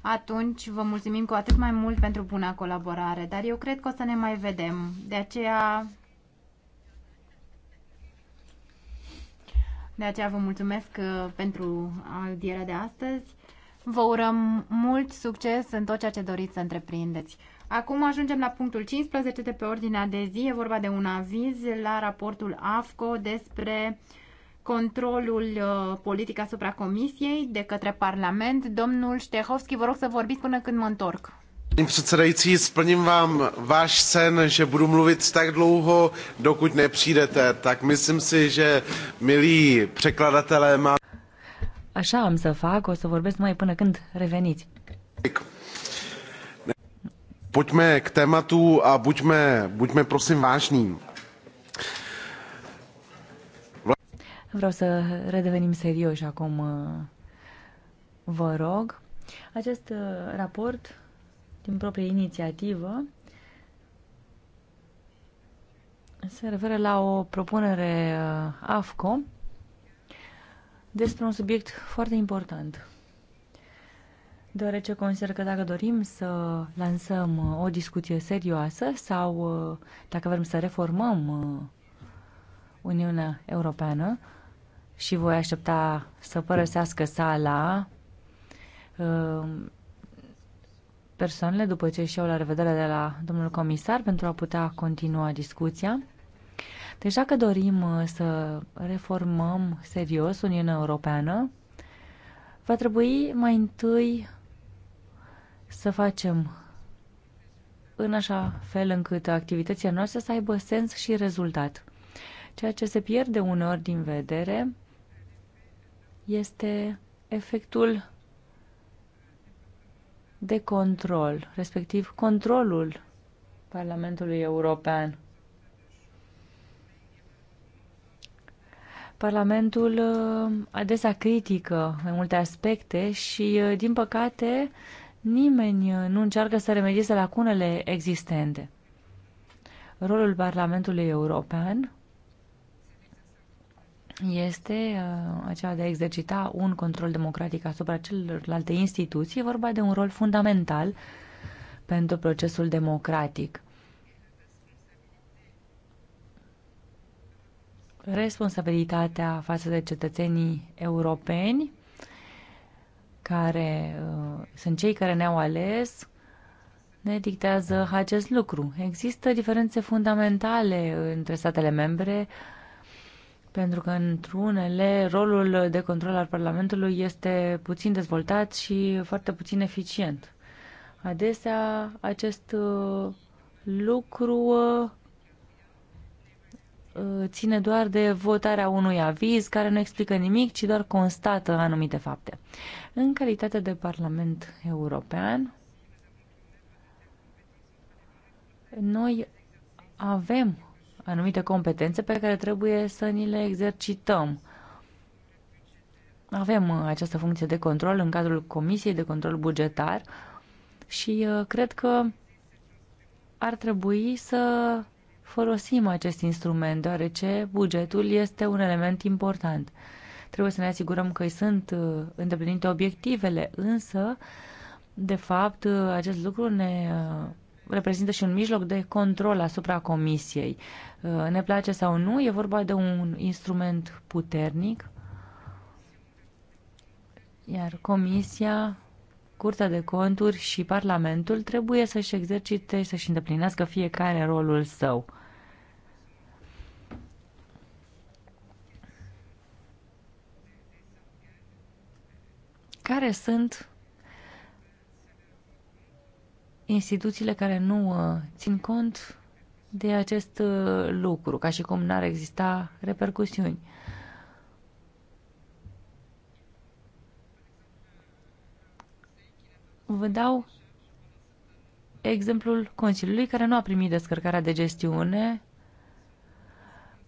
atunci vă mulțumim cu atât mai mult pentru buna colaborare, dar eu cred că o să ne mai vedem. De aceea De aceea vă mulțumesc uh, pentru audierea de astăzi. Vă urăm mult succes în tot ceea ce doriți să întreprindeți. Acum ajungem la punctul 15 de pe ordinea de zi. E vorba de un aviz la raportul AFCO despre controlul uh, politic asupra Comisiei de către Parlament. Domnul Ștehovski, vă rog să vorbiți până când mă întorc. Paní předsedající, splním vám váš sen, že budu mluvit tak dlouho, dokud nepřijdete. Tak myslím si, že milí překladatelé má... Așa am să fac, o să vorbesc mai până când reveniți. Pojďme k tématu a buďme, buďme prosím vážní. Vreau să redevenim serios acum, uh, vă rog. Acest uh, raport, din proprie inițiativă, se referă la o propunere uh, AFCO despre un subiect foarte important, deoarece consider că dacă dorim să lansăm uh, o discuție serioasă sau uh, dacă vrem să reformăm uh, Uniunea Europeană și voi aștepta să părăsească sala persoanele după ce și eu la revedere de la domnul comisar pentru a putea continua discuția. Deci dacă dorim uh, să reformăm serios Uniunea Europeană, va trebui mai întâi să facem în așa fel încât activitățile noastre să aibă sens și rezultat. Ceea ce se pierde uneori din vedere este efectul de control, respectiv controlul Parlamentului European Parlamentul uh, adesea critică mai multe aspecte și, uh, din păcate, nimeni uh, nu încearcă să remedieze lacunele existente. Rolul Parlamentului European este acela de a exercita un control democratic asupra celorlalte instituții, e vorba de un rol fundamental pentru procesul democratic. responsabilitatea față de cetățenii europeni, care uh, sunt cei care ne-au ales, ne dictează acest lucru. Există diferențe fundamentale între statele membre, pentru că într-unele rolul de control al Parlamentului este puțin dezvoltat și foarte puțin eficient. Adesea acest uh, lucru uh, Uh, ține doar de votarea unui aviz care nu explică nimic, ci doar constată anumite fapte. În calitate de Parlament European, noi avem anumite competențe pe care trebuie să ni le exercităm. Avem uh, această funcție de control în cadrul Comisiei de Control Bugetar și uh, cred că ar trebui să folosim acest instrument, deoarece bugetul este un element important. Trebuie să ne asigurăm că sunt uh, îndeplinite obiectivele, însă, de fapt, uh, acest lucru ne uh, reprezintă și un mijloc de control asupra comisiei. Ne place sau nu, e vorba de un instrument puternic, iar comisia Curtea de Conturi și Parlamentul trebuie să-și exercite, să-și îndeplinească fiecare rolul său. care sunt instituțiile care nu uh, țin cont de acest uh, lucru, ca și cum n-ar exista repercusiuni. Vă dau exemplul Consiliului care nu a primit descărcarea de gestiune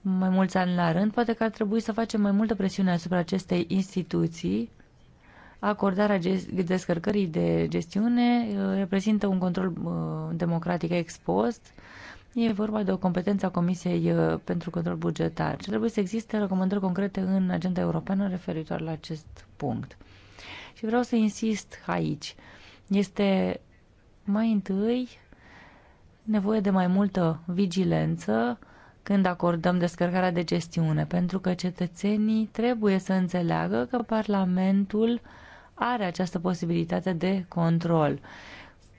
mai mulți ani la rând, poate că ar trebui să facem mai multă presiune asupra acestei instituții acordarea descărcării de gestiune uh, reprezintă un control uh, democratic expost. E vorba de o competență a Comisiei uh, pentru Control Bugetar. Și trebuie să existe recomandări concrete în agenda europeană referitor la acest punct. Și vreau să insist aici. Este mai întâi nevoie de mai multă vigilență când acordăm descărcarea de gestiune, pentru că cetățenii trebuie să înțeleagă că Parlamentul uh, are această posibilitate de control.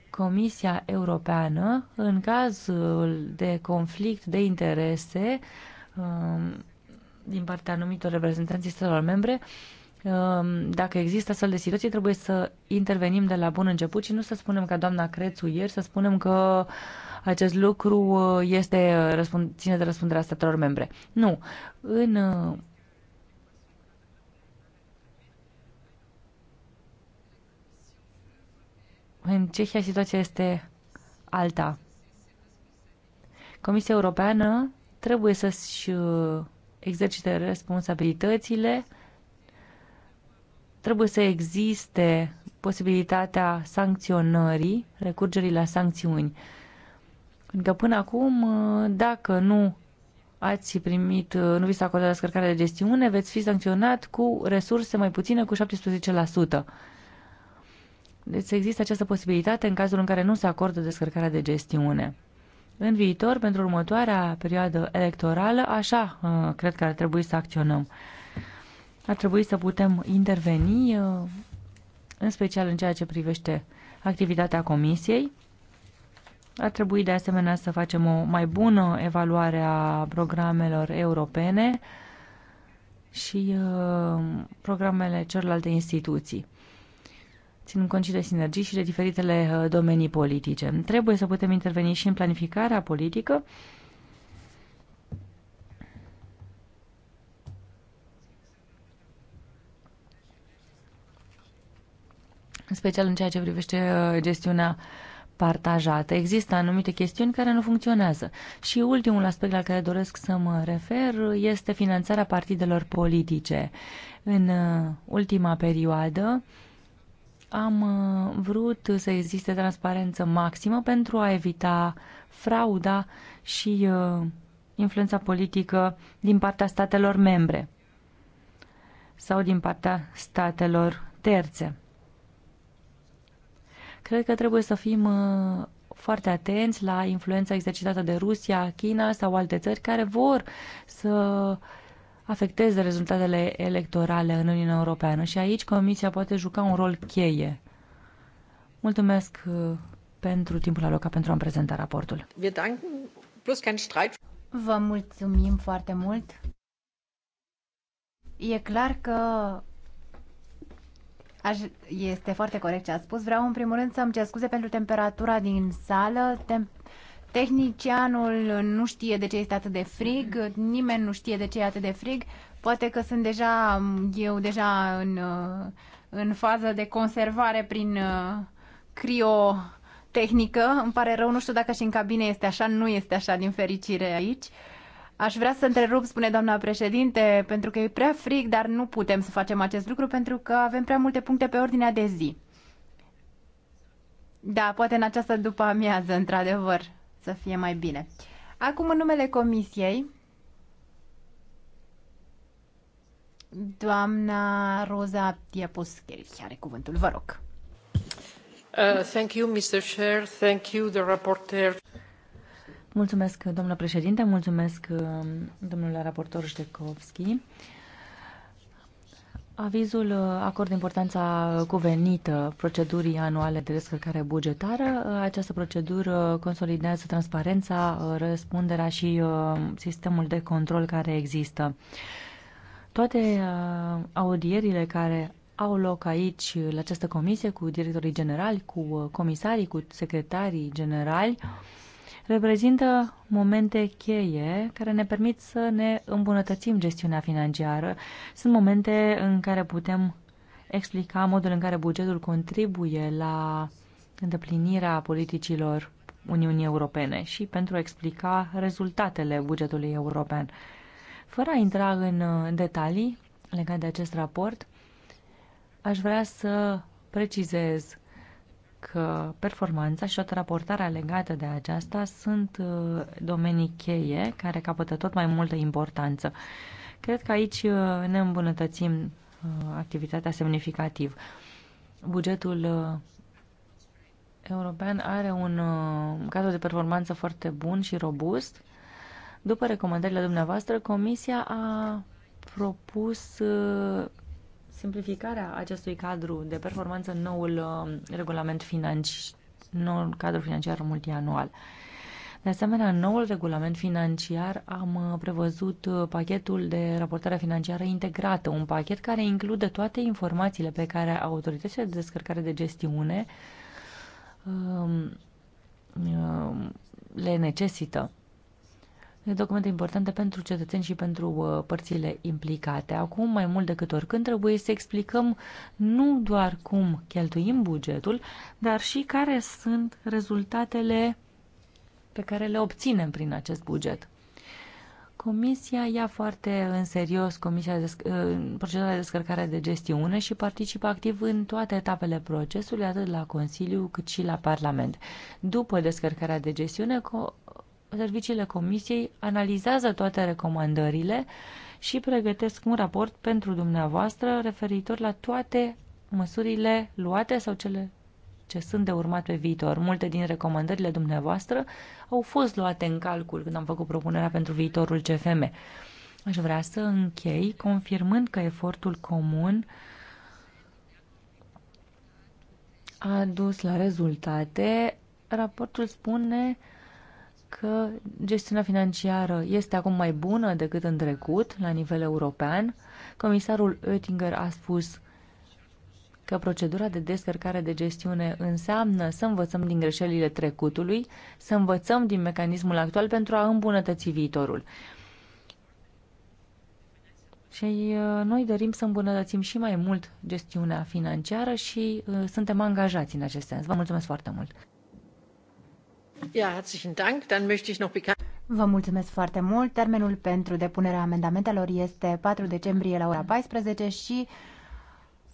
Comisia Europeană, în cazul de conflict de interese um, din partea anumitor reprezentanții statelor membre, um, dacă există astfel de situații, trebuie să intervenim de la bun început și nu să spunem ca doamna Crețu ieri, să spunem că acest lucru uh, este, ține de răspunderea statelor membre. Nu. În uh, În Cehia situația este alta. Comisia Europeană trebuie să-și uh, exercite responsabilitățile, trebuie să existe posibilitatea sancționării, recurgerii la sancțiuni. Pentru că până acum, uh, dacă nu ați primit, uh, nu vi s-a acordat descărcarea de gestiune, veți fi sancționat cu resurse mai puține, cu 17%. Deci există această posibilitate în cazul în care nu se acordă descărcarea de gestiune. În viitor, pentru următoarea perioadă electorală, așa uh, cred că ar trebui să acționăm. Ar trebui să putem interveni, uh, în special în ceea ce privește activitatea comisiei. Ar trebui de asemenea să facem o mai bună evaluare a programelor europene și uh, programele celorlalte instituții ținând cont și de sinergii și de diferitele uh, domenii politice. Trebuie să putem interveni și în planificarea politică, în special în ceea ce privește uh, gestiunea partajată. Există anumite chestiuni care nu funcționează. Și ultimul aspect la care doresc să mă refer este finanțarea partidelor politice. În uh, ultima perioadă, am uh, vrut să existe transparență maximă pentru a evita frauda și uh, influența politică din partea statelor membre sau din partea statelor terțe. Cred că trebuie să fim uh, foarte atenți la influența exercitată de Rusia, China sau alte țări care vor să afecteze rezultatele electorale în Uniunea Europeană și aici Comisia poate juca un rol cheie. Mulțumesc uh, pentru timpul alocat pentru a-mi prezenta raportul. Vă mulțumim foarte mult. E clar că Aș, este foarte corect ce a spus. Vreau în primul rând să-mi cer scuze pentru temperatura din sală. Tem- Tehnicianul nu știe de ce este atât de frig, nimeni nu știe de ce e atât de frig. Poate că sunt deja, eu deja în, în fază de conservare prin uh, crio tehnică. Îmi pare rău, nu știu dacă și în cabine este așa, nu este așa din fericire aici. Aș vrea să întrerup, spune doamna președinte, pentru că e prea frig, dar nu putem să facem acest lucru pentru că avem prea multe puncte pe ordinea de zi. Da, poate în această după amiază, într-adevăr să fie mai bine. Acum, în numele Comisiei, doamna Roza Diaposcheri are cuvântul. Vă rog. Uh, thank you, Mr. Chair. Thank you, the rapporteur. Mulțumesc, domnule președinte, mulțumesc, um, domnule raportor Ștecovski. Uh, Avizul uh, acordă importanța cuvenită procedurii anuale de descărcare bugetară. Uh, această procedură consolidează transparența, uh, răspunderea și sistemul de control care există. Toate audierile care au loc aici, la această comisie, cu directorii generali, cu comisarii, cu secretarii generali, uh, reprezintă momente cheie care ne permit să ne îmbunătățim gestiunea financiară. Sunt momente în care putem explica modul în care bugetul contribuie la îndeplinirea politicilor Uniunii Europene și pentru a explica rezultatele bugetului european. Fără a intra în uh, detalii legate de acest raport, aș vrea să precizez că performanța și toată raportarea legată de aceasta sunt uh, domenii cheie care capătă tot mai multă importanță. Cred că aici uh, ne îmbunătățim uh, activitatea semnificativ. Bugetul european are un cadru de performanță foarte bun și robust. După recomandările dumneavoastră, Comisia a propus simplificarea acestui cadru de performanță în noul um, regulament financiar, noul cadru financiar multianual. De asemenea, în noul regulament financiar am uh, prevăzut uh, pachetul de raportare financiară integrată, un pachet care include toate informațiile pe care autoritățile de descărcare de gestiune um, um, le necesită documente importante pentru cetățeni și pentru uh, părțile implicate. Acum, mai mult decât oricând, trebuie să explicăm nu doar cum cheltuim bugetul, dar și care sunt rezultatele pe care le obținem prin acest buget. Comisia ia foarte în serios comisia de, uh, procedura de descărcare de gestiune și participă activ în toate etapele procesului, atât la Consiliu cât și la Parlament. După descărcarea de gestiune, serviciile comisiei analizează toate recomandările și pregătesc un raport pentru dumneavoastră referitor la toate măsurile luate sau cele ce sunt de urmat pe viitor. Multe din recomandările dumneavoastră au fost luate în calcul când am făcut propunerea pentru viitorul CFM. Aș vrea să închei confirmând că efortul comun a dus la rezultate. Raportul spune că gestiunea financiară este acum mai bună decât în trecut la nivel european. Comisarul Oettinger a spus că procedura de descărcare de gestiune înseamnă să învățăm din greșelile trecutului, să învățăm din mecanismul actual pentru a îmbunătăți viitorul. Și uh, noi dorim să îmbunătățim și mai mult gestiunea financiară și uh, suntem angajați în acest sens. Vă mulțumesc foarte mult! Vă mulțumesc foarte mult. Termenul pentru depunerea amendamentelor este 4 decembrie la ora 14 și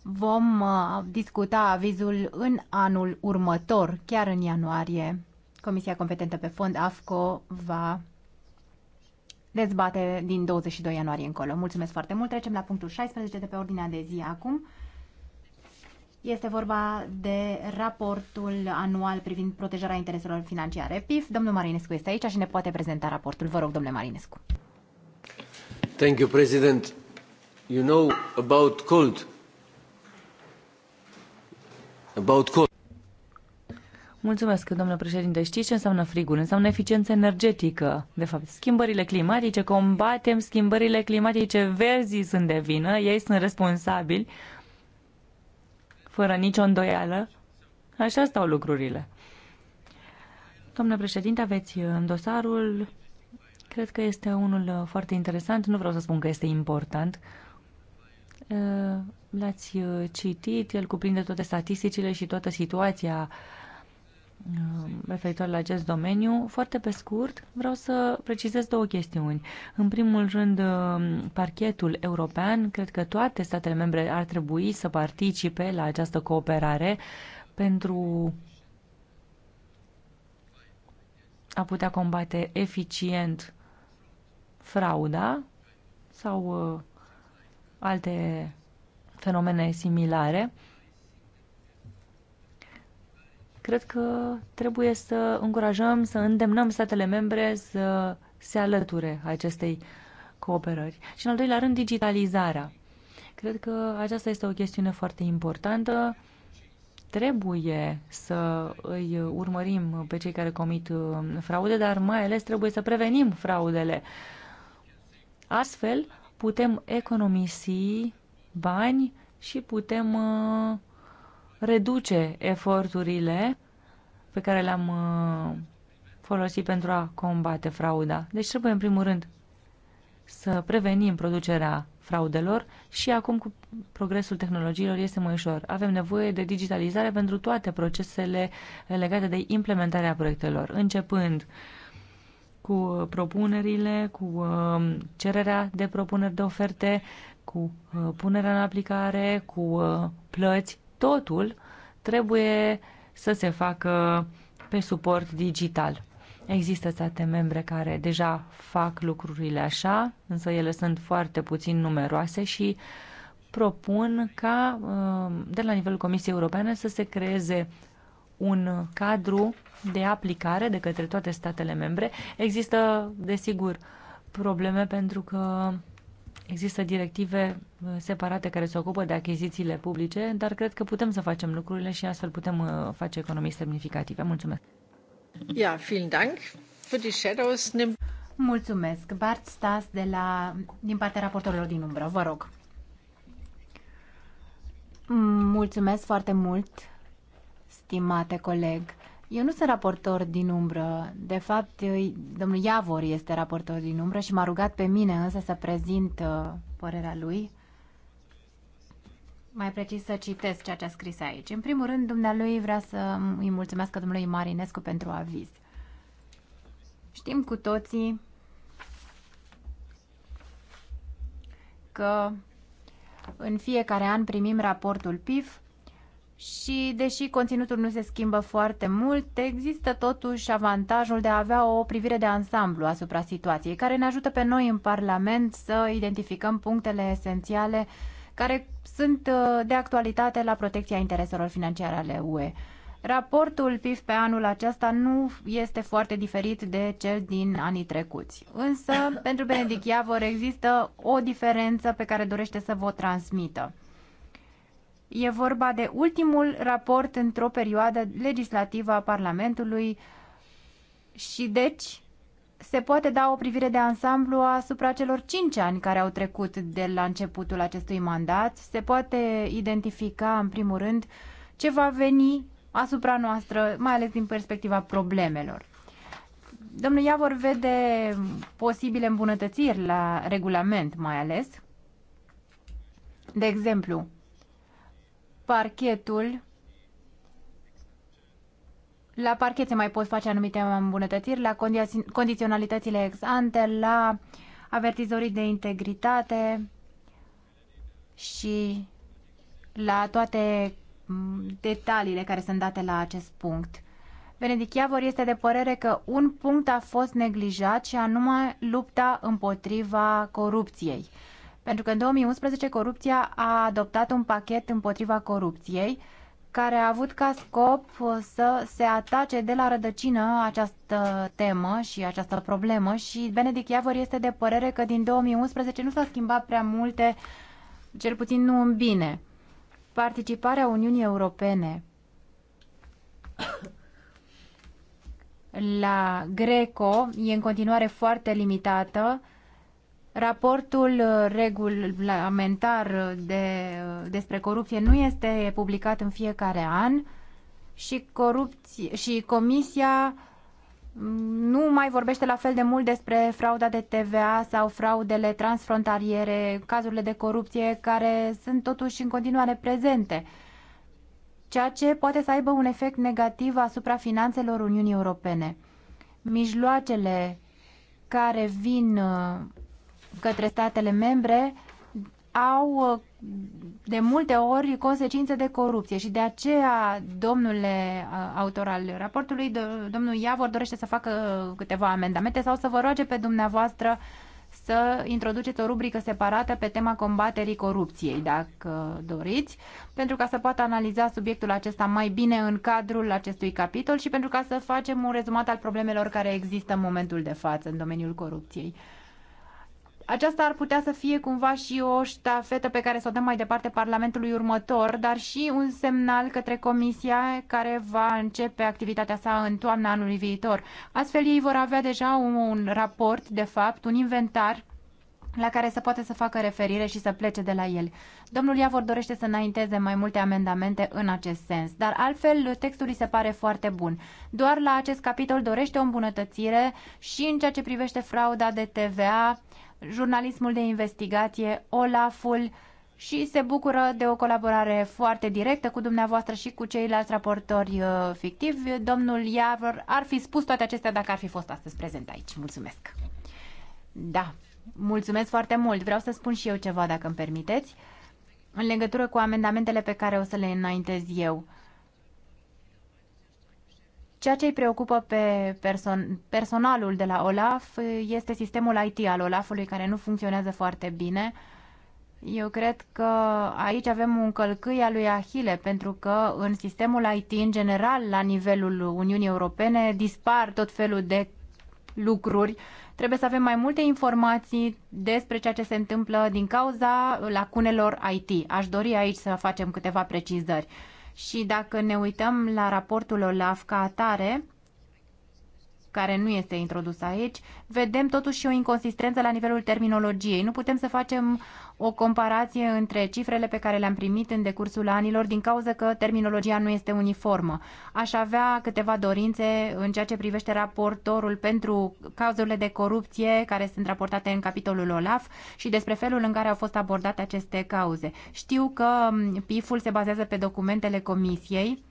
vom uh, discuta avizul în anul următor, chiar în ianuarie. Comisia competentă pe fond AFCO va dezbate din 22 ianuarie încolo. Mulțumesc foarte mult. Trecem la punctul 16 de pe ordinea de zi acum. Este vorba de raportul anual privind protejarea intereselor financiare PIF. Domnul Marinescu este aici și ne poate prezenta raportul. Vă rog, domnule Marinescu. Thank you, President. You know about cold. About cold. Mulțumesc, domnule președinte. Știți ce înseamnă frigul? Înseamnă eficiență energetică. De fapt, schimbările climatice, combatem schimbările climatice, verzii sunt de vină, ei sunt responsabili fără nicio îndoială. Așa stau lucrurile. Domnule președinte, aveți uh, dosarul. Cred că este unul uh, foarte interesant. Nu vreau să spun că este important. Uh, l-ați citit, el cuprinde toate statisticile și toată situația uh, Um, referitor la acest domeniu. Foarte pe scurt, vreau să precizez două chestiuni. În primul rând, um, parchetul european, cred că toate statele membre ar trebui să participe la această cooperare pentru a putea combate eficient frauda sau uh, alte fenomene similare Cred că trebuie să încurajăm, să îndemnăm statele membre să se alăture acestei cooperări. Și în al doilea rând, digitalizarea. Cred că aceasta este o chestiune foarte importantă. Trebuie să îi urmărim pe cei care comit uh, fraude, dar mai ales trebuie să prevenim fraudele. Astfel, putem economisi bani și putem uh, reduce eforturile pe care le-am uh, folosit pentru a combate frauda. Deci trebuie, în primul rând, să prevenim producerea fraudelor și acum cu progresul tehnologiilor este mai ușor. Avem nevoie de digitalizare pentru toate procesele legate de implementarea proiectelor, începând cu propunerile, cu uh, cererea de propuneri de oferte, cu uh, punerea în aplicare, cu plăți totul trebuie să se facă pe suport digital. Există state membre care deja fac lucrurile așa, însă ele sunt foarte puțin numeroase și propun ca um, de la nivelul Comisiei Europene să se creeze un cadru de aplicare de către toate statele membre. Există, desigur, probleme pentru că Există directive uh, separate care se ocupă de achizițiile publice, dar cred că putem să facem lucrurile și astfel putem uh, face economii semnificative. Mulțumesc! Ja, vielen Dank. Für die Shadows Mulțumesc. Bart Stas de la, din partea raportorilor din umbră, vă rog. Mulțumesc foarte mult, stimate coleg. Eu nu sunt raportor din umbră. De fapt, domnul Iavor este raportor din umbră și m-a rugat pe mine însă să prezint uh, părerea lui. Mai precis să citesc ceea ce a scris aici. În primul rând, dumnealui vrea să îi mulțumesc domnului Marinescu pentru aviz. Știm cu toții că în fiecare an primim raportul PIF și deși conținutul nu se schimbă foarte mult, există totuși avantajul de a avea o privire de ansamblu asupra situației, care ne ajută pe noi în Parlament să identificăm punctele esențiale care sunt uh, de actualitate la protecția intereselor financiare ale UE. Raportul PIF pe anul acesta nu este foarte diferit de cel din anii trecuți. Însă, pentru Benedict Iavor există o diferență pe care dorește să vă transmită. E vorba de ultimul raport într-o perioadă legislativă a Parlamentului și deci se poate da o privire de ansamblu asupra celor cinci ani care au trecut de la începutul acestui mandat. Se poate identifica, în primul rând, ce va veni asupra noastră, mai ales din perspectiva problemelor. Domnul Iavor vede posibile îmbunătățiri la regulament, mai ales. De exemplu, parchetul la parchet se mai pot face anumite îmbunătățiri, la condi condiționalitățile ex ante, la avertizorii de integritate și la toate detaliile care sunt date la acest punct. Benedict Iavor este de părere că un punct a fost neglijat și anume lupta împotriva corupției. Pentru că în 2011 corupția a adoptat un pachet împotriva corupției care a avut ca scop uh, să se atace de la rădăcină această temă și această problemă și Benedict Iavor este de părere că din 2011 nu s-a schimbat prea multe, cel puțin nu în bine. Participarea Uniunii Europene la Greco e în continuare foarte limitată Raportul uh, regulamentar uh, de, uh, despre corupție nu este publicat în fiecare an și, corupție, și Comisia mm, nu mai vorbește la fel de mult despre frauda de TVA sau fraudele transfrontaliere, cazurile de corupție care sunt totuși în continuare prezente, ceea ce poate să aibă un efect negativ asupra finanțelor Uniunii Europene. Mijloacele care vin către statele membre au uh, de multe ori consecințe de corupție și de aceea, domnule uh, autor al raportului, domnul Iavor dorește să facă uh, câteva amendamente sau să vă roage pe dumneavoastră să introduceți o rubrică separată pe tema combaterii corupției, dacă doriți, pentru ca să poată analiza subiectul acesta mai bine în cadrul acestui capitol și pentru ca să facem un rezumat al problemelor care există în momentul de față în domeniul corupției aceasta ar putea să fie cumva și o ștafetă pe care să o dăm mai departe Parlamentului următor, dar și un semnal către Comisia care va începe activitatea sa în toamna anului viitor. Astfel ei vor avea deja un, un raport, de fapt, un inventar la care să poate să facă referire și să plece de la el. Domnul Iavor dorește să înainteze mai multe amendamente în acest sens, dar altfel textul îi se pare foarte bun. Doar la acest capitol dorește o îmbunătățire și în ceea ce privește frauda de TVA, jurnalismul de investigație, olaful și se bucură de o colaborare foarte directă cu dumneavoastră și cu ceilalți raportori uh, fictivi. Domnul Iavor ar fi spus toate acestea dacă ar fi fost astăzi prezent aici. Mulțumesc! Da, mulțumesc foarte mult! Vreau să spun și eu ceva, dacă îmi permiteți, în legătură cu amendamentele pe care o să le înaintez eu. Ceea ce îi preocupă pe person, personalul de la OLAF este sistemul IT al OLAF-ului care nu funcționează foarte bine. Eu cred că aici avem un călcâi al lui Ahile, pentru că în sistemul IT, în general, la nivelul Uniunii Europene, dispar tot felul de lucruri. Trebuie să avem mai multe informații despre ceea ce se întâmplă din cauza lacunelor IT. Aș dori aici să facem câteva precizări. Și dacă ne uităm la raportul OLAF ca atare, care nu este introdus aici, vedem totuși o inconsistență la nivelul terminologiei. Nu putem să facem o comparație între cifrele pe care le-am primit în decursul anilor din cauza că terminologia nu este uniformă. Aș avea câteva dorințe în ceea ce privește raportorul pentru cazurile de corupție care sunt raportate în capitolul OLAF și despre felul în care au fost abordate aceste cauze. Știu că PIF-ul se bazează pe documentele comisiei,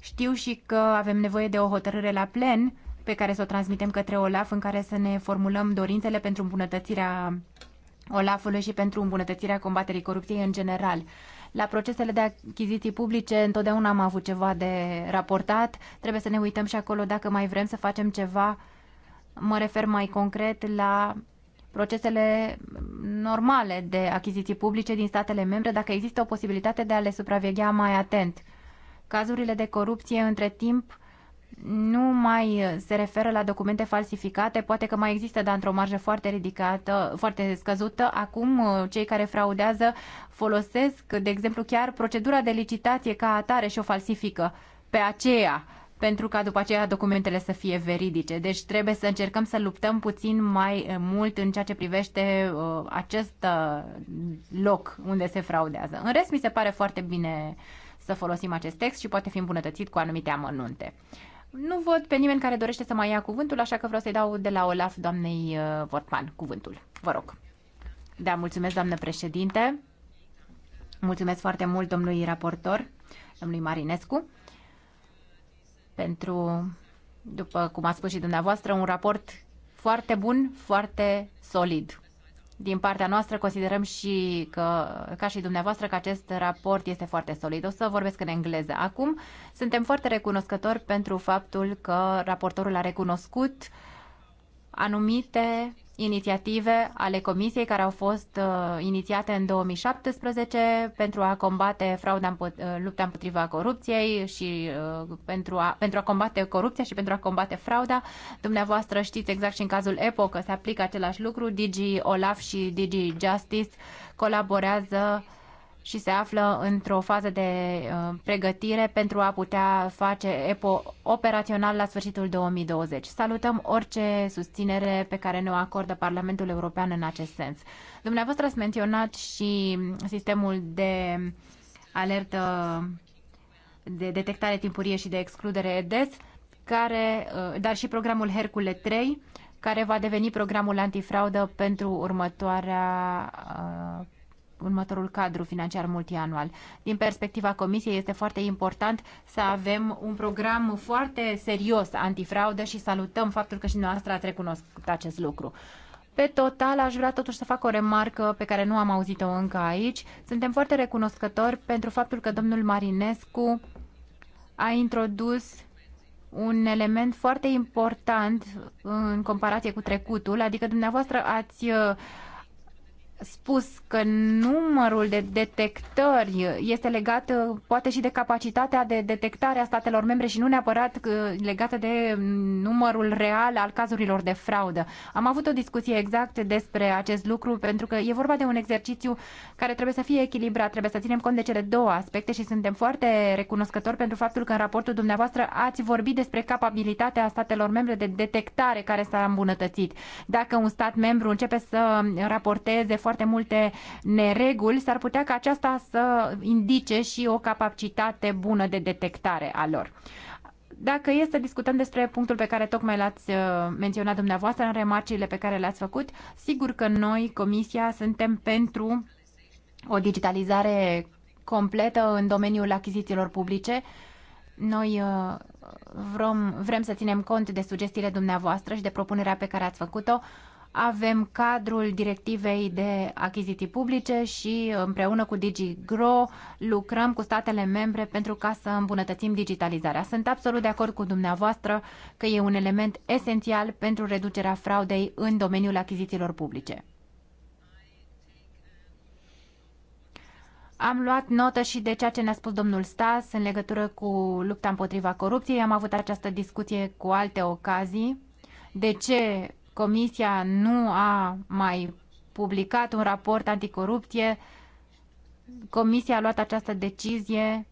știu și că avem nevoie de o hotărâre la plen pe care să o transmitem către OLAF în care să ne formulăm dorințele pentru îmbunătățirea Olafului și pentru îmbunătățirea combaterii corupției în general. La procesele de achiziții publice întotdeauna am avut ceva de raportat. Trebuie să ne uităm și acolo dacă mai vrem să facem ceva. Mă refer mai concret la procesele normale de achiziții publice din statele membre, dacă există o posibilitate de a le supraveghea mai atent. Cazurile de corupție între timp nu mai se referă la documente falsificate, poate că mai există, dar într-o marjă foarte ridicată, foarte scăzută. Acum, uh, cei care fraudează folosesc, de exemplu, chiar procedura de licitație ca atare și o falsifică pe aceea pentru ca după aceea documentele să fie veridice. Deci trebuie să încercăm să luptăm puțin mai uh, mult în ceea ce privește uh, acest uh, loc unde se fraudează. În rest, mi se pare foarte bine să folosim acest text și poate fi îmbunătățit cu anumite amănunte. Uh, nu văd pe nimeni care dorește să mai ia cuvântul, așa că vreau să-i dau de la Olaf doamnei Vortman uh, cuvântul. Vă rog. Da, mulțumesc, doamnă președinte. Mulțumesc foarte mult domnului raportor, domnului Marinescu, pentru, după cum a spus și dumneavoastră, un raport foarte bun, foarte solid. Din partea noastră considerăm și că, ca și dumneavoastră, că acest raport este foarte solid. O să vorbesc în engleză. Acum suntem foarte recunoscători pentru faptul că raportorul a recunoscut anumite inițiative ale Comisiei care au fost uh, inițiate în 2017 pentru a combate frauda, împot uh, lupta împotriva corupției și uh, pentru, a, pentru a combate corupția și pentru a combate frauda. Dumneavoastră știți exact și în cazul EPO că se aplică același lucru. Digi Olaf și Digi Justice colaborează uh, și se află într-o fază de uh, pregătire pentru a putea face EPO operațional la sfârșitul 2020. Salutăm orice susținere pe care ne-o acordă Parlamentul European în acest sens. Dumneavoastră ați menționat și sistemul de alertă de detectare timpurie și de excludere EDES, care, uh, dar și programul Hercule 3, care va deveni programul antifraudă pentru următoarea uh, următorul cadru financiar multianual. Din perspectiva Comisiei este foarte important să avem un program foarte serios antifraudă și salutăm faptul că și noastră ați recunoscut acest lucru. Pe total, aș vrea totuși să fac o remarcă pe care nu am auzit-o încă aici. Suntem foarte recunoscători pentru faptul că domnul Marinescu a introdus un element foarte important în comparație cu trecutul, adică dumneavoastră ați uh, spus că numărul de detectări este legat poate și de capacitatea de detectare a statelor membre și nu neapărat uh, legată de numărul real al cazurilor de fraudă. Am avut o discuție exact despre acest lucru pentru că e vorba de un exercițiu care trebuie să fie echilibrat, trebuie să ținem cont de cele două aspecte și suntem foarte recunoscători pentru faptul că în raportul dumneavoastră ați vorbit despre capabilitatea statelor membre de detectare care s-a îmbunătățit. Dacă un stat membru începe să raporteze foarte foarte multe nereguli, s-ar putea ca aceasta să indice și o capacitate bună de detectare a lor. Dacă e să discutăm despre punctul pe care tocmai l-ați uh, menționat dumneavoastră în remarciile pe care le-ați făcut, sigur că noi, Comisia, suntem pentru o digitalizare completă în domeniul achizițiilor publice. Noi uh, vrem, vrem să ținem cont de sugestiile dumneavoastră și de propunerea pe care ați făcut-o avem cadrul directivei de achiziții publice și împreună cu DigiGro lucrăm cu statele membre pentru ca să îmbunătățim digitalizarea. Sunt absolut de acord cu dumneavoastră că e un element esențial pentru reducerea fraudei în domeniul achizițiilor publice. Am luat notă și de ceea ce ne-a spus domnul Stas în legătură cu lupta împotriva corupției. Am avut această discuție cu alte ocazii. De ce Comisia nu a mai publicat un raport anticorupție. Comisia a luat această decizie.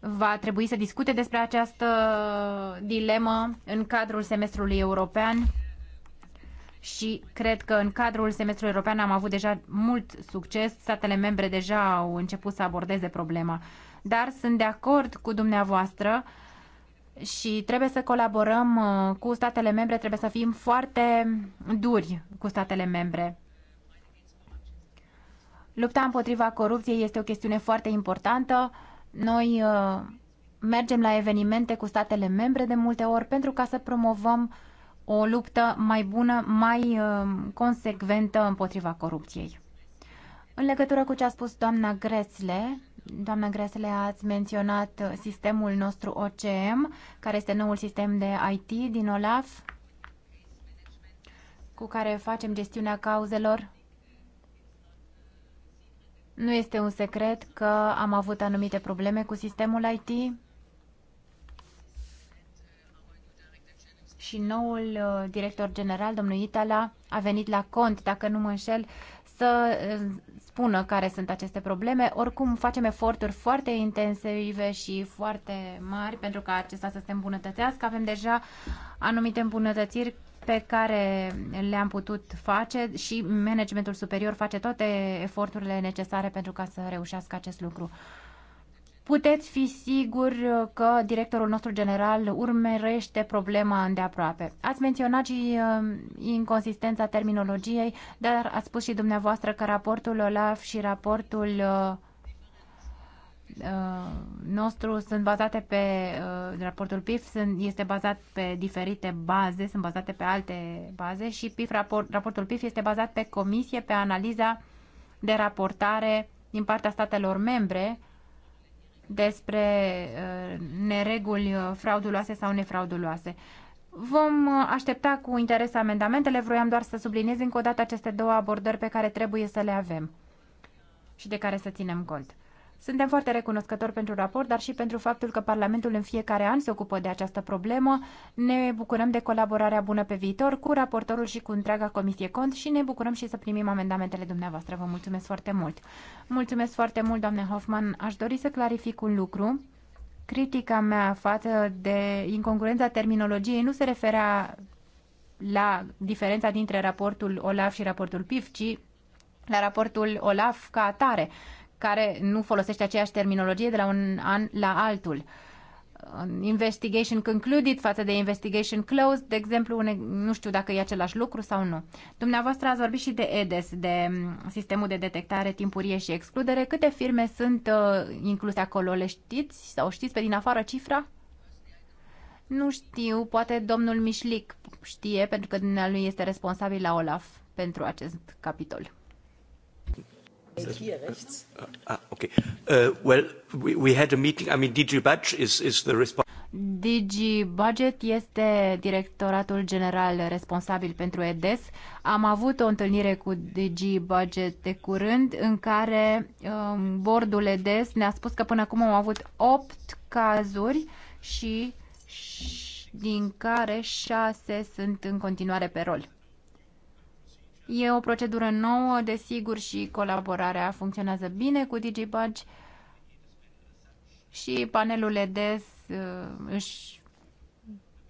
Va trebui să discute despre această dilemă în cadrul semestrului european și cred că în cadrul semestrului european am avut deja mult succes. Statele membre deja au început să abordeze problema. Dar sunt de acord cu dumneavoastră uh, și trebuie să colaborăm uh, cu statele membre, trebuie să fim foarte duri cu statele membre. Lupta împotriva corupției este o chestiune foarte importantă. Noi uh, mergem la evenimente cu statele membre de multe ori pentru ca să promovăm o luptă mai bună, mai uh, consecventă împotriva corupției. În legătură cu ce a spus doamna Gresle, Doamna Gresle, ați menționat sistemul nostru OCM, care este noul sistem de IT din OLAF, cu care facem gestiunea cauzelor. Nu este un secret că am avut anumite probleme cu sistemul IT și noul uh, director general, domnul Itala, a venit la cont, dacă nu mă înșel, să eh, spună care sunt aceste probleme. Oricum, facem eforturi foarte intensive și foarte mari pentru ca acesta să se îmbunătățească. Avem deja anumite îmbunătățiri pe care le-am putut face și managementul superior face toate eforturile necesare pentru ca să reușească acest lucru. Puteți fi sigur uh, că directorul nostru general urmărește problema îndeaproape. Ați menționat și uh, inconsistența terminologiei, dar ați spus și dumneavoastră că raportul OLAF și raportul uh, nostru sunt bazate pe raportul PIF sunt, este bazat pe diferite baze, sunt bazate pe alte baze și PIF, raport, raportul PIF este bazat pe comisie, pe analiza de raportare din partea statelor membre despre uh, nereguli uh, frauduloase sau nefrauduloase. Vom uh, aștepta cu interes amendamentele, vroiam doar să subliniez încă o dată aceste două abordări pe care trebuie să le avem și de care să ținem cont. Suntem foarte recunoscători pentru raport, dar și pentru faptul că Parlamentul în fiecare an se ocupă de această problemă. Ne bucurăm de colaborarea bună pe viitor cu raportorul și cu întreaga Comisie Cont și ne bucurăm și să primim amendamentele dumneavoastră. Vă mulțumesc foarte mult! Mulțumesc foarte mult, doamne Hoffman. Aș dori să clarific un lucru. Critica mea față de incongruența terminologiei nu se referea la diferența dintre raportul OLAF și raportul PIF, ci la raportul OLAF ca atare care nu folosește aceeași terminologie de la un an la altul. Investigation concluded față de investigation closed, de exemplu, nu știu dacă e același lucru sau nu. Dumneavoastră ați vorbit și de EDES, de mm, sistemul de detectare timpurie și excludere. Câte firme sunt uh, incluse acolo? Le știți sau știți pe din afară cifra? Nu știu, poate domnul Mișlic știe, pentru că dumnealui este responsabil la OLAF pentru acest capitol. Here, ah, ah, uh, well, we, we had a meeting. I mean, DG is, is the DG Budget este directoratul general responsabil pentru EDES. Am avut o întâlnire cu DG Budget de curând în care um, bordul EDES ne-a spus că până acum am avut 8 cazuri și, și din care 6 sunt în continuare pe rol. E o procedură nouă, desigur, și colaborarea funcționează bine cu DigiPage și panelul EDES uh, își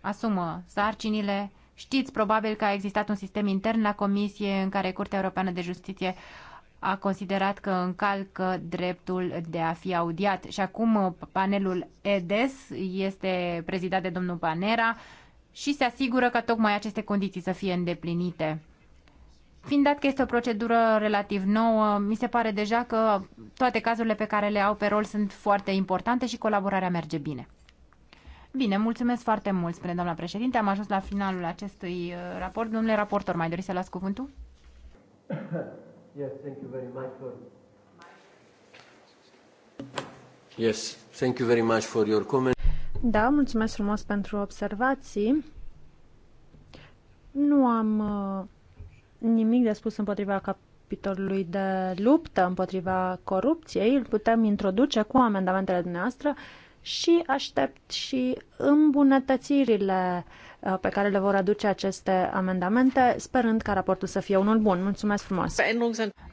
asumă sarcinile. Știți probabil că a existat un sistem intern la Comisie în care Curtea Europeană de Justiție a considerat că încalcă dreptul de a fi audiat. Și acum uh, panelul EDES este prezidat de domnul Panera și se asigură că tocmai aceste condiții să fie îndeplinite. Fiind dat că este o procedură relativ nouă, mi se pare deja că toate cazurile pe care le au pe rol sunt foarte importante și colaborarea merge bine. Bine, mulțumesc foarte mult, spune doamna președinte. Am ajuns la finalul acestui uh, raport. Domnule raportor, mai doriți să las cuvântul? Yes, thank you very much for... Yes, thank you very much for your comment. Da, mulțumesc frumos pentru observații. Nu am uh nimic de spus împotriva capitolului de luptă împotriva corupției. Îl putem introduce cu amendamentele dumneavoastră și aștept și îmbunătățirile uh, Uh, pe care le vor aduce aceste amendamente, sperând ca raportul să fie unul bun. Mulțumesc frumos!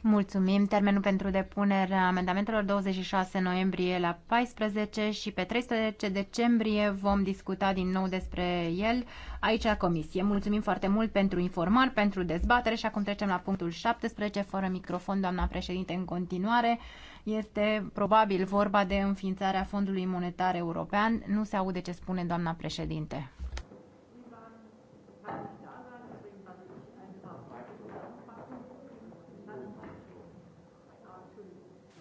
Mulțumim! Termenul pentru depunerea amendamentelor 26 noiembrie la 14 și pe 13 decembrie vom discuta din nou despre el aici la comisie. Mulțumim foarte mult pentru informare, pentru dezbatere și acum trecem la punctul 17, fără microfon, doamna președinte, în continuare. Este probabil vorba de înființarea Fondului Monetar European. Nu se aude ce spune doamna președinte.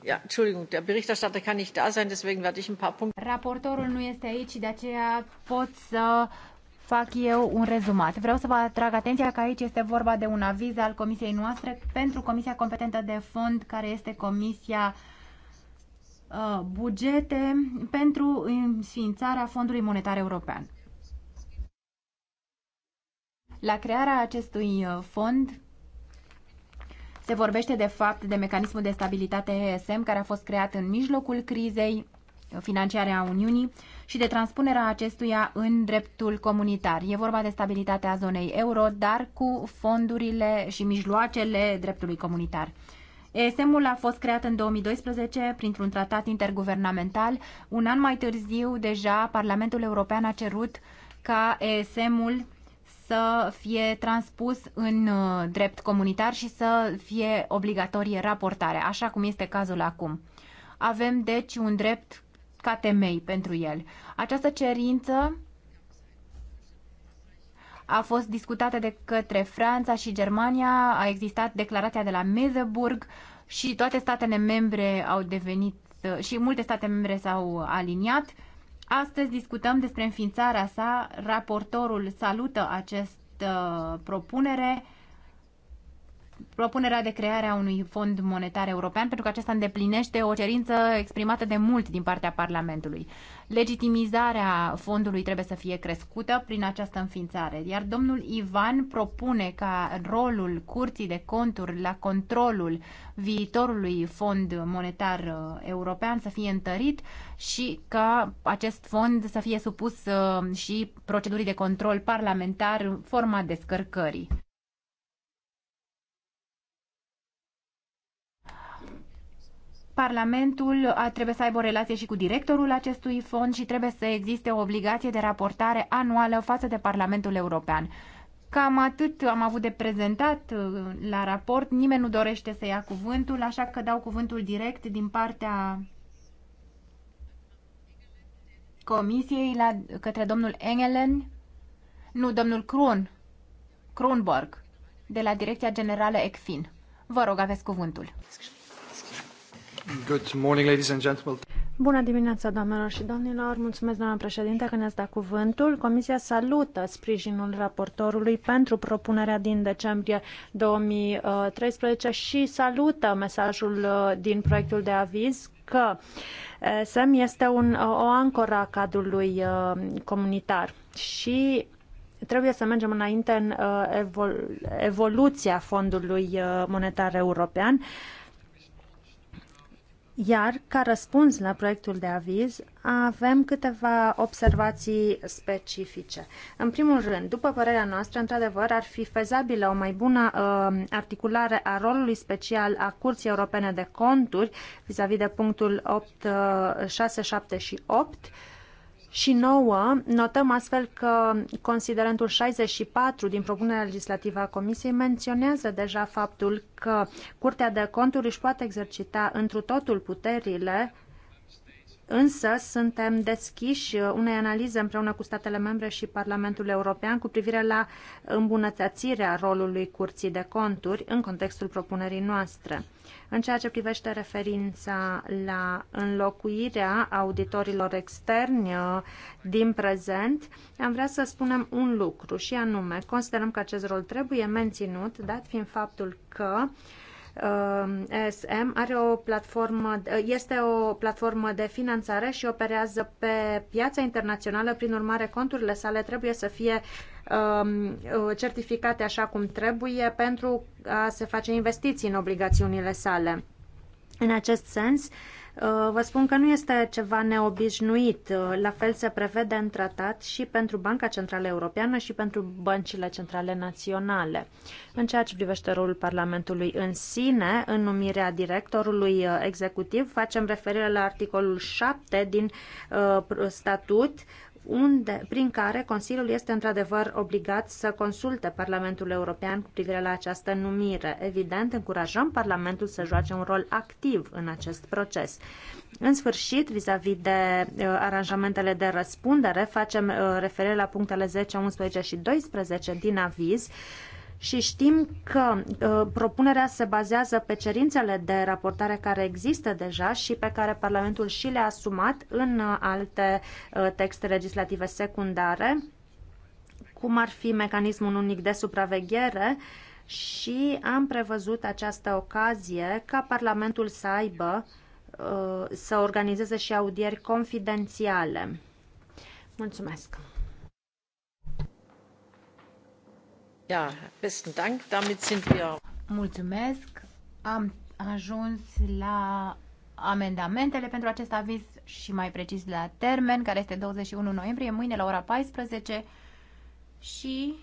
Ja, Entschuldigung, der Berichterstatter kann nicht da sein, deswegen werde ich ein paar Punkte. Raportorul nu este aici, de aceea pot să fac eu un rezumat. Vreau să vă atrag atenția că aici este vorba de un aviz al comisiei noastre pentru comisia competentă de fond, care este comisia uh, bugete pentru înființarea Fondului Monetar European. La crearea acestui uh, fond se vorbește de fapt de mecanismul de stabilitate ESM care a fost creat în mijlocul crizei financiare a Uniunii și de transpunerea acestuia în dreptul comunitar. E vorba de stabilitatea zonei euro, dar cu fondurile și mijloacele dreptului comunitar. ESM-ul a fost creat în 2012 printr-un tratat interguvernamental. Un an mai târziu, deja, Parlamentul European a cerut ca ESM-ul să fie transpus în uh, drept comunitar și să fie obligatorie raportarea, așa cum este cazul acum. Avem deci un drept ca temei pentru el. Această cerință a fost discutată de către Franța și Germania, a existat declarația de la Meseburg și toate statele membre au devenit uh, și multe state membre s-au aliniat Astăzi discutăm despre înființarea sa. Raportorul salută această propunere propunerea de creare a unui fond monetar european, pentru că acesta îndeplinește o cerință exprimată de mult din partea Parlamentului. Legitimizarea fondului trebuie să fie crescută prin această înființare, iar domnul Ivan propune ca rolul curții de conturi la controlul viitorului fond monetar uh, european să fie întărit și ca acest fond să fie supus uh, și procedurii de control parlamentar în forma descărcării. Parlamentul a, trebuie să aibă o relație și cu directorul acestui fond și trebuie să existe o obligație de raportare anuală față de Parlamentul European. Cam atât am avut de prezentat uh, la raport. Nimeni nu dorește să ia cuvântul, așa că dau cuvântul direct din partea comisiei la, către domnul Engelen, nu, domnul Krun, Kronborg, de la Direcția Generală ECFIN. Vă rog, aveți cuvântul. Good morning, ladies and gentlemen. Bună dimineața, doamnelor și domnilor! Mulțumesc, doamna președinte, că ne-ați dat cuvântul. Comisia salută sprijinul raportorului pentru propunerea din decembrie 2013 și salută mesajul uh, din proiectul de aviz că SEM este un, uh, o ancoră a cadrului uh, comunitar și trebuie să mergem înainte în evolu evoluția Fondului Monetar European iar, ca răspuns la proiectul de aviz, avem câteva observații specifice. În primul rând, după părerea noastră, într-adevăr, ar fi fezabilă o mai bună uh, articulare a rolului special a Curții Europene de Conturi vis-a-vis -vis de punctul 8, 6, 7 și 8 și nouă, notăm astfel că considerentul 64 din propunerea legislativă a Comisiei menționează deja faptul că Curtea de Conturi își poate exercita întru totul puterile Însă suntem deschiși unei analize împreună cu statele membre și Parlamentul European cu privire la îmbunătățirea rolului Curții de Conturi în contextul propunerii noastre. În ceea ce privește referința la înlocuirea auditorilor externi uh, din prezent, am vrea să spunem un lucru și anume, considerăm că acest rol trebuie menținut, dat fiind faptul că uh, ESM uh, are o platformă, uh, este o platformă de finanțare și operează pe piața internațională, prin urmare conturile sale trebuie să fie um, uh, certificate așa cum trebuie pentru a se face investiții în obligațiunile sale. În acest sens, uh, Uh, vă spun că nu este ceva neobișnuit. Uh, la fel se prevede în tratat și pentru Banca Centrală Europeană și pentru băncile centrale naționale. În ceea ce privește rolul Parlamentului în sine, în numirea directorului uh, executiv, facem referire la articolul 7 din statut unde, prin care Consiliul este într-adevăr obligat să consulte Parlamentul European cu privire la această numire. Evident, încurajăm Parlamentul să joace un rol activ în acest proces. În sfârșit, vis-a-vis -vis de uh, aranjamentele de răspundere, facem uh, referire la punctele 10, 11 și 12 din aviz. Uh, și știm că uh, propunerea se bazează pe cerințele de raportare care există deja și pe care Parlamentul și le-a asumat în uh, alte uh, texte legislative secundare, cum ar fi mecanismul unic de supraveghere și am prevăzut această ocazie ca Parlamentul să aibă uh, să organizeze și audieri confidențiale. Mulțumesc! Mulțumesc. Am ajuns la amendamentele pentru acest aviz și mai precis la termen, care este 21 noiembrie, mâine la ora 14 și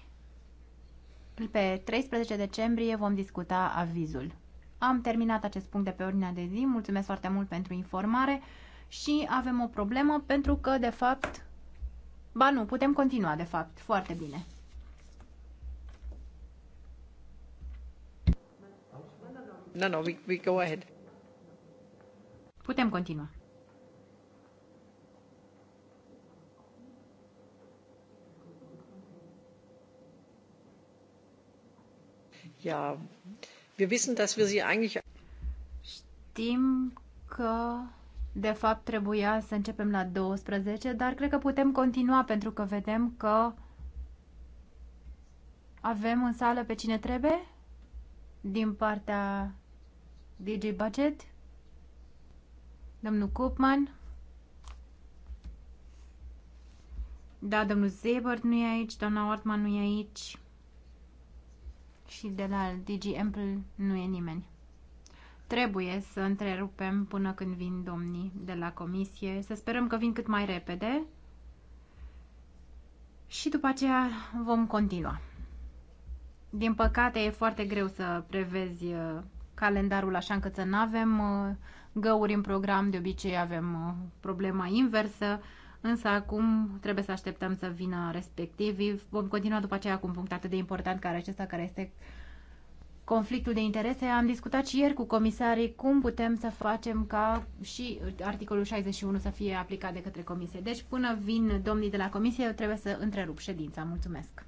pe 13 decembrie vom discuta avizul. Am terminat acest punct de pe ordinea de zi, mulțumesc foarte mult pentru informare și avem o problemă pentru că, de fapt, ba nu, putem continua, de fapt, foarte bine. No, no, we, we go ahead. Putem continua. Ja, wir wissen, dass wir sie eigentlich Știm că de fapt trebuia să începem la 12, dar cred că putem continua pentru că vedem că avem în sală pe cine trebuie din partea DG Budget, domnul Copman, Da, domnul Zebert nu e aici, doamna Ortman nu e aici și de la DG Ample nu e nimeni. Trebuie să întrerupem până când vin domnii de la comisie, să sperăm că vin cât mai repede și după aceea vom continua. Din păcate e foarte greu să prevezi uh, calendarul așa încât să nu avem uh, găuri în program, de obicei avem uh, problema inversă, însă acum trebuie să așteptăm să vină respectivii. Vom continua după aceea cu un punct atât de important care acesta, care este conflictul de interese. Am discutat și ieri cu comisarii cum putem să facem ca și articolul 61 să fie aplicat de către comisie. Deci până vin domnii de la comisie, eu trebuie să întrerup ședința. Mulțumesc!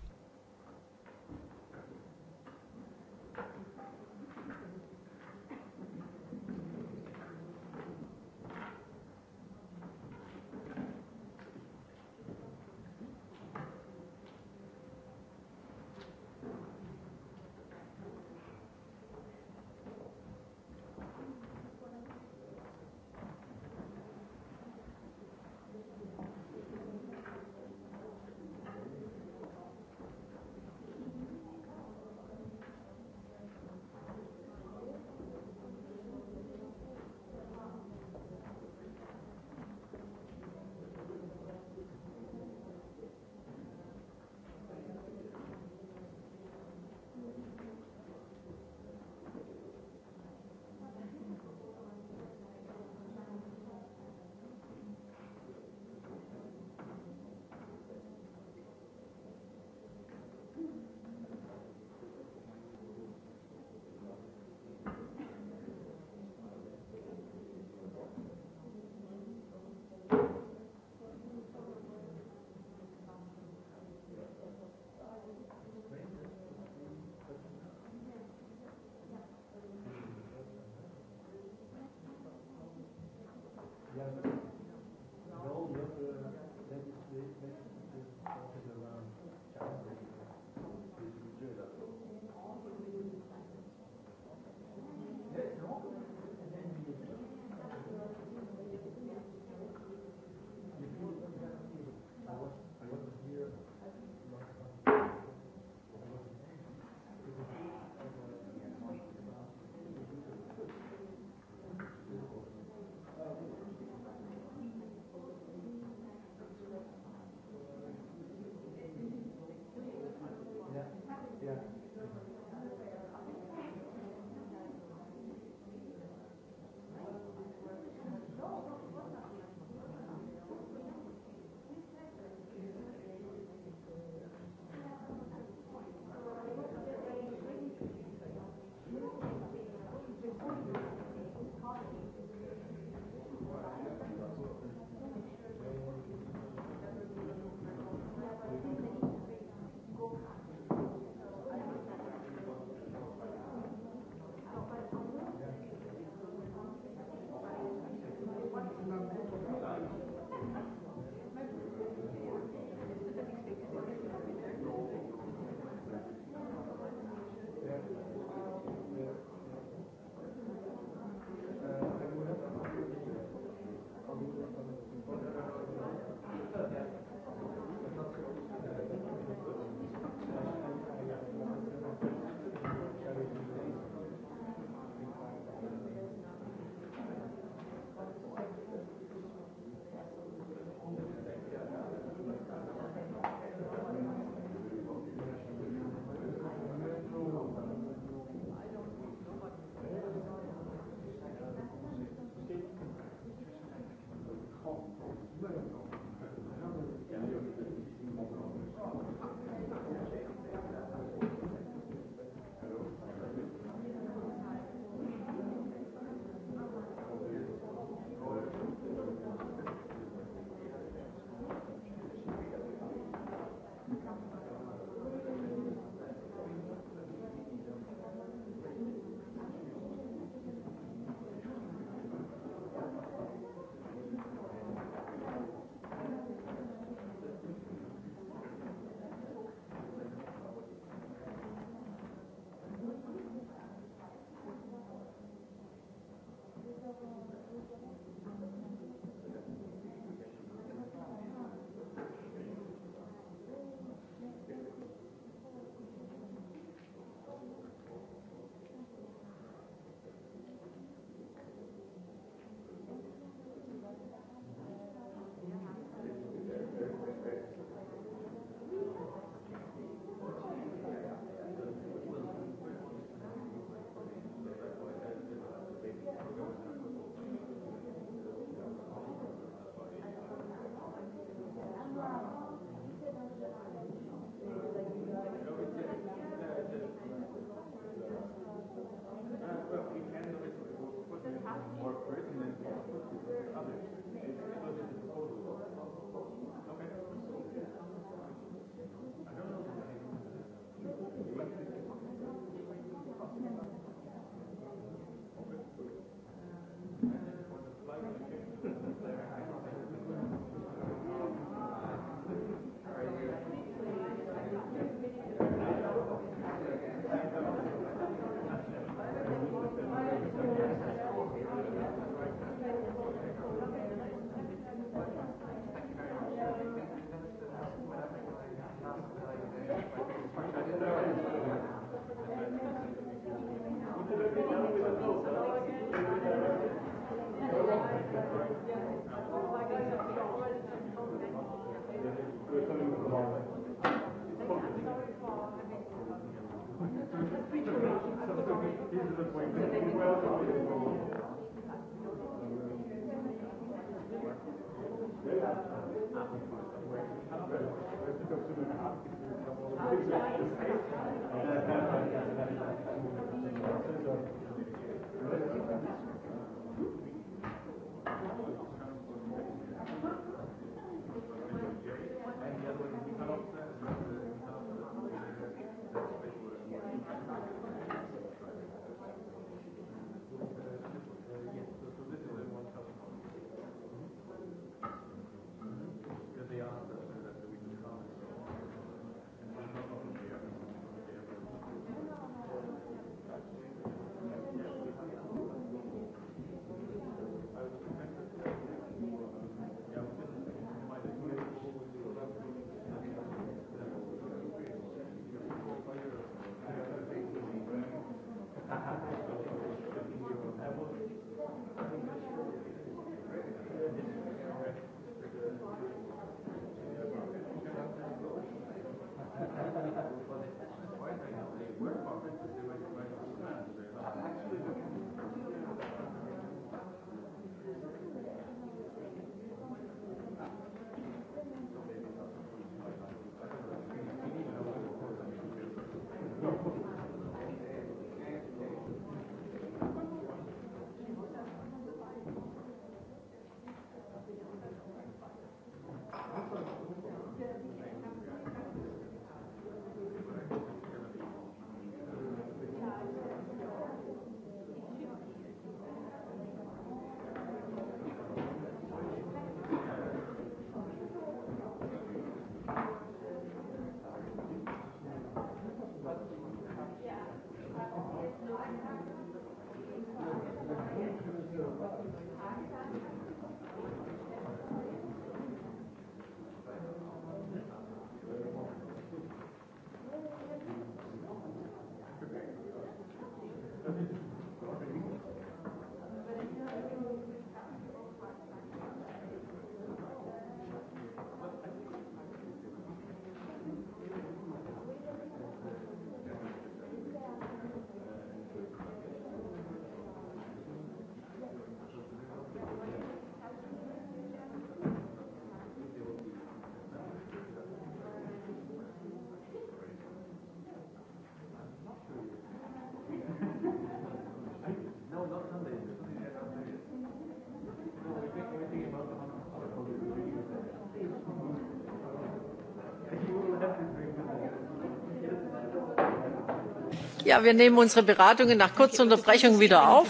Ja, wir nehmen unsere Beratungen nach kurzer Unterbrechung wieder auf.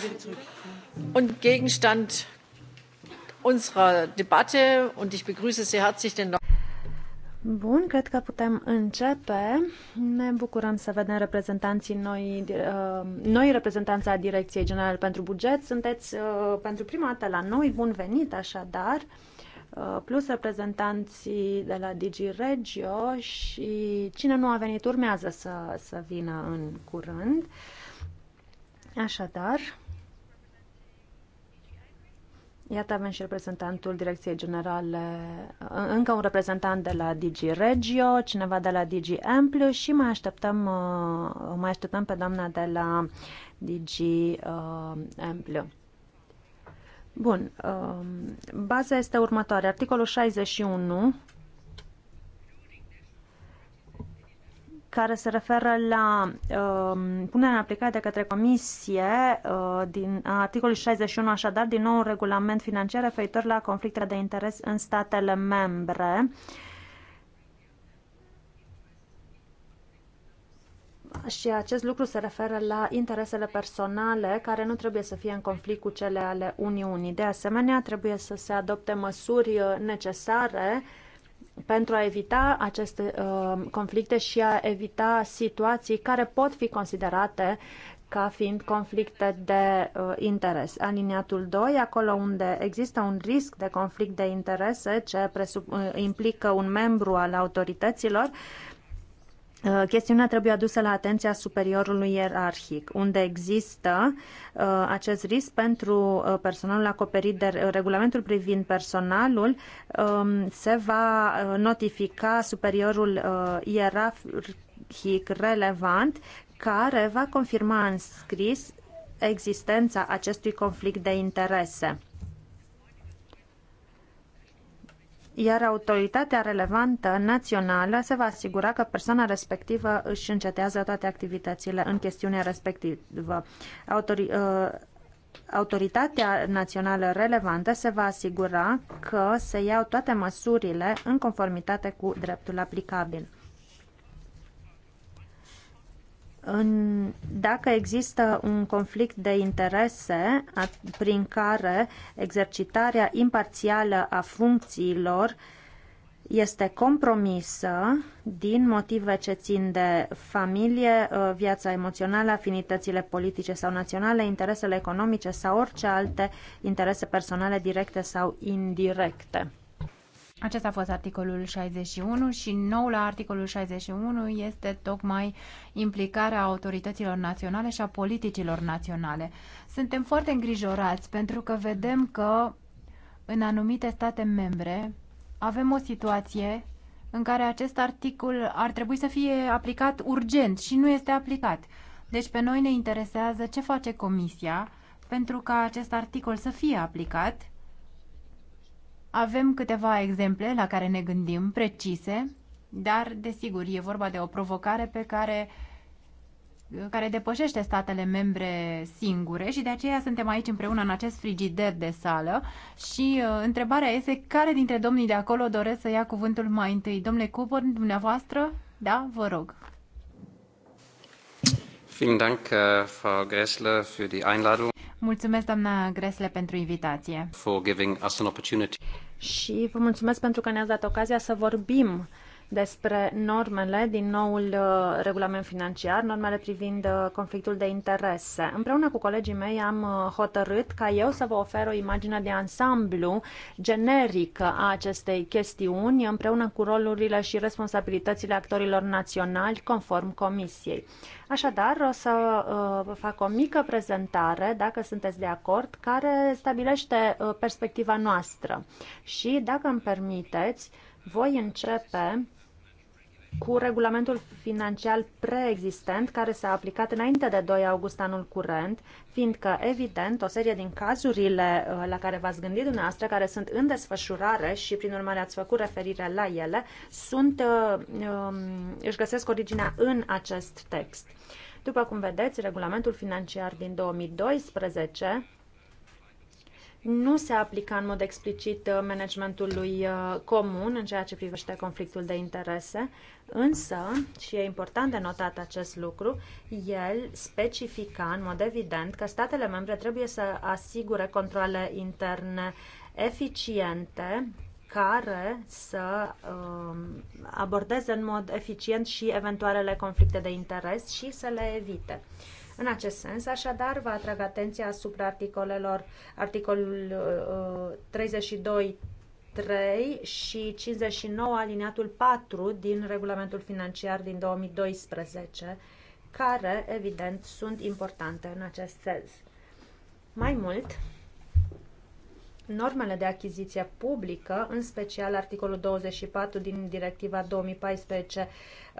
Und Gegenstand unserer Debatte, und ich begrüße Sie herzlich den Bun, cred că putem începe. Ne bucurăm să vedem reprezentanții noi, uh, noi reprezentanți a Direcției Generale pentru Buget. Sunteți uh, pentru prima dată la noi, bun venit așadar. Uh, plus reprezentanții de la DigiRegio și cine nu a venit urmează să, să vină în curând. Așadar, Iată, avem și reprezentantul Direcției Generale, uh, încă un reprezentant de la Digi Regio, cineva de la Digi Amplu și mai așteptăm, uh, mai așteptăm pe doamna de la Digi Amplu. Bun. Um, baza este următoare. Articolul 61 care se referă la uh, punerea în aplicare de către Comisie uh, din articolul 61, așadar, din nou un regulament financiar referitor la conflictele de interes în statele membre. Uh, și acest lucru se referă la interesele personale care nu trebuie să fie în conflict cu cele ale Uniunii. De asemenea, trebuie să se adopte măsuri uh, necesare pentru a evita aceste uh, conflicte și a evita situații care pot fi considerate ca fiind conflicte de uh, interes. Aliniatul 2, acolo unde există un risc de conflict de interese ce presup- uh, implică un membru al autorităților, uh, Uh, chestiunea trebuie adusă la atenția superiorului ierarhic, unde există uh, acest risc pentru uh, personalul acoperit de regulamentul privind personalul, um, se va uh, notifica superiorul uh, ierarhic relevant care va confirma în scris existența acestui conflict de interese. iar autoritatea relevantă națională se va asigura că persoana respectivă își încetează toate activitățile în chestiunea respectivă. Autori, uh, autoritatea națională relevantă se va asigura că se iau toate măsurile în conformitate cu dreptul aplicabil în, dacă există un conflict de interese a, prin care exercitarea imparțială a funcțiilor este compromisă din motive ce țin de familie, ă, viața emoțională, afinitățile politice sau naționale, interesele economice sau orice alte interese personale directe sau indirecte. Acesta a fost articolul 61 și nou la articolul 61 este tocmai implicarea autorităților naționale și a politicilor naționale. Suntem foarte îngrijorați pentru că vedem că în anumite state membre avem o situație în care acest articol ar trebui să fie aplicat urgent și nu este aplicat. Deci pe noi ne interesează ce face Comisia pentru ca acest articol să fie aplicat avem câteva exemple la care ne gândim precise, dar, desigur, e vorba de o provocare pe care care depășește statele membre singure și de aceea suntem aici împreună în acest frigider de sală și uh, întrebarea este care dintre domnii de acolo doresc să ia cuvântul mai întâi. Domnule Cupăr, dumneavoastră, da, vă rog. Vielen Dank, uh, Frau Gressle, für die Einladung. Mulțumesc, doamna Gresle, pentru invitație. For giving us an opportunity și vă mulțumesc pentru că ne-ați dat ocazia să vorbim despre normele din noul uh, regulament financiar, normele privind uh, conflictul de interese. Împreună cu colegii mei am uh, hotărât ca eu să vă ofer o imagine de ansamblu generică a acestei chestiuni, împreună cu rolurile și responsabilitățile actorilor naționali, conform Comisiei. Așadar, o să vă fac o mică prezentare, dacă sunteți de acord, care stabilește perspectiva noastră. Și, dacă îmi permiteți, voi începe cu regulamentul financiar preexistent care s-a aplicat înainte de 2 august anul curent, fiindcă, evident, o serie din cazurile uh, la care v-ați gândit dumneavoastră, care sunt în desfășurare și, prin urmare, ați făcut referire la ele, sunt, uh, um, își găsesc originea în acest text. După cum vedeți, regulamentul financiar din 2012 nu se aplica în mod explicit uh, managementului uh, comun în ceea ce privește conflictul de interese, însă, și e important de notat acest lucru, el specifica în mod evident că statele membre trebuie să asigure controle interne eficiente care să uh, abordeze în mod eficient și eventualele conflicte de interes și să le evite. Uh, în acest sens, așadar, vă atrag atenția asupra articolelor articolul uh, 32 3 și 59 aliniatul 4 din regulamentul financiar din 2012, care, evident, sunt importante în acest sens. Mai mult, normele de achiziție publică, în special articolul 24 din directiva 2014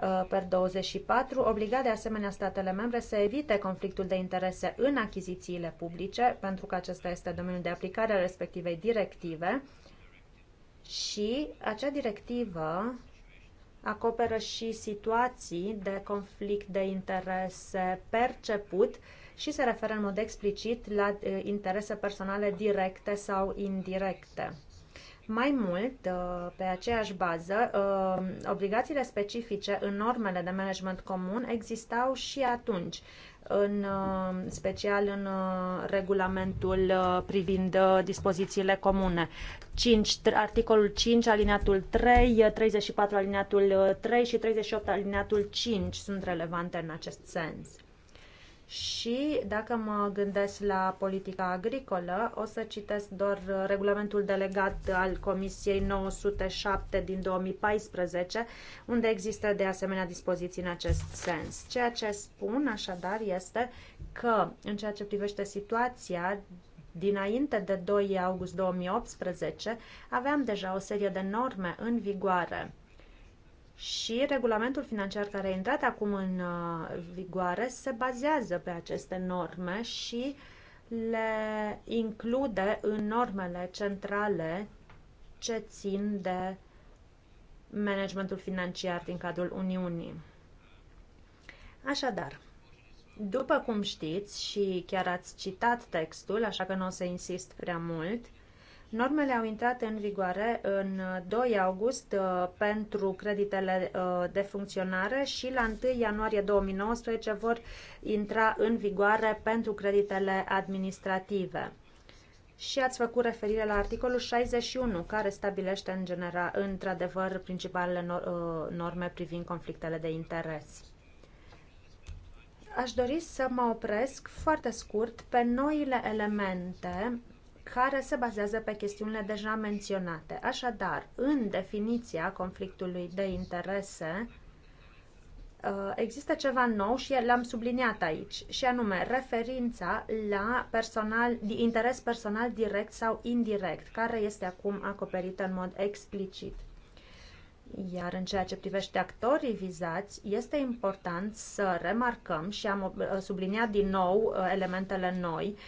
uh, per 24, obliga de asemenea statele membre să evite conflictul de interese în achizițiile publice, pentru că acesta este domeniul de aplicare a respectivei directive. Și acea directivă acoperă și situații de conflict de interese perceput uh, și se referă în mod explicit la interese personale directe sau indirecte. Mai mult, pe aceeași bază, obligațiile specifice în normele de management comun existau și atunci, în special în regulamentul privind dispozițiile comune. 5, articolul 5, alineatul 3, 34 alineatul 3 și 38 alineatul 5 sunt relevante în acest sens. Și dacă mă gândesc la politica agricolă, o să citesc doar regulamentul delegat al Comisiei 907 din 2014, unde există de asemenea dispoziții în acest sens. Ceea ce spun așadar este că în ceea ce privește situația Dinainte de 2 august 2018, aveam deja o serie de norme în vigoare și regulamentul financiar care a intrat acum în uh, vigoare se bazează pe aceste norme și le include în normele centrale ce țin de managementul financiar din cadrul Uniunii. Așadar, după cum știți și chiar ați citat textul, așa că nu o să insist prea mult, Normele au intrat în vigoare în 2 august uh, pentru creditele uh, de funcționare și la 1 ianuarie 2019 vor intra în vigoare pentru creditele administrative. Și ați făcut referire la articolul 61, care stabilește în general, într-adevăr principalele uh, norme privind conflictele de interes aș dori să mă opresc foarte scurt pe noile elemente care se bazează pe chestiunile deja menționate. Așadar, în definiția conflictului de interese, uh, există ceva nou și l-am subliniat aici, și anume referința la personal, interes personal direct sau indirect, care este acum acoperită în mod explicit. Iar în ceea ce privește actorii vizați, este important să remarcăm și am subliniat din nou uh, elementele noi, uh,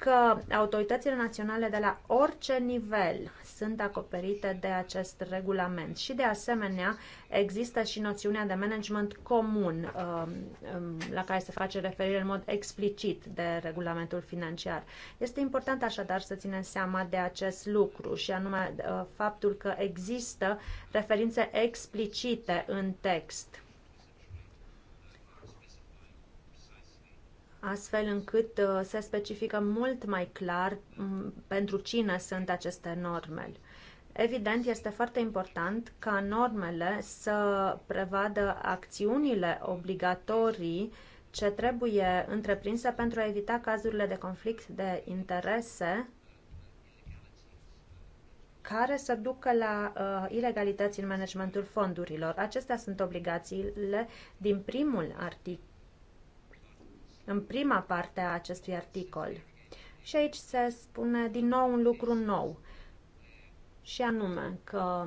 că autoritățile naționale de la orice nivel sunt acoperite de acest regulament și de asemenea există și noțiunea de management comun um, um, la care se face referire în mod explicit de regulamentul financiar. Este important așadar să ținem seama de acest lucru și anume uh, faptul că există referințe explicite în text astfel încât uh, se specifică mult mai clar mm, pentru cine sunt aceste norme. Evident, este foarte important ca normele să prevadă acțiunile obligatorii ce trebuie întreprinse pentru a evita cazurile de conflict de interese care să ducă la uh, ilegalități în managementul fondurilor. Acestea sunt obligațiile din primul articol în prima parte a acestui articol. Și aici se spune din nou un lucru nou, și anume că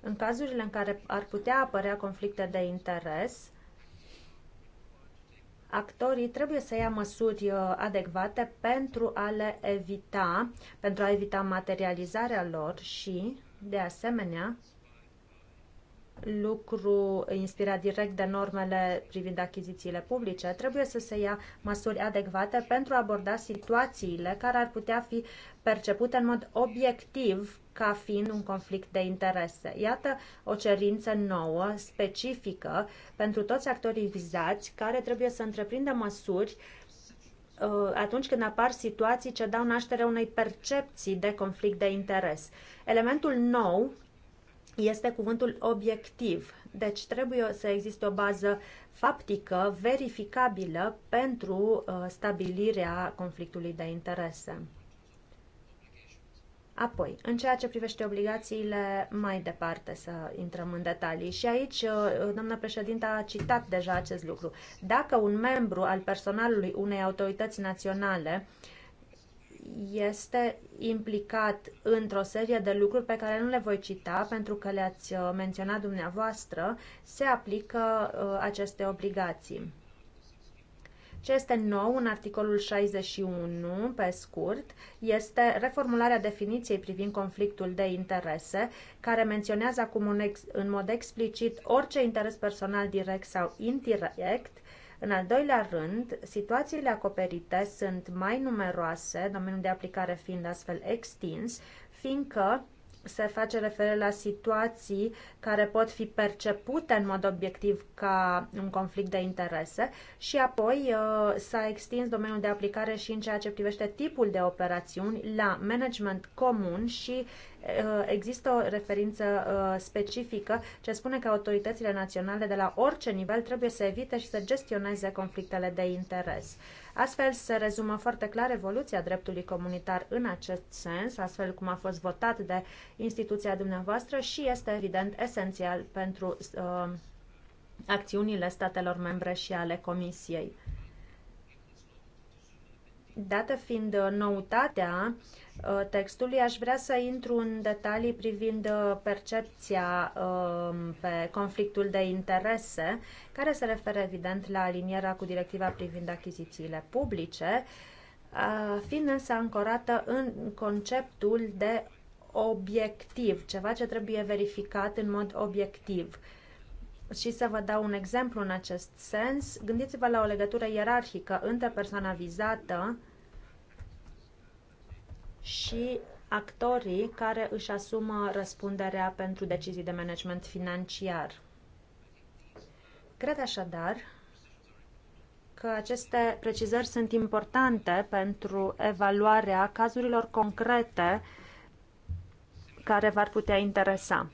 în cazurile în care ar putea apărea conflicte de interes, actorii trebuie să ia măsuri uh, adecvate pentru a le evita, pentru a evita materializarea lor și, de asemenea, lucru inspirat direct de normele privind achizițiile publice, trebuie să se ia măsuri adecvate pentru a aborda situațiile care ar putea fi percepute în mod obiectiv ca fiind un conflict de interese. Iată o cerință nouă, specifică, pentru toți actorii vizați care trebuie să întreprindă măsuri uh, atunci când apar situații ce dau naștere unei percepții de conflict de interes. Elementul nou este cuvântul obiectiv. Deci trebuie să existe o bază faptică, verificabilă pentru uh, stabilirea conflictului de interese. Apoi, în ceea ce privește obligațiile, mai departe să intrăm în detalii. Și aici, uh, doamna președintă a citat deja acest lucru. Dacă un membru al personalului unei autorități naționale uh, este implicat într-o serie de lucruri pe care nu le voi cita pentru că le-ați uh, menționat dumneavoastră, se aplică uh, aceste obligații. Ce este nou în articolul 61, pe scurt, este reformularea definiției privind conflictul de interese, care menționează acum un ex, în mod explicit orice interes personal direct sau indirect în al doilea rând, situațiile acoperite sunt mai numeroase, domeniul de aplicare fiind astfel extins, fiindcă se face referire la situații care pot fi percepute în mod obiectiv ca un conflict de interese și apoi uh, s-a extins domeniul de aplicare și în ceea ce privește tipul de operațiuni la management comun și uh, există o referință uh, specifică ce spune că autoritățile naționale de la orice nivel trebuie să evite și să gestioneze conflictele de interes. Astfel se rezumă foarte clar evoluția dreptului comunitar în acest sens, astfel cum a fost votat de instituția dumneavoastră și este evident esențial pentru uh, acțiunile statelor membre și ale Comisiei. Dată fiind uh, noutatea uh, Uh, textului. Aș vrea să intru în detalii privind uh, percepția um, pe conflictul de interese, care se referă evident la alinierea cu directiva privind achizițiile publice, uh, fiind însă ancorată în conceptul de obiectiv, ceva ce trebuie verificat în mod obiectiv. Și să vă dau un exemplu în acest sens, gândiți-vă la o legătură ierarhică între persoana vizată, și actorii care își asumă răspunderea pentru decizii de management financiar. Cred așadar că aceste precizări sunt importante pentru evaluarea cazurilor concrete care v-ar putea interesa.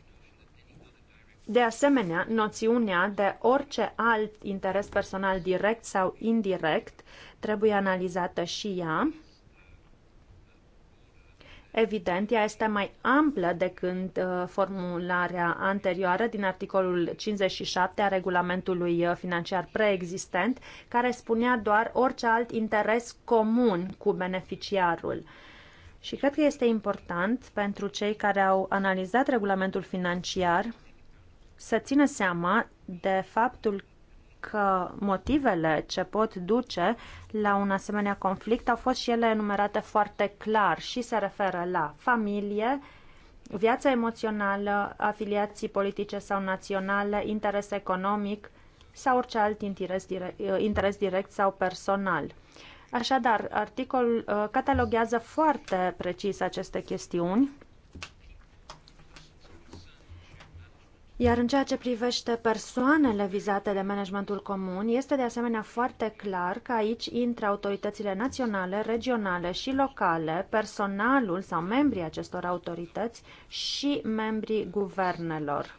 De asemenea, noțiunea de orice alt interes personal direct sau indirect trebuie analizată și ea Evident, ea este mai amplă decât uh, formularea anterioară din articolul 57 a regulamentului uh, financiar preexistent, care spunea doar orice alt interes comun cu beneficiarul. Și cred că este important pentru cei care au analizat regulamentul financiar să țină seama de faptul că motivele ce pot duce la un asemenea conflict au fost și ele enumerate foarte clar și se referă la familie, viața emoțională, afiliații politice sau naționale, interes economic sau orice alt interes direct, uh, interes direct sau personal. Așadar, articolul uh, cataloguează foarte precis aceste chestiuni Iar în ceea ce privește persoanele vizate de managementul comun, este de asemenea foarte clar că aici intră autoritățile naționale, regionale și locale, personalul sau membrii acestor autorități și membrii guvernelor.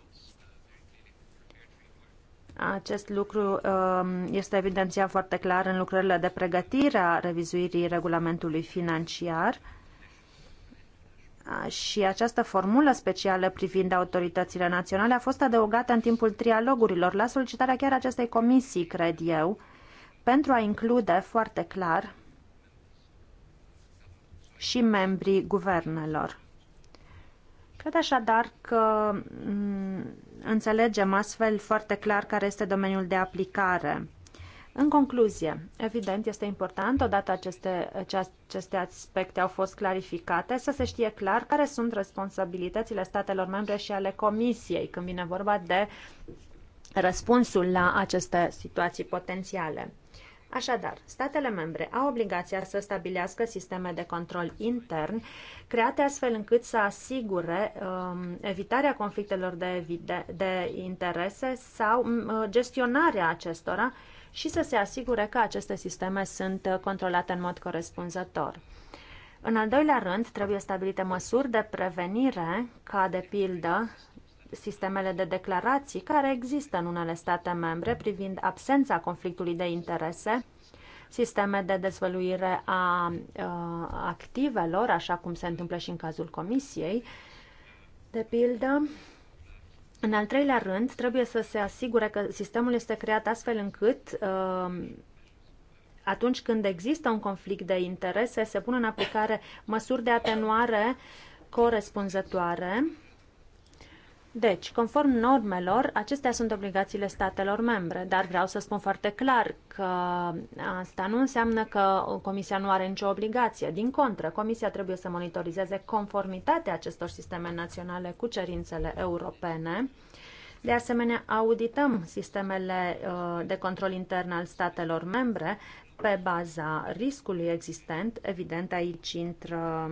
Acest lucru um, este evidențiat foarte clar în lucrările de pregătire a revizuirii regulamentului financiar și această formulă specială privind autoritățile naționale a fost adăugată în timpul trialogurilor, la solicitarea chiar acestei comisii, cred eu, pentru a include foarte clar și membrii guvernelor. Cred așadar că mm, înțelegem astfel foarte clar care este domeniul de aplicare în concluzie, evident, este important, odată aceste, aceste aspecte au fost clarificate, să se știe clar care sunt responsabilitățile statelor membre și ale Comisiei când vine vorba de răspunsul la aceste situații potențiale. Așadar, statele membre au obligația să stabilească sisteme de control intern create astfel încât să asigure um, evitarea conflictelor de, de interese sau um, gestionarea acestora, uh, și să se asigure că aceste sisteme sunt uh, controlate în mod corespunzător. În al doilea rând, trebuie stabilite măsuri de prevenire, ca de pildă sistemele de declarații care există în unele state membre privind absența conflictului de interese, sisteme de dezvăluire a a uh, activelor, așa cum se întâmplă și în cazul Comisiei, de pildă, în al treilea rând, trebuie să se asigure că sistemul este creat astfel încât um, atunci când există un conflict de interese, se pun în aplicare măsuri de atenuare corespunzătoare deci, conform normelor, acestea sunt obligațiile statelor membre, dar vreau să spun foarte clar că asta nu înseamnă că Comisia nu are nicio obligație. Din contră, Comisia trebuie să monitorizeze conformitatea acestor sisteme naționale cu cerințele europene. De asemenea, audităm sistemele uh, de control intern al statelor membre pe baza riscului existent. Evident, aici intră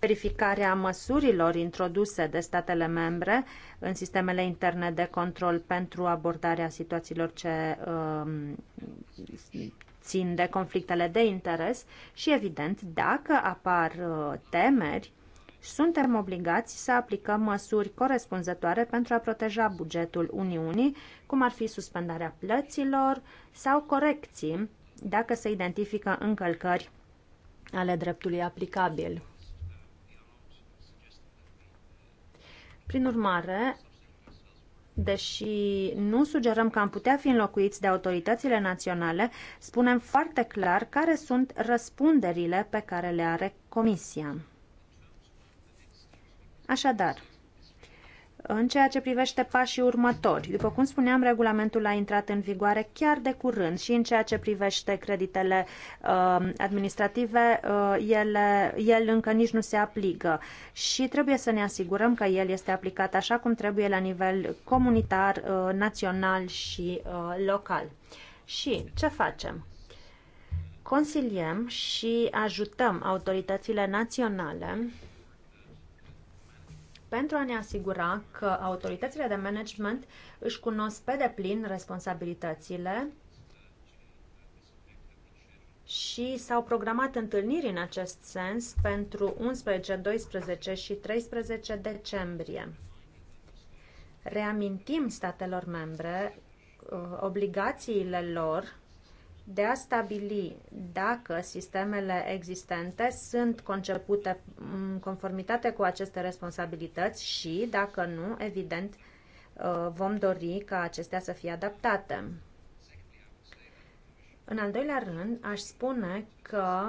verificarea măsurilor introduse de statele membre în sistemele interne de control pentru abordarea situațiilor ce um, țin de conflictele de interes și, evident, dacă apar uh, temeri, suntem obligați să aplicăm măsuri corespunzătoare pentru a proteja bugetul Uniunii, cum ar fi suspendarea plăților sau corecții dacă se identifică încălcări ale dreptului aplicabil. Prin urmare, deși nu sugerăm că am putea fi înlocuiți de autoritățile naționale, spunem foarte clar care sunt răspunderile pe care le are Comisia. Așadar, în ceea ce privește pașii următori. După cum spuneam, regulamentul a intrat în vigoare chiar de curând și în ceea ce privește creditele uh, administrative, uh, ele, el încă nici nu se aplică și trebuie să ne asigurăm că el este aplicat așa cum trebuie la nivel comunitar, uh, național și uh, local. Și ce facem? Consiliem și ajutăm autoritățile naționale pentru a ne asigura că autoritățile de management își cunosc pe deplin responsabilitățile și s-au programat întâlniri în acest sens pentru 11, 12 și 13 decembrie. Reamintim statelor membre uh, obligațiile lor de a stabili dacă sistemele existente sunt concepute în conformitate cu aceste responsabilități și, dacă nu, evident, uh, vom dori ca acestea să fie adaptate. În al doilea rând, aș spune că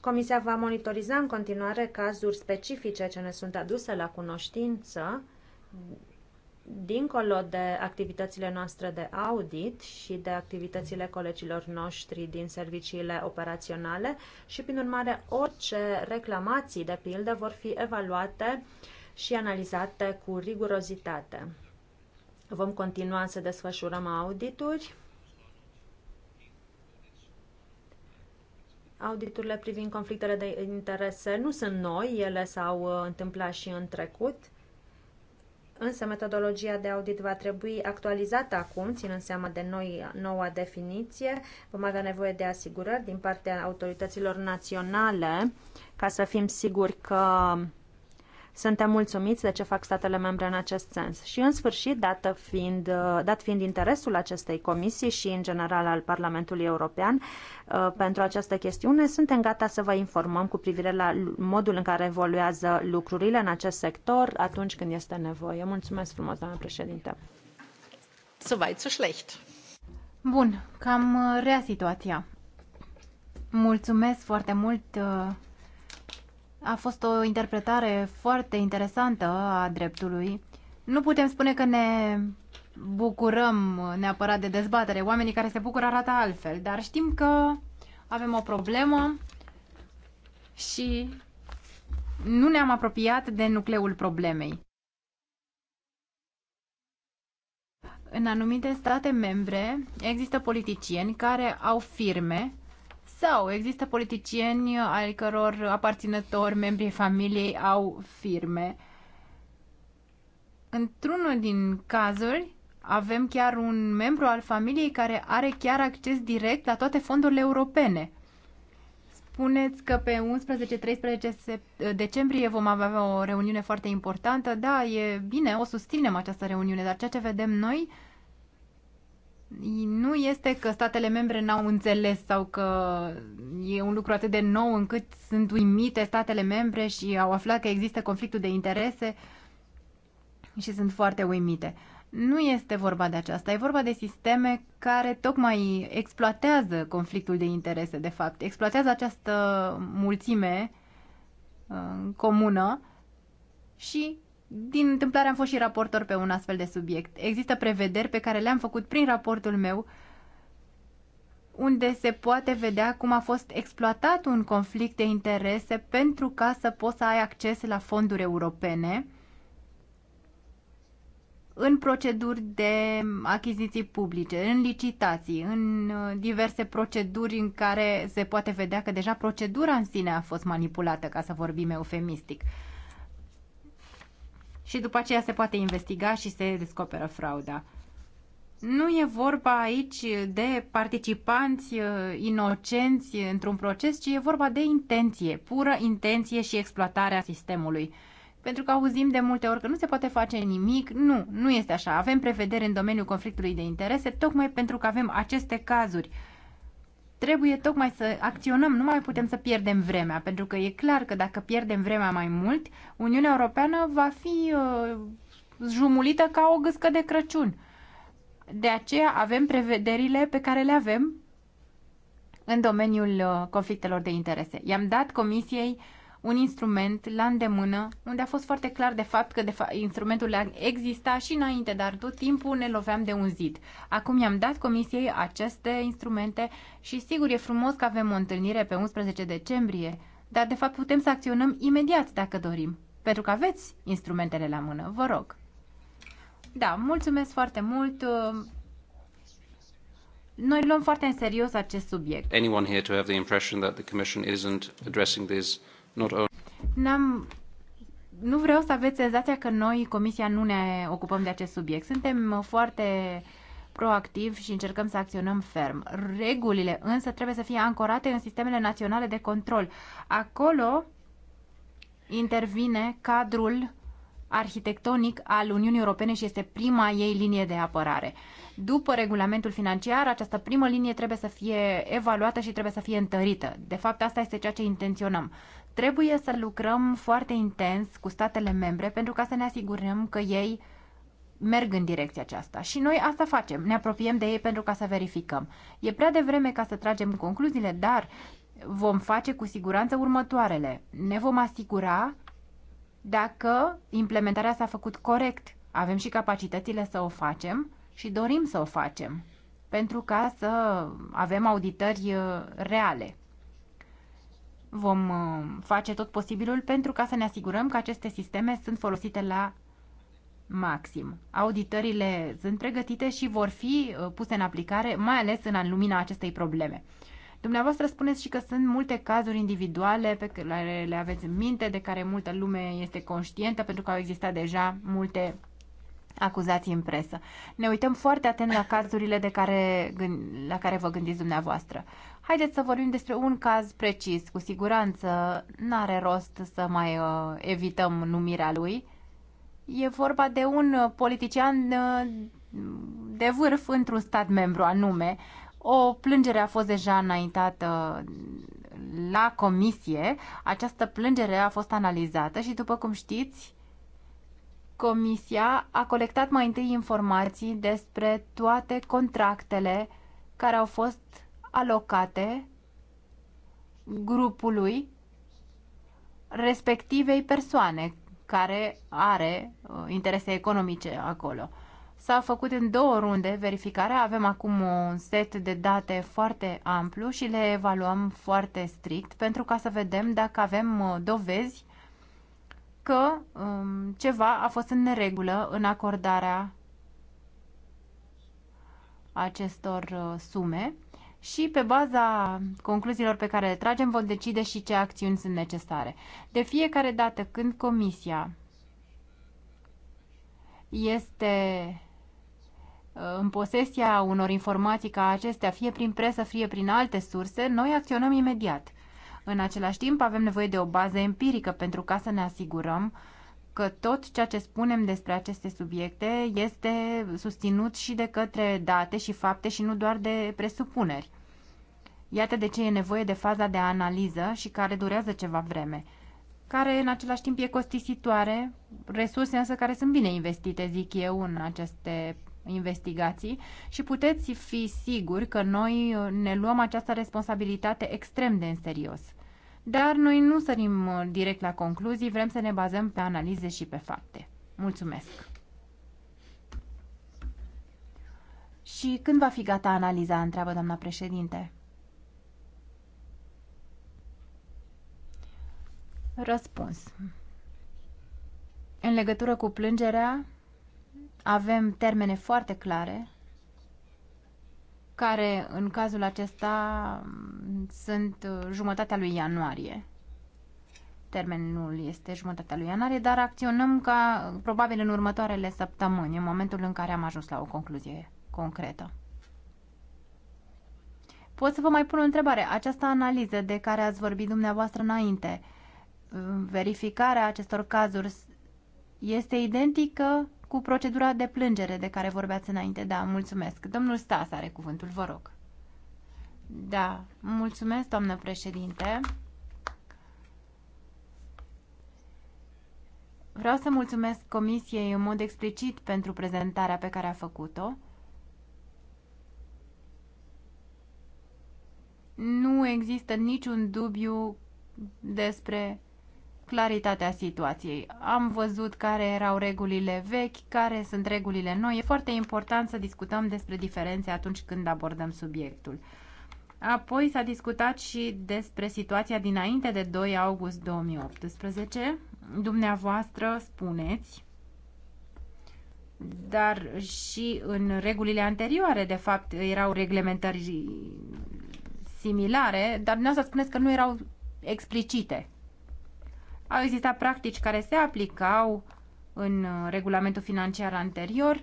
Comisia va monitoriza în continuare cazuri specifice ce ne sunt aduse la cunoștință dincolo de activitățile noastre de audit și de activitățile colegilor noștri din serviciile operaționale și, prin urmare, orice reclamații, de pildă, vor fi evaluate și analizate cu rigurozitate. Vom continua să desfășurăm audituri. Auditurile privind conflictele de interese nu sunt noi, ele s-au uh, întâmplat și în trecut însă metodologia de audit va trebui actualizată acum, ținând seama de noi, noua definiție. Vom avea nevoie de asigurări din partea autorităților naționale ca să fim siguri că suntem mulțumiți de ce fac statele membre în acest sens. Și în sfârșit, dată fiind, uh, dat fiind interesul acestei comisii și în general al Parlamentului European uh, pentru această chestiune, suntem gata să vă informăm cu privire la modul în care evoluează lucrurile în acest sector atunci când este nevoie. Mulțumesc frumos, doamnă președinte. So weit so schlecht. Bun, cam uh, rea situația. Mulțumesc foarte mult a fost o interpretare foarte interesantă a dreptului. Nu putem spune că ne bucurăm neapărat de dezbatere. Oamenii care se bucură arată altfel, dar știm că avem o problemă și nu ne-am apropiat de nucleul problemei. În anumite state membre există politicieni care au firme sau există politicieni al căror aparținători, membrii familiei au firme. Într-unul din cazuri avem chiar un membru al familiei care are chiar acces direct la toate fondurile europene. Spuneți că pe 11-13 decembrie vom avea o reuniune foarte importantă. Da, e bine, o susținem această reuniune, dar ceea ce vedem noi nu este că statele membre n-au înțeles sau că e un lucru atât de nou încât sunt uimite statele membre și au aflat că există conflictul de interese și sunt foarte uimite. Nu este vorba de aceasta, e vorba de sisteme care tocmai exploatează conflictul de interese, de fapt. Exploatează această mulțime uh, comună și din întâmplare am fost și raportor pe un astfel de subiect. Există prevederi pe care le-am făcut prin raportul meu unde se poate vedea cum a fost exploatat un conflict de interese pentru ca să poți să ai acces la fonduri europene în proceduri de achiziții publice, în licitații, în uh, diverse proceduri în care se poate vedea că deja procedura în sine a fost manipulată, ca să vorbim eufemistic și după aceea se poate investiga și se descoperă frauda. Nu e vorba aici de participanți uh, inocenți într-un proces, ci e vorba de intenție, pură intenție și exploatarea sistemului. Pentru că auzim de multe ori că nu se poate face nimic, nu, nu este așa. Avem prevedere în domeniul conflictului de interese, tocmai pentru că avem aceste cazuri Trebuie tocmai să acționăm, nu mai putem să pierdem vremea, pentru că e clar că dacă pierdem vremea mai mult, Uniunea Europeană va fi uh, jumulită ca o gâscă de Crăciun. De aceea avem prevederile pe care le avem în domeniul uh, conflictelor de interese. I-am dat Comisiei uh, un instrument la îndemână, unde a fost foarte clar de fapt că de fa- instrumentul exista și înainte, dar tot timpul ne loveam de un zid. Acum i-am dat comisiei aceste instrumente și sigur e frumos că avem o întâlnire pe 11 decembrie, dar de fapt putem să acționăm imediat dacă dorim, pentru că aveți instrumentele la mână, vă rog. Da, mulțumesc foarte mult. Noi luăm foarte în serios acest subiect. Anyone here to have the impression that the commission isn't addressing these Not only... N-am nu vreau să aveți senzația că noi, Comisia, nu ne ocupăm de acest subiect. Suntem foarte proactivi și încercăm să acționăm ferm. Regulile însă trebuie să fie ancorate în sistemele naționale de control. Acolo intervine cadrul arhitectonic al Uniunii Europene și este prima ei linie de apărare. După regulamentul financiar, această primă linie trebuie să fie evaluată și trebuie să fie întărită. De fapt, asta este ceea ce intenționăm. Trebuie să lucrăm foarte intens cu statele membre pentru ca să ne asigurăm că ei merg în direcția aceasta. Și noi asta facem, ne apropiem de ei pentru ca să verificăm. E prea devreme ca să tragem concluziile, dar vom face cu siguranță următoarele. Ne vom asigura dacă implementarea s-a făcut corect. Avem și capacitățile să o facem și dorim să o facem pentru ca să avem auditări uh, reale. Vom uh, face tot posibilul pentru ca să ne asigurăm că aceste sisteme sunt folosite la maxim. Auditările sunt pregătite și vor fi uh, puse în aplicare, mai ales în lumina acestei probleme. Dumneavoastră spuneți și că sunt multe cazuri individuale pe care le aveți în minte, de care multă lume este conștientă, pentru că au existat deja multe acuzații în presă. Ne uităm foarte atent la cazurile de care, la care vă gândiți dumneavoastră. Haideți să vorbim despre un caz precis. Cu siguranță n-are rost să mai uh, evităm numirea lui. E vorba de un politician uh, de vârf într-un stat membru anume. O plângere a fost deja înaintată la comisie. Această plângere a fost analizată și, după cum știți, comisia a colectat mai întâi informații despre toate contractele care au fost alocate grupului respectivei persoane care are uh, interese economice acolo. S-a făcut în două runde verificarea, avem acum un set de date foarte amplu și le evaluăm foarte strict pentru ca să vedem dacă avem uh, dovezi că um, ceva a fost în neregulă în acordarea acestor uh, sume și pe baza concluziilor pe care le tragem vom decide și ce acțiuni sunt necesare. De fiecare dată când comisia este uh, în posesia unor informații ca acestea, fie prin presă, fie prin alte surse, noi acționăm imediat. În același timp, avem nevoie de o bază empirică pentru ca să ne asigurăm uh, că tot ceea ce spunem despre aceste subiecte este susținut și de către date și fapte și nu doar de presupuneri. Iată de ce e nevoie de faza de analiză și care durează ceva vreme, care în același timp e costisitoare, resurse însă care sunt bine investite, zic eu, în aceste investigații și puteți fi siguri că noi ne luăm această responsabilitate extrem de în serios dar noi nu sărim uh, direct la concluzii, vrem să ne bazăm pe analize și pe fapte. Mulțumesc! Și când va fi gata analiza, întreabă doamna președinte. Răspuns. În legătură cu plângerea, avem termene foarte clare care în cazul acesta sunt uh, jumătatea lui ianuarie. Termenul este jumătatea lui ianuarie, dar acționăm ca probabil în următoarele săptămâni, în momentul în care am ajuns la o concluzie concretă. Pot să vă mai pun o întrebare. Această analiză de care ați vorbit dumneavoastră înainte, uh, verificarea acestor cazuri este identică cu procedura de plângere de care vorbeați înainte. Da, mulțumesc. Domnul Stas are cuvântul, vă rog. Da, mulțumesc, doamnă președinte. Vreau să mulțumesc Comisiei în mod explicit pentru prezentarea pe care a făcut-o. Nu există niciun dubiu despre claritatea situației. Am văzut care erau regulile vechi, care sunt regulile noi. E foarte important să discutăm despre diferențe atunci când abordăm subiectul. Apoi s-a discutat și despre situația dinainte de 2 august 2018. Dumneavoastră spuneți, dar și în regulile anterioare, de fapt, erau reglementări similare, dar dumneavoastră spuneți că nu erau explicite au existat practici care se aplicau în uh, regulamentul financiar anterior,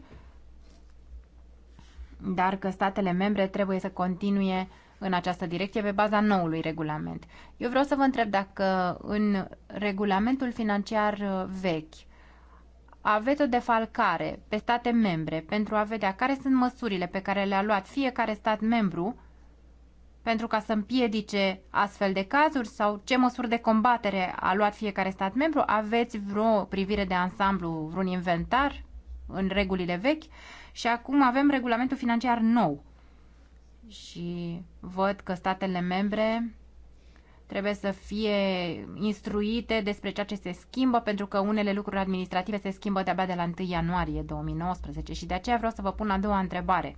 dar că statele membre trebuie să continue în această direcție pe baza noului regulament. Eu vreau să vă întreb dacă în regulamentul financiar uh, vechi aveți o defalcare pe state membre pentru a vedea care sunt măsurile pe care le-a luat fiecare stat membru pentru ca să împiedice astfel de cazuri sau ce măsuri de combatere a luat fiecare stat membru? Aveți vreo privire de ansamblu, vreun inventar în regulile vechi? Și acum avem regulamentul financiar nou. Și văd că statele membre trebuie să fie instruite despre ceea ce se schimbă, pentru că unele lucruri administrative se schimbă de-abia de la 1 ianuarie 2019 și de aceea vreau să vă pun a doua întrebare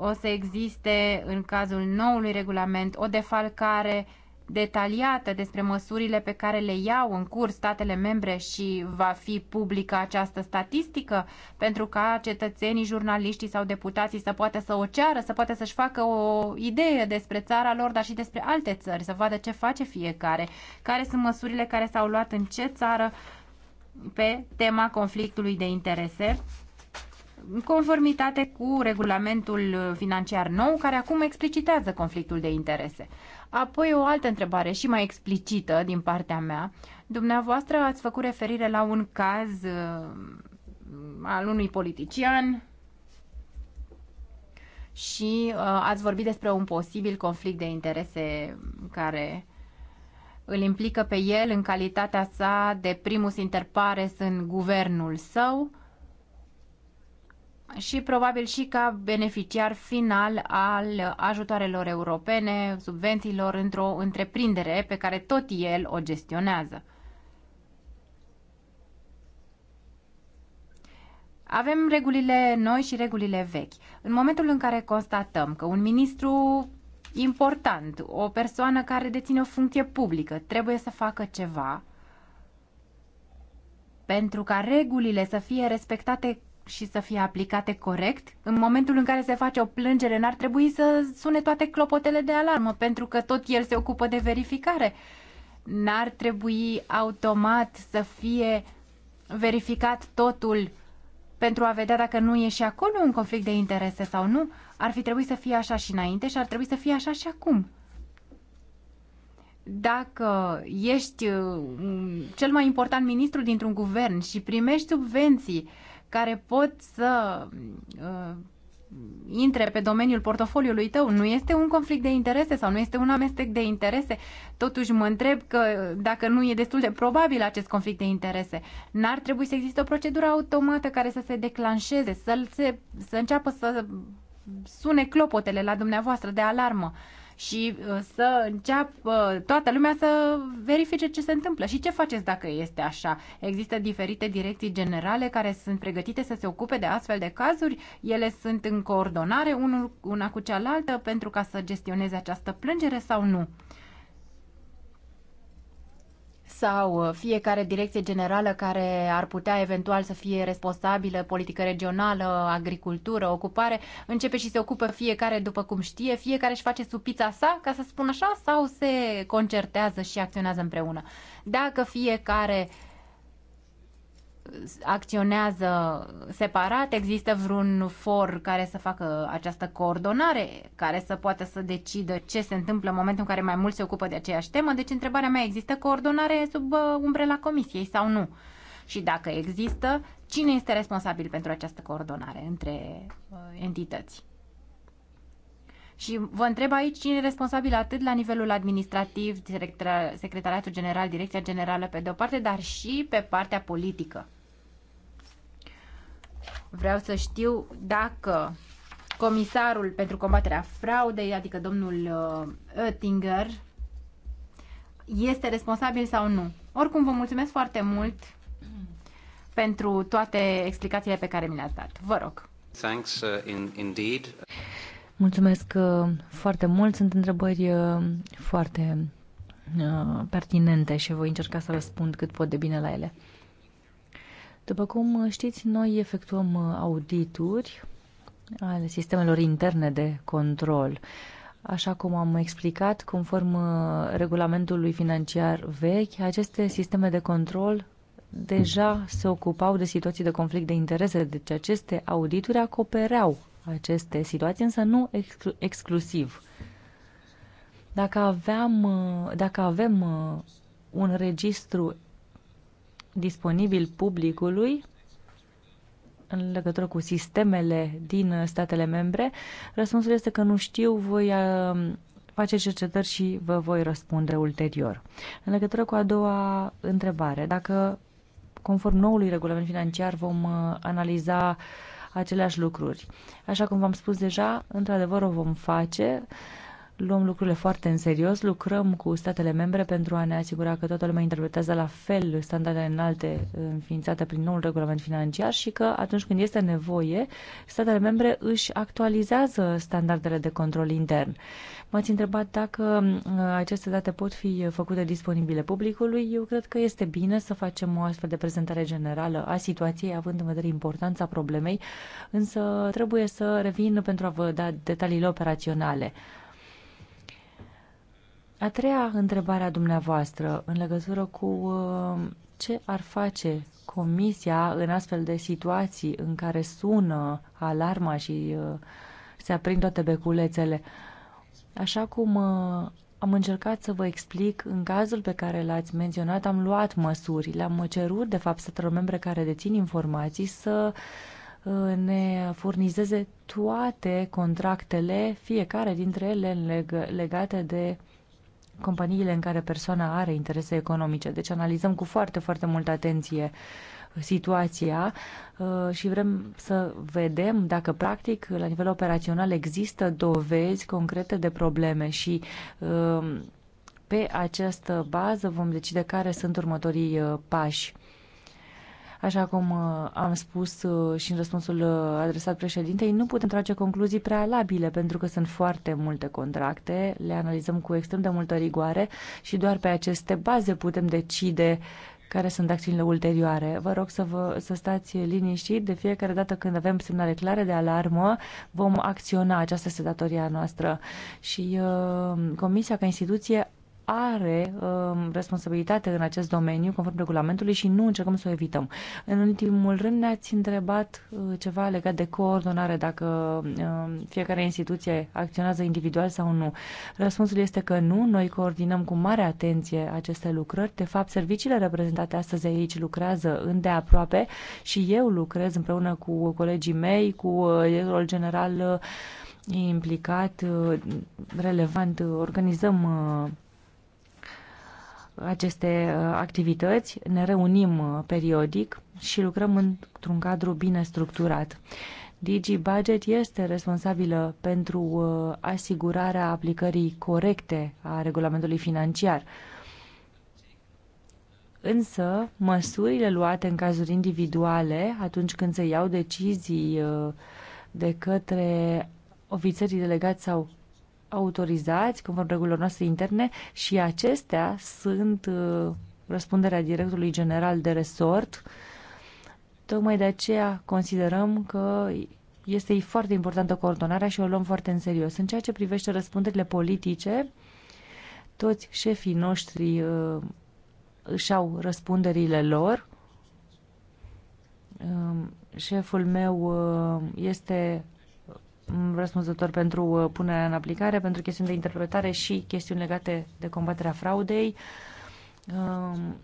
o să existe în cazul noului regulament o defalcare detaliată despre măsurile pe care le iau în curs statele membre și va fi publică această statistică pentru ca cetățenii, jurnaliștii sau deputații să poată să o ceară, să poată să-și facă o idee despre țara lor, dar și despre alte țări, să vadă ce face fiecare, care sunt măsurile care s-au luat în ce țară pe tema conflictului de interese conformitate cu regulamentul financiar nou, care acum explicitează conflictul de interese. Apoi o altă întrebare și mai explicită din partea mea. Dumneavoastră ați făcut referire la un caz uh, al unui politician și uh, ați vorbit despre un posibil conflict de interese care îl implică pe el în calitatea sa de primus inter pares în guvernul său și probabil și ca beneficiar final al ajutoarelor europene, subvențiilor într-o întreprindere pe care tot el o gestionează. Avem regulile noi și regulile vechi. În momentul în care constatăm că un ministru important, o persoană care deține o funcție publică, trebuie să facă ceva pentru ca regulile să fie respectate și să fie aplicate corect. În momentul în care se face o plângere, n-ar trebui să sune toate clopotele de alarmă, pentru că tot el se ocupă de verificare. N-ar trebui automat să fie verificat totul pentru a vedea dacă nu e și acolo un conflict de interese sau nu. Ar fi trebuit să fie așa și înainte și ar trebui să fie așa și acum dacă ești uh, cel mai important ministru dintr-un guvern și primești subvenții care pot să uh, intre pe domeniul portofoliului tău. Nu este un conflict de interese sau nu este un amestec de interese. Totuși mă întreb că dacă nu e destul de probabil acest conflict de interese, n-ar trebui să existe o procedură automată care să se declanșeze, să, se, să înceapă să sune clopotele la dumneavoastră de alarmă. Uh, și uh, să înceapă toată lumea să verifice ce se întâmplă. Și ce faceți dacă este așa? Există diferite direcții generale care sunt pregătite să se ocupe de astfel de cazuri? Ele sunt în coordonare una cu cealaltă pentru ca să gestioneze această plângere sau nu? sau uh, fiecare direcție generală care ar putea eventual să fie responsabilă, politică regională, agricultură, ocupare, începe și se ocupă fiecare după cum știe, fiecare își face supița sa, ca să spun așa, sau se concertează și acționează împreună. Dacă fiecare uh, acționează separat? Există vreun for care să facă această coordonare, care să poată să decidă ce se întâmplă în momentul în care mai mulți se ocupă de aceeași temă? Deci întrebarea mea, există coordonare sub uh, umbrela comisiei sau nu? Și dacă există, cine este responsabil pentru această coordonare între uh, entități? Și vă întreb aici cine e responsabil atât la nivelul administrativ, Secretariatul General, Direcția Generală pe de-o parte, dar și pe partea politică. Vreau să știu dacă comisarul pentru combaterea fraudei, adică domnul uh, Oettinger, este responsabil sau nu. Oricum, vă mulțumesc foarte mult pentru toate explicațiile pe care mi le-ați dat. Vă rog. Thanks, uh, indeed. Mulțumesc uh, foarte mult. Sunt întrebări uh, foarte pertinente și voi încerca să răspund cât pot de bine la ele. După cum știți, noi efectuăm uh, audituri ale sistemelor interne de control. Așa cum am explicat, conform uh, regulamentului financiar vechi, aceste sisteme de control deja se ocupau de situații de conflict de interese, deci aceste audituri acopereau aceste situații, însă nu exclu- exclusiv. Dacă, aveam, uh, dacă avem un registru disponibil publicului în legătură cu sistemele din statele membre? Răspunsul este că nu știu, voi uh, face cercetări și vă voi răspunde ulterior. În legătură cu a doua întrebare, dacă conform noului regulament financiar vom uh, analiza aceleași lucruri. Așa cum v-am spus deja, într-adevăr o vom face luăm lucrurile foarte în serios, lucrăm cu statele membre pentru a ne asigura că toată lumea interpretează la fel standardele înalte înființate prin noul regulament financiar și că atunci când este nevoie, statele membre își actualizează standardele de control intern. M-ați întrebat dacă uh, aceste date pot fi făcute disponibile publicului. Eu cred că este bine să facem o astfel de prezentare generală a situației, având în vedere importanța problemei, însă trebuie să revin pentru a vă da detaliile operaționale. A treia întrebare a dumneavoastră în legătură cu uh, ce ar face Comisia în astfel de situații în care sună alarma și uh, se aprind toate beculețele. Așa cum uh, am încercat să vă explic, în cazul pe care l-ați menționat, am luat măsuri. Le-am cerut, de fapt, statelor membre care dețin informații să ne furnizeze toate contractele, fiecare dintre ele legate de companiile în care persoana are interese economice. Deci analizăm cu foarte, foarte multă atenție situația uh, și vrem să vedem dacă practic la nivel operațional există dovezi concrete de probleme și uh, pe această bază vom decide care sunt următorii uh, pași. Așa cum uh, am spus uh, și în răspunsul uh, adresat președintei, nu putem trage concluzii prealabile pentru că sunt foarte multe contracte, le analizăm cu extrem de multă rigoare și doar pe aceste baze putem decide care sunt acțiunile ulterioare. Vă rog să, vă, să stați liniștit. De fiecare dată când avem semnale clare de alarmă, vom acționa. această sedatoria noastră. Și uh, Comisia, ca instituție, are uh, responsabilitate în acest domeniu, conform regulamentului, și nu încercăm să o evităm. În ultimul rând ne-ați întrebat uh, ceva legat de coordonare, dacă uh, fiecare instituție acționează individual sau nu. Răspunsul este că nu, noi coordinăm cu mare atenție aceste lucrări. De fapt, serviciile reprezentate astăzi aici lucrează îndeaproape și eu lucrez împreună cu colegii mei, cu uh, directorul general uh, implicat, uh, relevant, organizăm aceste uh, activități, ne reunim uh, periodic și lucrăm într-un cadru bine structurat. DG Budget este responsabilă pentru uh, asigurarea aplicării corecte a regulamentului financiar. Însă, măsurile luate în cazuri individuale, atunci când se iau decizii de către ofițerii delegați sau autorizați conform regulilor noastre interne și acestea sunt uh, răspunderea directorului general de resort. Tocmai de aceea considerăm că este foarte importantă coordonarea și o luăm foarte în serios. În ceea ce privește răspunderile politice, toți șefii noștri uh, își au răspunderile lor. Uh, șeful meu uh, este răspunzător pentru uh, punerea în aplicare, pentru chestiuni de interpretare și chestiuni legate de combaterea fraudei. Um,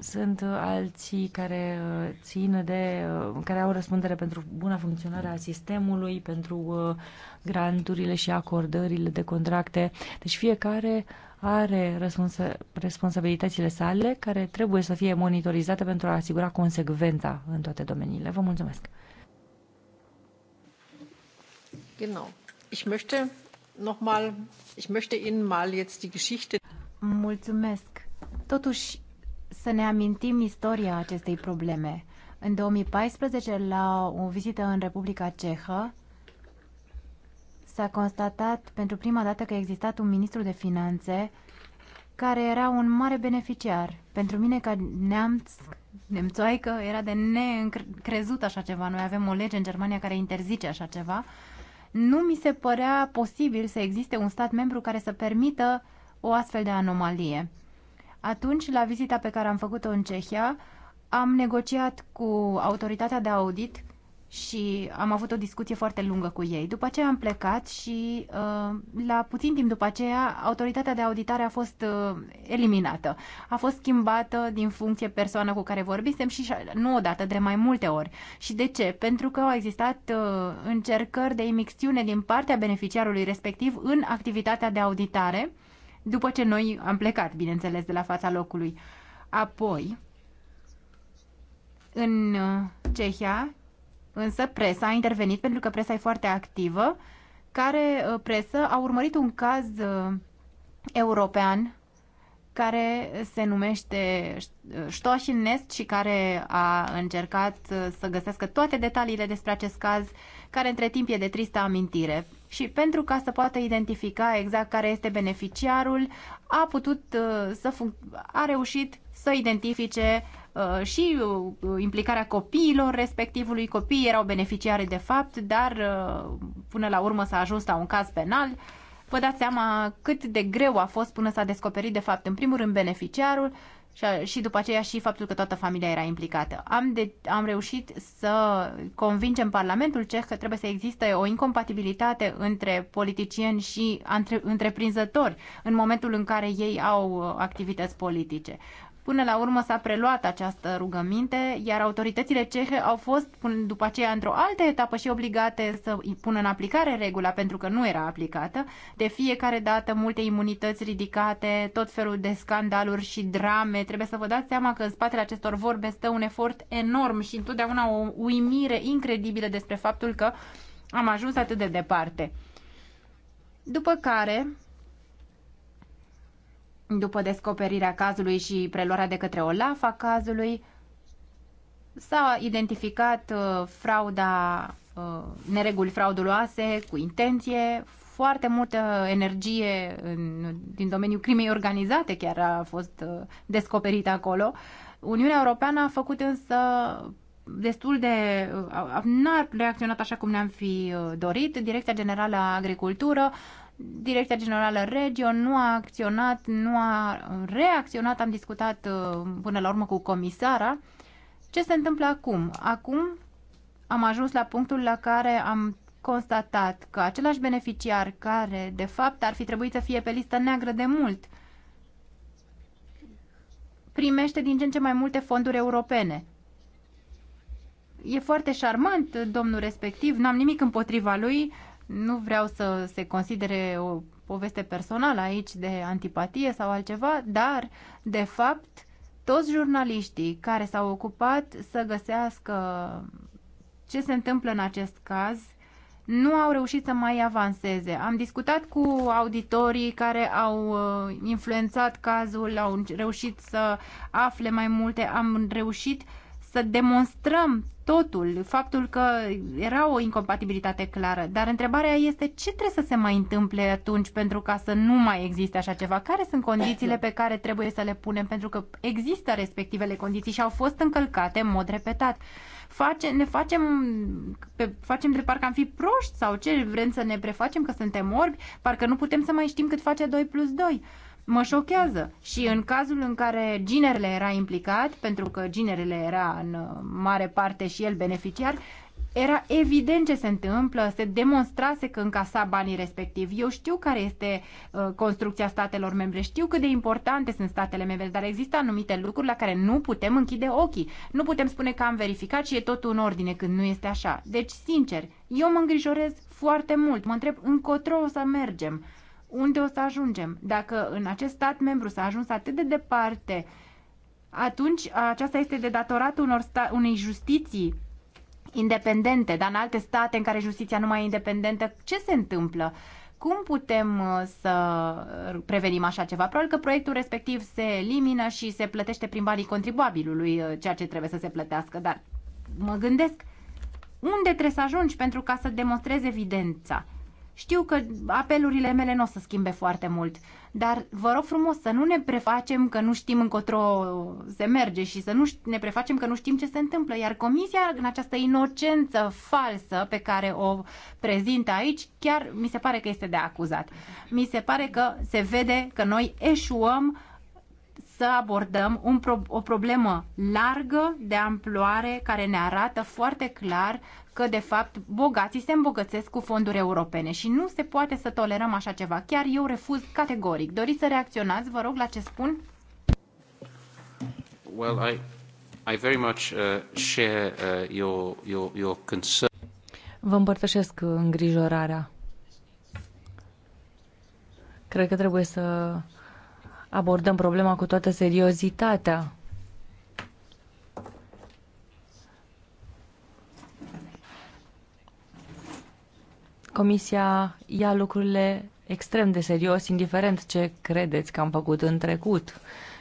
sunt alții care uh, țin de, uh, care au răspundere pentru buna funcționare a sistemului, pentru granturile și acordările de contracte. Deci fiecare are răspunsă, responsabilitățile sale care trebuie să fie monitorizate pentru a asigura consecvența în toate domeniile. Vă mulțumesc! Mulțumesc. Totuși, să ne amintim istoria acestei probleme. În 2014, la o vizită în Republica Cehă, s-a constatat pentru prima dată că a existat un ministru de finanțe care era un mare beneficiar. Pentru mine, ca neamț, nemțoaică, era de neîncrezut așa ceva. Noi avem o lege în Germania care interzice așa ceva nu mi se părea posibil să existe un stat membru care să permită o astfel de anomalie. Atunci, la vizita pe care am făcut-o în Cehia, am negociat cu autoritatea de audit și am avut o discuție foarte lungă cu ei. După aceea am plecat și uh, la puțin timp după aceea autoritatea de auditare a fost uh, eliminată. A fost schimbată din funcție persoana cu care vorbisem și nu odată, de mai multe ori. Și de ce? Pentru că au existat uh, încercări de imixtiune din partea beneficiarului respectiv în activitatea de auditare, după ce noi am plecat, bineînțeles, de la fața locului. Apoi, în Cehia, Însă presa a intervenit pentru că presa e foarte activă, care uh, presă a urmărit un caz uh, european care se numește uh, Stoșin Nest și care a încercat să găsească toate detaliile despre acest caz, care între timp e de tristă amintire. Și pentru ca să poată identifica exact care este beneficiarul, a putut să func- a reușit să identifice Uh, și uh, implicarea copiilor respectivului. Copiii erau beneficiari de fapt, dar uh, până la urmă s-a ajuns la un caz penal. Vă dați seama cât de greu a fost până s-a descoperit de fapt în primul rând beneficiarul și după aceea și faptul că toată familia era implicată. Am, de, am reușit să convingem Parlamentul Ceh că trebuie să existe o incompatibilitate între politicieni și antre, întreprinzători în momentul în care ei au activități politice. Până la urmă s-a preluat această rugăminte, iar autoritățile cehe au fost, după aceea, într-o altă etapă și obligate să pună în aplicare regula, pentru că nu era aplicată. De fiecare dată, multe imunități ridicate, tot felul de scandaluri și drame. Trebuie să vă dați seama că în spatele acestor vorbe stă un efort enorm și întotdeauna o uimire incredibilă despre faptul că am ajuns atât de departe. După care, după descoperirea cazului și preluarea de către OLAF a cazului, s-a identificat uh, frauda, uh, nereguli frauduloase cu intenție, foarte multă energie în, din domeniul crimei organizate chiar a fost uh, descoperită acolo. Uniunea Europeană a făcut însă destul de... Uh, n-a reacționat așa cum ne-am fi uh, dorit. Direcția Generală a Agricultură Direcția Generală Regio nu a acționat, nu a reacționat, am discutat uh, până la urmă cu comisara. Ce se întâmplă acum? Acum am ajuns la punctul la care am constatat că același beneficiar care, de fapt, ar fi trebuit să fie pe listă neagră de mult, primește din ce în ce mai multe fonduri europene. E foarte șarmant domnul respectiv, n-am nimic împotriva lui, nu vreau să se considere o poveste personală aici de antipatie sau altceva, dar, de fapt, toți jurnaliștii care s-au ocupat să găsească ce se întâmplă în acest caz nu au reușit să mai avanseze. Am discutat cu auditorii care au uh, influențat cazul, au reușit să afle mai multe, am reușit uh, să demonstrăm totul, faptul că era o incompatibilitate clară. Dar întrebarea este ce trebuie să se mai întâmple atunci pentru ca să nu mai existe așa ceva? Care sunt condițiile pe care trebuie să le punem? Pentru că există respectivele condiții și au fost încălcate în mod repetat. Face, ne facem, pe, facem de parcă am fi proști sau ce? Vrem să ne prefacem că suntem orbi? Parcă nu putem să mai știm cât face 2 plus 2 mă șochează. Și în cazul în care ginerele era implicat, pentru că ginerele era în uh, mare parte și el beneficiar, era evident ce se întâmplă, se demonstrase că încasa banii respectivi. Eu știu care este uh, construcția statelor membre, știu cât de importante sunt statele membre, dar există anumite lucruri la care nu putem închide ochii. Nu putem spune că am verificat și e totul în ordine când nu este așa. Deci, sincer, eu mă îngrijorez foarte mult. Mă întreb încotro o să mergem unde o să ajungem. Dacă în acest stat membru s-a ajuns atât de departe, atunci aceasta este de datorat unor sta- unei justiții independente, dar în alte state în care justiția nu mai e independentă, ce se întâmplă? Cum putem uh, să prevenim așa ceva? Probabil că proiectul respectiv se elimină și se plătește prin banii contribuabilului uh, ceea ce trebuie să se plătească, dar mă gândesc unde trebuie să ajungi pentru ca să demonstrezi evidența. Știu că apelurile mele nu o să schimbe foarte mult, dar vă rog frumos să nu ne prefacem că nu știm încotro se merge și să nu ne prefacem că nu știm ce se întâmplă. Iar comisia, în această inocență falsă pe care o prezintă aici, chiar mi se pare că este de acuzat. Mi se pare că se vede că noi eșuăm să abordăm un pro- o problemă largă de amploare care ne arată foarte clar că, de fapt, bogații se îmbogățesc cu fonduri europene și nu se poate să tolerăm așa ceva. Chiar eu refuz categoric. Doriți să reacționați, vă rog, la ce spun? Well, I, I very much uh, share uh, your, your, your concern. Vă împărtășesc îngrijorarea. Cred că trebuie să abordăm problema cu toată seriozitatea Comisia ia lucrurile extrem de serios, indiferent ce credeți că am făcut în trecut.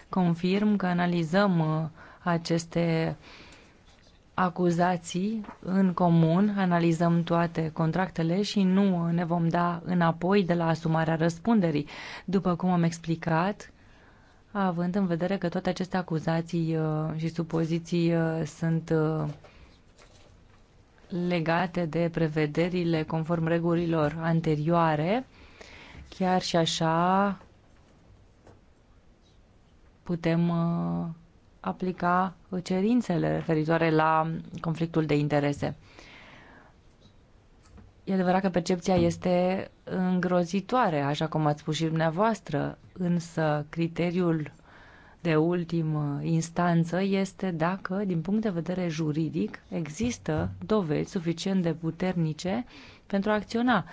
Confirm că analizăm uh, aceste acuzații în comun, analizăm toate contractele și nu ne vom da înapoi de la asumarea răspunderii. După cum am explicat, având în vedere că toate aceste acuzații uh, și supoziții uh, sunt legate de prevederile conform regulilor anterioare. Chiar și așa putem uh, aplica cerințele referitoare la conflictul de interese. E adevărat că percepția este îngrozitoare, așa cum ați spus și dumneavoastră, însă criteriul de ultimă instanță este dacă, din punct de vedere juridic, există dovezi suficient de puternice pentru a acționa.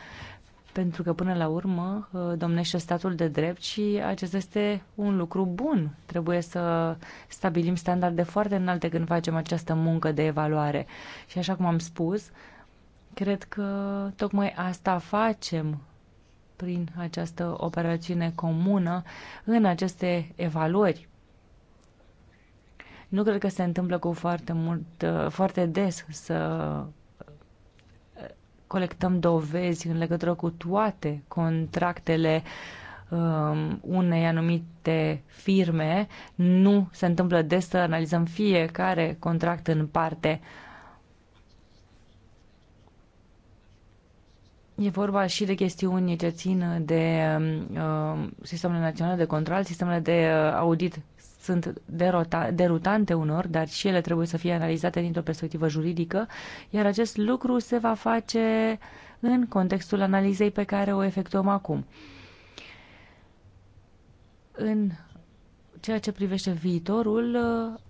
Pentru că, până la urmă, uh, domnește statul de drept și acesta este un lucru bun. Trebuie să stabilim standarde foarte înalte când facem această muncă de evaluare. Și așa cum am spus, cred că tocmai asta facem prin această operațiune comună în aceste evaluări. Nu cred că se întâmplă cu foarte mult, uh, foarte des să uh, colectăm dovezi în legătură cu toate contractele um, unei anumite firme. Nu se întâmplă des să analizăm fiecare contract în parte. E vorba și de chestiuni ce țin de um, uh, sistemele naționale de control, sistemele de audit sunt derota, derutante unor, dar și ele trebuie să fie analizate dintr-o perspectivă juridică, iar acest lucru se va face în contextul analizei pe care o efectuăm acum. În ceea ce privește viitorul,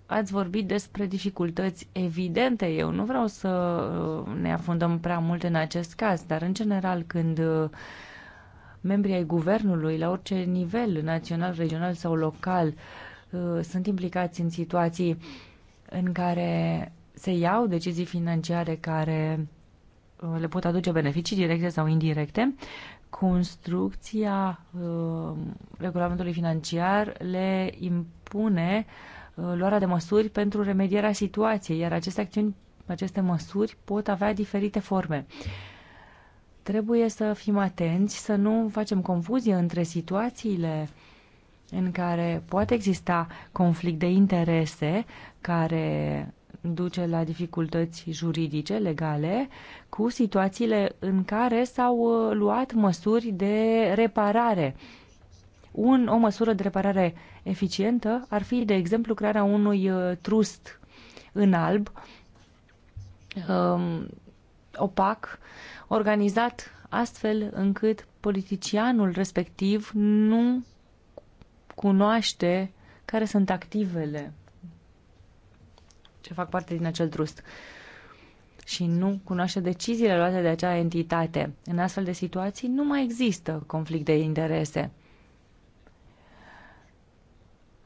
ați vorbit despre dificultăți evidente. Eu nu vreau să uh, ne afundăm prea mult în acest caz, dar în general când uh, membrii ai guvernului la orice nivel, național, regional sau local, Uh, sunt implicați în situații în care se iau decizii financiare care uh, le pot aduce beneficii directe sau indirecte, construcția uh, regulamentului financiar le impune uh, luarea de măsuri pentru remedierea situației, iar aceste acțiuni, aceste măsuri pot avea diferite forme. Trebuie să fim atenți, să nu facem confuzie între situațiile uh, în care poate exista conflict de interese care duce la dificultăți juridice, legale, cu situațiile în care s-au uh, luat măsuri de reparare. Un, o măsură de reparare eficientă ar fi, de exemplu, crearea unui uh, trust în alb, um, opac, organizat astfel încât politicianul respectiv nu cunoaște care sunt activele ce fac parte din acel trust și nu cunoaște deciziile luate de acea entitate. În astfel de situații nu mai există conflict de interese.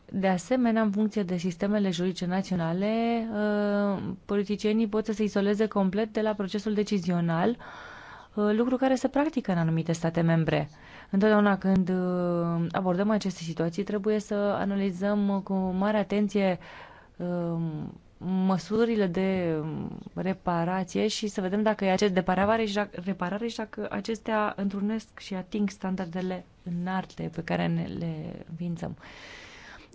De asemenea, în funcție de sistemele juridice naționale, uh, politicienii pot să se izoleze complet de la procesul decizional, uh, lucru care se practică în anumite state membre. Întotdeauna când uh, abordăm aceste situații, trebuie să analizăm cu mare atenție um, măsurile de um, reparație și să vedem dacă e acest deparare și dacă, reparare și dacă acestea întrunesc și ating standardele înalte pe care ne le vințăm.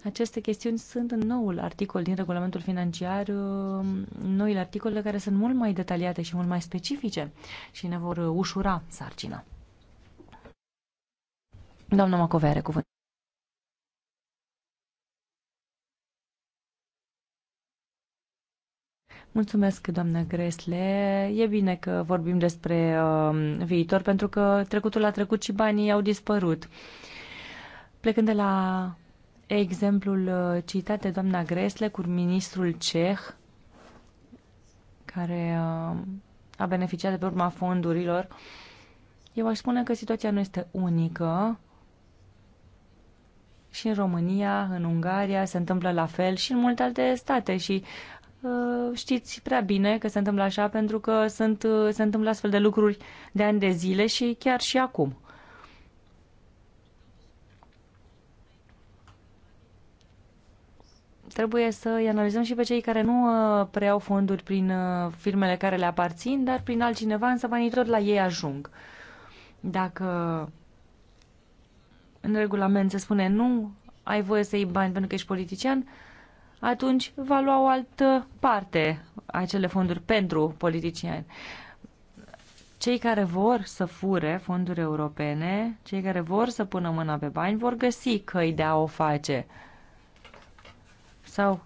Aceste chestiuni sunt în noul articol din regulamentul financiar, um, noile articole care sunt mult mai detaliate și mult mai specifice și ne vor ușura sarcina. Doamna Macovei are cuvânt. Mulțumesc, doamnă Gresle. E bine că vorbim despre uh, viitor, pentru că trecutul a trecut și banii au dispărut. Plecând de la exemplul uh, citat de doamna Gresle cu ministrul ceh, care uh, a beneficiat de pe urma fondurilor, eu aș spune că situația nu este unică și în România, în Ungaria se întâmplă la fel și în multe alte state și uh, știți prea bine că se întâmplă așa pentru că sunt, uh, se întâmplă astfel de lucruri de ani de zile și chiar și acum. Trebuie să îi analizăm și pe cei care nu uh, preiau fonduri prin firmele care le aparțin, dar prin altcineva, însă banii tot la ei ajung. Dacă în regulament se spune nu ai voie să iei bani pentru că ești politician, atunci va lua o altă parte acele fonduri pentru politicieni. Cei care vor să fure fonduri europene, cei care vor să pună mâna pe bani, vor găsi căi de a o face. Sau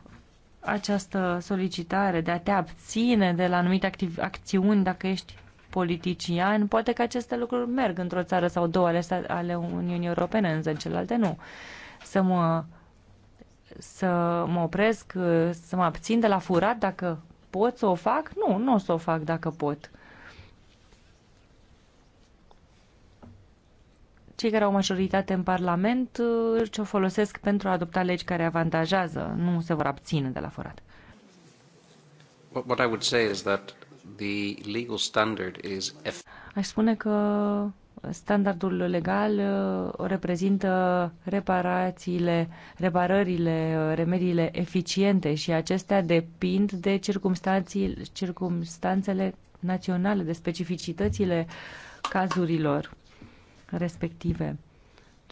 această solicitare de a te abține de la anumite acțiuni dacă ești politician, poate că aceste lucruri merg într-o țară sau două ale, ale Uniunii Europene, însă în celelalte nu. Să mă, să mă opresc, să mă abțin de la furat dacă pot să o fac? Nu, nu o să o fac dacă pot. cei care au majoritate în Parlament ce uh, o folosesc pentru a adopta legi care avantajează, nu se vor abține de la furat. What I would say is that the legal standard is Aș spune că standardul legal uh, reprezintă reparațiile, reparările, uh, remediile eficiente și acestea depind de circumstanțele naționale, de specificitățile cazurilor respective.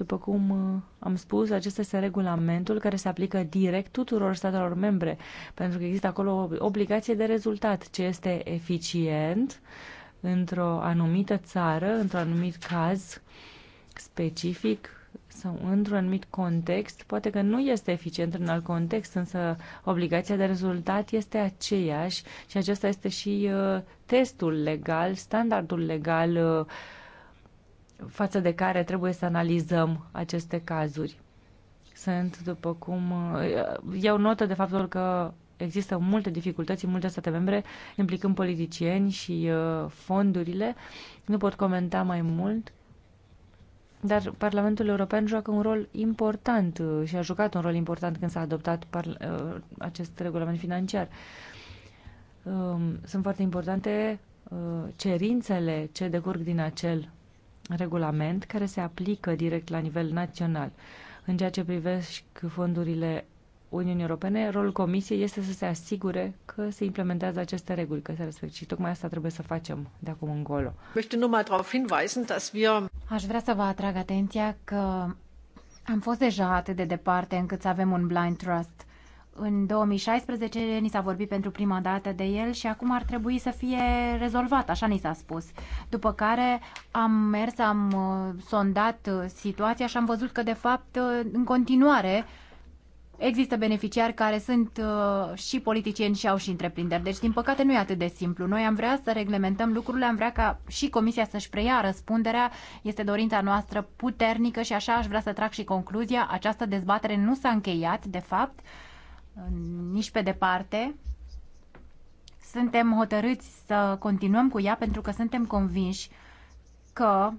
După cum uh, am spus, acesta este regulamentul care se aplică direct tuturor statelor membre, pentru că există acolo o obligație de rezultat, ce este eficient într-o anumită țară, într-un anumit caz specific sau într-un anumit context, poate că nu este eficient în alt context, însă obligația de rezultat este aceeași și acesta este și uh, testul legal, standardul legal uh, față de care trebuie să analizăm aceste cazuri. Sunt, după cum... Uh, iau notă de faptul că există multe dificultăți în multe state membre, implicând politicieni și uh, fondurile. Nu pot comenta mai mult, dar Parlamentul European joacă un rol important uh, și a jucat un rol important când s-a adoptat uh, acest regulament financiar. Uh, sunt foarte importante uh, cerințele ce decurg din acel regulament care se aplică direct la nivel național. În ceea ce privește fondurile Uniunii Europene, rolul Comisiei este să se asigure că se implementează aceste reguli, că se respectă. Și tocmai asta trebuie să facem de acum încolo. Aș vrea să vă atrag atenția că am fost deja atât de departe încât să avem un blind trust în 2016 ni s-a vorbit pentru prima dată de el și acum ar trebui să fie rezolvat, așa ni s-a spus. După care am mers, am uh, sondat uh, situația și am văzut că, de fapt, uh, în continuare există beneficiari care sunt și politicieni și au și întreprinderi. Deci, din păcate, nu e atât de simplu. Noi am vrea să reglementăm lucrurile, am vrea ca și Comisia să-și preia răspunderea. Este dorința noastră puternică și așa aș vrea să trag și concluzia. Această dezbatere nu s-a încheiat, de fapt nici pe departe. Suntem hotărâți să continuăm cu ea pentru că suntem convinși că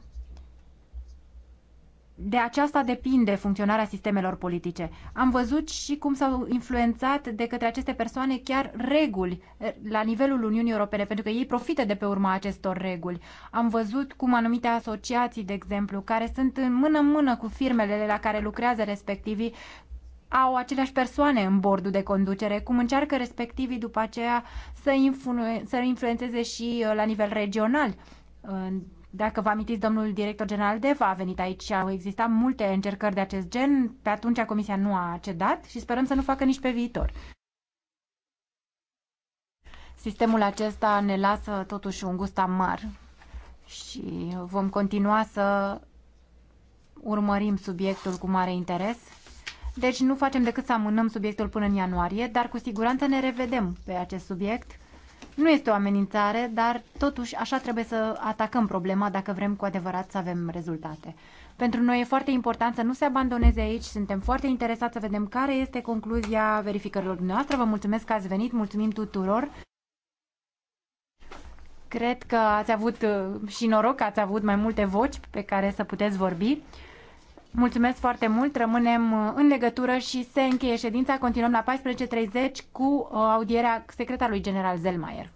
de aceasta depinde funcționarea sistemelor politice. Am văzut și cum s-au influențat de către aceste persoane chiar reguli la nivelul Uniunii Europene, pentru că ei profită de pe urma acestor reguli. Am văzut cum anumite asociații, de exemplu, care sunt în mână-mână cu firmele la care lucrează respectivii, au aceleași persoane în bordul de conducere, cum încearcă respectivii după aceea să, influ- să influențeze și uh, la nivel regional. Uh, dacă vă amintiți, domnul director general Deva a venit aici și au existat multe încercări de acest gen. Pe atunci Comisia nu a cedat și sperăm să nu facă nici pe viitor. Sistemul acesta ne lasă totuși un gust amar și vom continua să urmărim subiectul cu mare interes deci nu facem decât să amânăm subiectul până în ianuarie, dar cu siguranță ne revedem pe acest subiect. Nu este o amenințare, dar totuși așa trebuie să atacăm problema dacă vrem cu adevărat să avem rezultate. Pentru noi e foarte important să nu se abandoneze aici, suntem foarte interesați să vedem care este concluzia verificărilor noastre. Vă mulțumesc că ați venit, mulțumim tuturor. Cred că ați avut uh, și noroc că ați avut mai multe voci pe care să puteți vorbi. Mulțumesc foarte mult, rămânem uh, în legătură și se încheie ședința. Continuăm la 14.30 cu uh, audierea secretarului general Zelmaier.